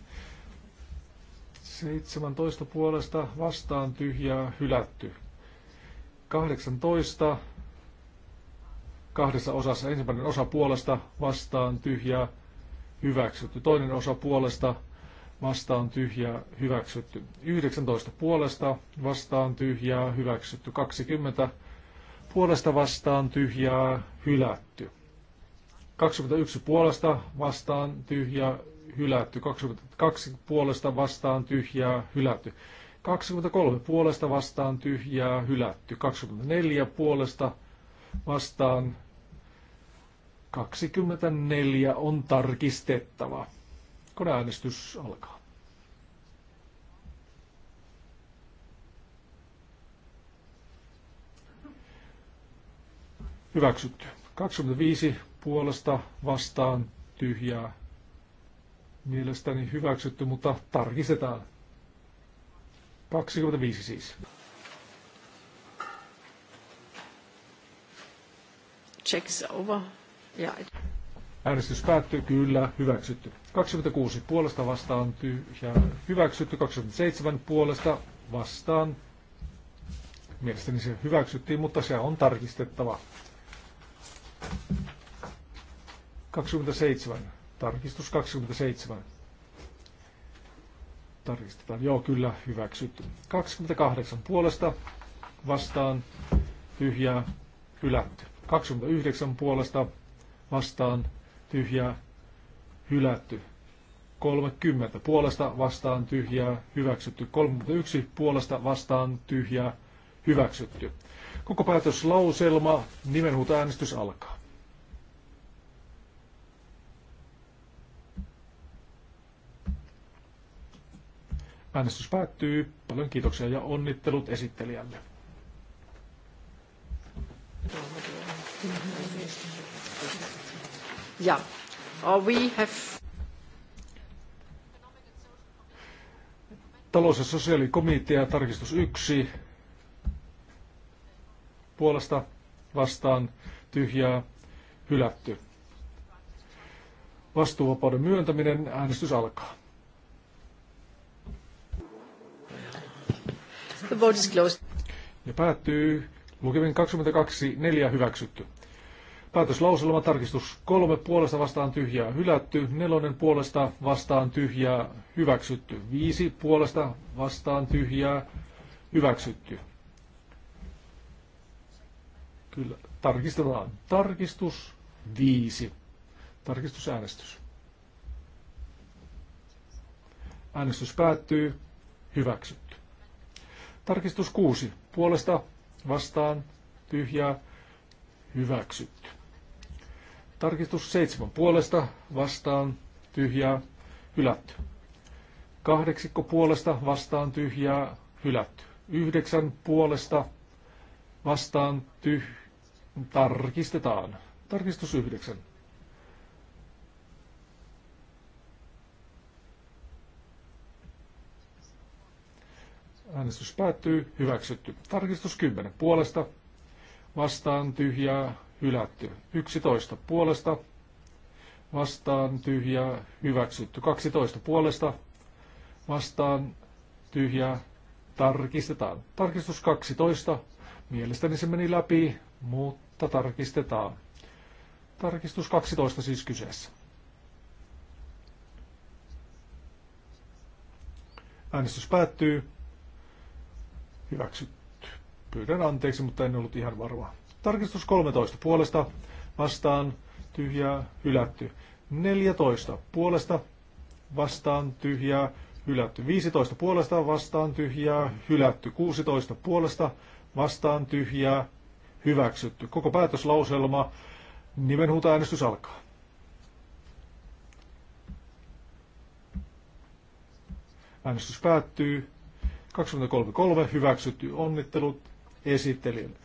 17 puolesta vastaan tyhjää hylätty. 18 kahdessa osassa. Ensimmäinen osa puolesta vastaan tyhjää hyväksytty. Toinen osa puolesta vastaan tyhjää hyväksytty. 19 puolesta vastaan tyhjää hyväksytty. 20 puolesta vastaan tyhjää hylätty. 21 puolesta vastaan tyhjää hylätty. 22 puolesta vastaan tyhjää hylätty. 23 puolesta vastaan tyhjää hylätty. 24 puolesta vastaan 24 on tarkistettava. Koneäänestys alkaa. Hyväksytty. 25 puolesta vastaan tyhjää mielestäni hyväksytty, mutta tarkistetaan. 25 siis. Check is over. Yeah. Äänestys päättyy, kyllä, hyväksytty. 26 puolesta vastaan tyhjä, hyväksytty. 27 puolesta vastaan. Mielestäni se hyväksyttiin, mutta se on tarkistettava. 27. Tarkistus 27. Tarkistetaan. Joo, kyllä, hyväksytty. 28 puolesta vastaan tyhjää hylätty. 29 puolesta vastaan tyhjää hylätty. 30 puolesta vastaan tyhjää hyväksytty. 31 puolesta vastaan tyhjää hyväksytty. Koko päätöslauselma, nimenhuutoäänestys alkaa. Äänestys päättyy. Paljon kiitoksia ja onnittelut esittelijälle. Ja, we have... Talous- ja sosiaalikomitea, tarkistus 1. Puolesta vastaan tyhjää hylätty. Vastuuvapauden myöntäminen, äänestys alkaa. The is closed. Ja päättyy lukemin 22.4 hyväksytty. Päätöslauselma tarkistus kolme puolesta vastaan tyhjää hylätty, nelonen puolesta vastaan tyhjää hyväksytty, viisi puolesta vastaan tyhjää hyväksytty. Kyllä, tarkistetaan. Tarkistus viisi. Tarkistusäänestys. Äänestys päättyy. Hyväksytty. Tarkistus 6. Puolesta vastaan tyhjää hyväksytty. Tarkistus 7. Puolesta vastaan tyhjää hylätty. Kahdeksikko puolesta vastaan tyhjää hylätty. Yhdeksän puolesta vastaan tyh... Tarkistetaan. Tarkistus yhdeksän. Äänestys päättyy. Hyväksytty. Tarkistus 10. Puolesta. Vastaan tyhjää. Hylätty. 11. Puolesta. Vastaan tyhjää. Hyväksytty. 12. Puolesta. Vastaan tyhjää. Tarkistetaan. Tarkistus 12. Mielestäni se meni läpi, mutta tarkistetaan. Tarkistus 12 siis kyseessä. Äänestys päättyy. Hyväksytty. Pyydän anteeksi, mutta en ollut ihan varma. Tarkistus 13 puolesta vastaan tyhjää hylätty. 14 puolesta vastaan tyhjää hylätty. 15 puolesta vastaan tyhjää hylätty. 16 puolesta vastaan tyhjää hyväksytty. Koko päätöslauselma äänestys alkaa. Äänestys päättyy. 23.3 hyväksytty onnittelut esittelin.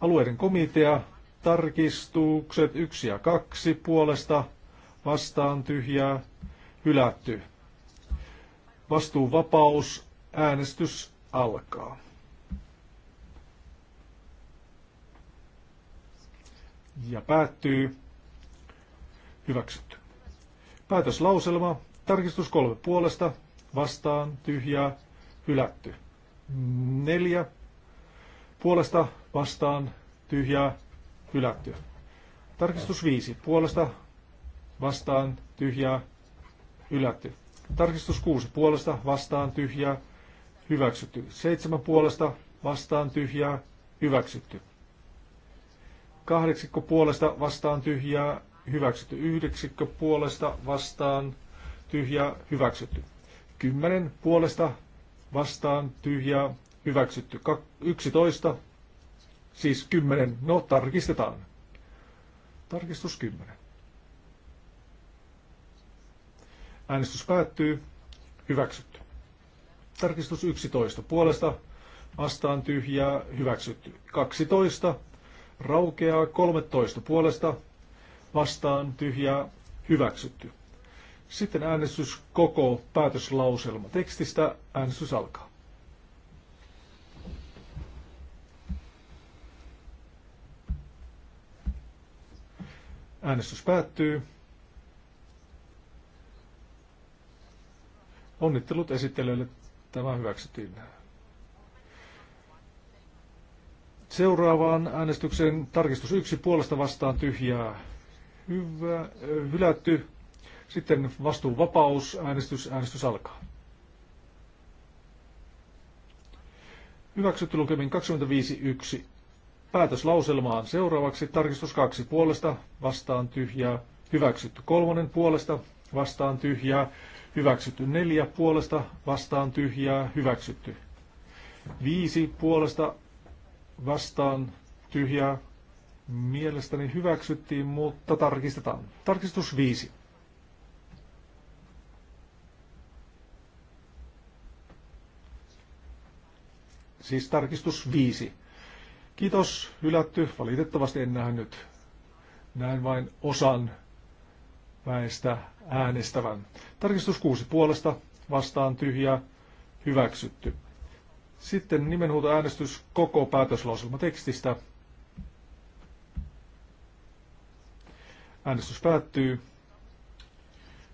Alueiden komitea tarkistukset 1 ja 2 puolesta vastaan tyhjää hylätty. Vastuuvapaus äänestys alkaa. Ja päättyy. Hyväksytty. Päätöslauselma. Tarkistus kolme puolesta. Vastaan. Tyhjää hylätty. Neljä puolesta vastaan tyhjää hylätty. Tarkistus viisi puolesta vastaan tyhjää hylätty. Tarkistus kuusi puolesta vastaan tyhjää hyväksytty. Seitsemän puolesta vastaan tyhjää hyväksytty. Kahdeksikko puolesta vastaan tyhjää hyväksytty. Yhdeksikkö puolesta vastaan tyhjää hyväksytty. Kymmenen puolesta vastaan tyhjää hyväksytty. 11, siis 10, no tarkistetaan. Tarkistus 10. Äänestys päättyy. Hyväksytty. Tarkistus 11. Puolesta vastaan tyhjää hyväksytty. 12. Raukeaa 13. Puolesta vastaan tyhjää hyväksytty. Sitten äänestys koko päätöslauselma tekstistä. Äänestys alkaa. Äänestys päättyy. Onnittelut esittelijöille. Tämä hyväksyttiin. Seuraavaan äänestykseen tarkistus yksi puolesta vastaan tyhjää. Hyvä, äh, hylätty sitten vastuuvapaus, äänestys, äänestys alkaa. Hyväksytty lukemin 25.1. Päätöslauselmaan seuraavaksi tarkistus 2 puolesta vastaan tyhjää. Hyväksytty kolmonen puolesta vastaan tyhjää. Hyväksytty neljä puolesta vastaan tyhjää. Hyväksytty viisi puolesta vastaan tyhjää. Mielestäni hyväksyttiin, mutta tarkistetaan. Tarkistus viisi. siis tarkistus 5. Kiitos, hylätty. Valitettavasti en nähnyt. Näin vain osan väestä äänestävän. Tarkistus 6 puolesta, vastaan tyhjä, hyväksytty. Sitten äänestys koko tekstistä. Äänestys päättyy.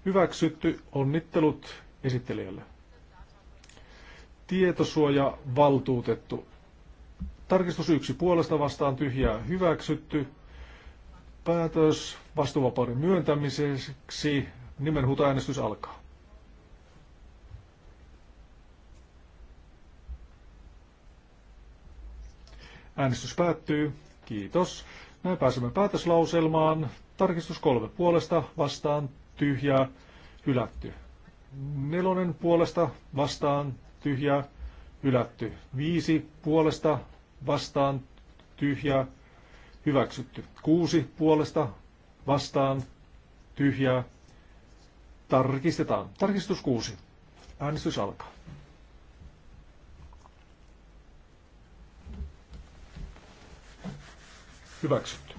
Hyväksytty. Onnittelut esittelijälle tietosuojavaltuutettu. Tarkistus yksi puolesta vastaan tyhjää hyväksytty. Päätös vastuuvapauden myöntämiseksi. Nimenhuutoäänestys alkaa. Äänestys päättyy. Kiitos. Näin pääsemme päätöslauselmaan. Tarkistus kolme puolesta vastaan tyhjää hylätty. Nelonen puolesta vastaan tyhjää, hylätty. Viisi puolesta vastaan tyhjää, hyväksytty. Kuusi puolesta vastaan tyhjää, tarkistetaan. Tarkistus kuusi. Äänestys alkaa. Hyväksytty.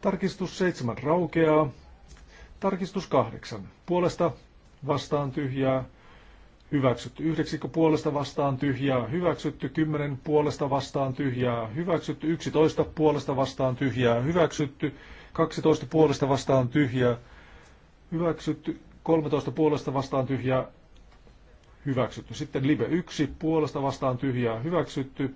Tarkistus 7 raukeaa. Tarkistus 8. Puolesta vastaan tyhjää hyväksytty. 9 puolesta vastaan tyhjää hyväksytty. kymmenen puolesta vastaan tyhjää hyväksytty. yksitoista puolesta vastaan tyhjää hyväksytty. kaksitoista puolesta vastaan tyhjää hyväksytty. kolmetoista puolesta vastaan tyhjää hyväksytty. Sitten Live yksi puolesta vastaan tyhjää hyväksytty.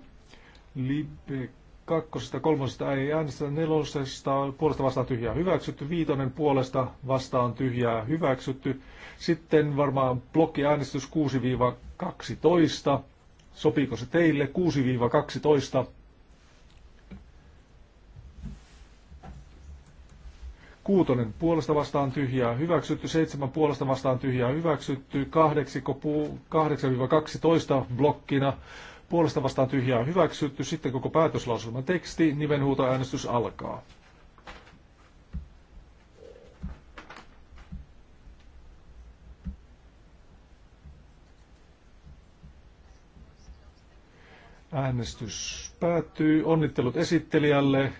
Live kakkosesta, kolmosesta ei äänestä, nelosesta puolesta vastaan tyhjää hyväksytty, viitonen puolesta vastaan tyhjää hyväksytty. Sitten varmaan blokkiäänestys 6-12. Sopiiko se teille? 6-12. kuutonen puolesta vastaan tyhjää hyväksytty, seitsemän puolesta vastaan tyhjää hyväksytty, 8-12 blokkina, puolesta vastaan tyhjää hyväksytty. Sitten koko päätöslauselman teksti, äänestys alkaa. Äänestys päättyy. Onnittelut esittelijälle.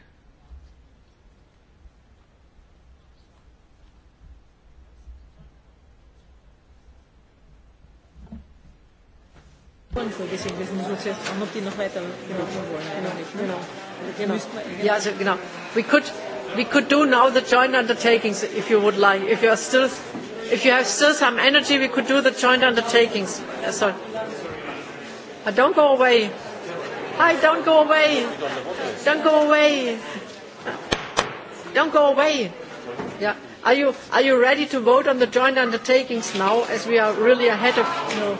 Deswegen wissen wir zuerst an, ob die noch weiter beraten wollen. Genau. genau. We could, we could do now the joint undertakings if you would like. If you are still, if you have still some energy, we could do the joint undertakings. Uh, sorry. uh, don't go away. Hi, don't go away. Don't go away. Don't go away. Yeah. Are you, are you ready to vote on the joint undertakings now as we are really ahead of, you know,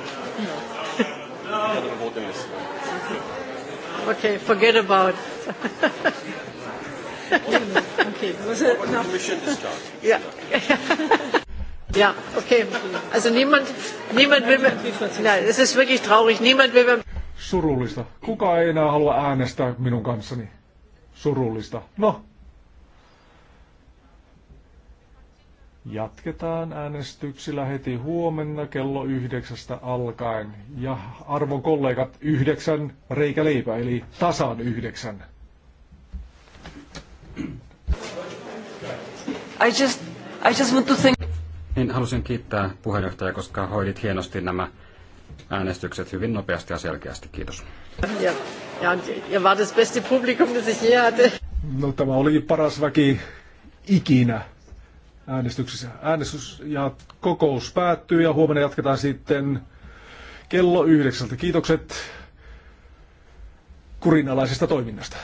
Okay, forget about. okay, was it no. Yeah. ja, okay. Also niemand, niemand will, nein, es ist wirklich traurig, niemand will. mehr. Surullista. Kuka ei enää halua äänestää minun kanssani? Surullista. No, Jatketaan äänestyksillä heti huomenna kello yhdeksästä alkaen. Ja arvon kollegat, yhdeksän reikäleipä, eli tasan yhdeksän. I just, I just want to think. Niin, halusin kiittää puheenjohtaja, koska hoidit hienosti nämä äänestykset hyvin nopeasti ja selkeästi. Kiitos. Ja, ja, ja war das beste Publikum, das ich hatte. No, tämä oli paras väki ikinä äänestyksessä. Äänestys ja kokous päättyy ja huomenna jatketaan sitten kello yhdeksältä. Kiitokset kurinalaisesta toiminnasta.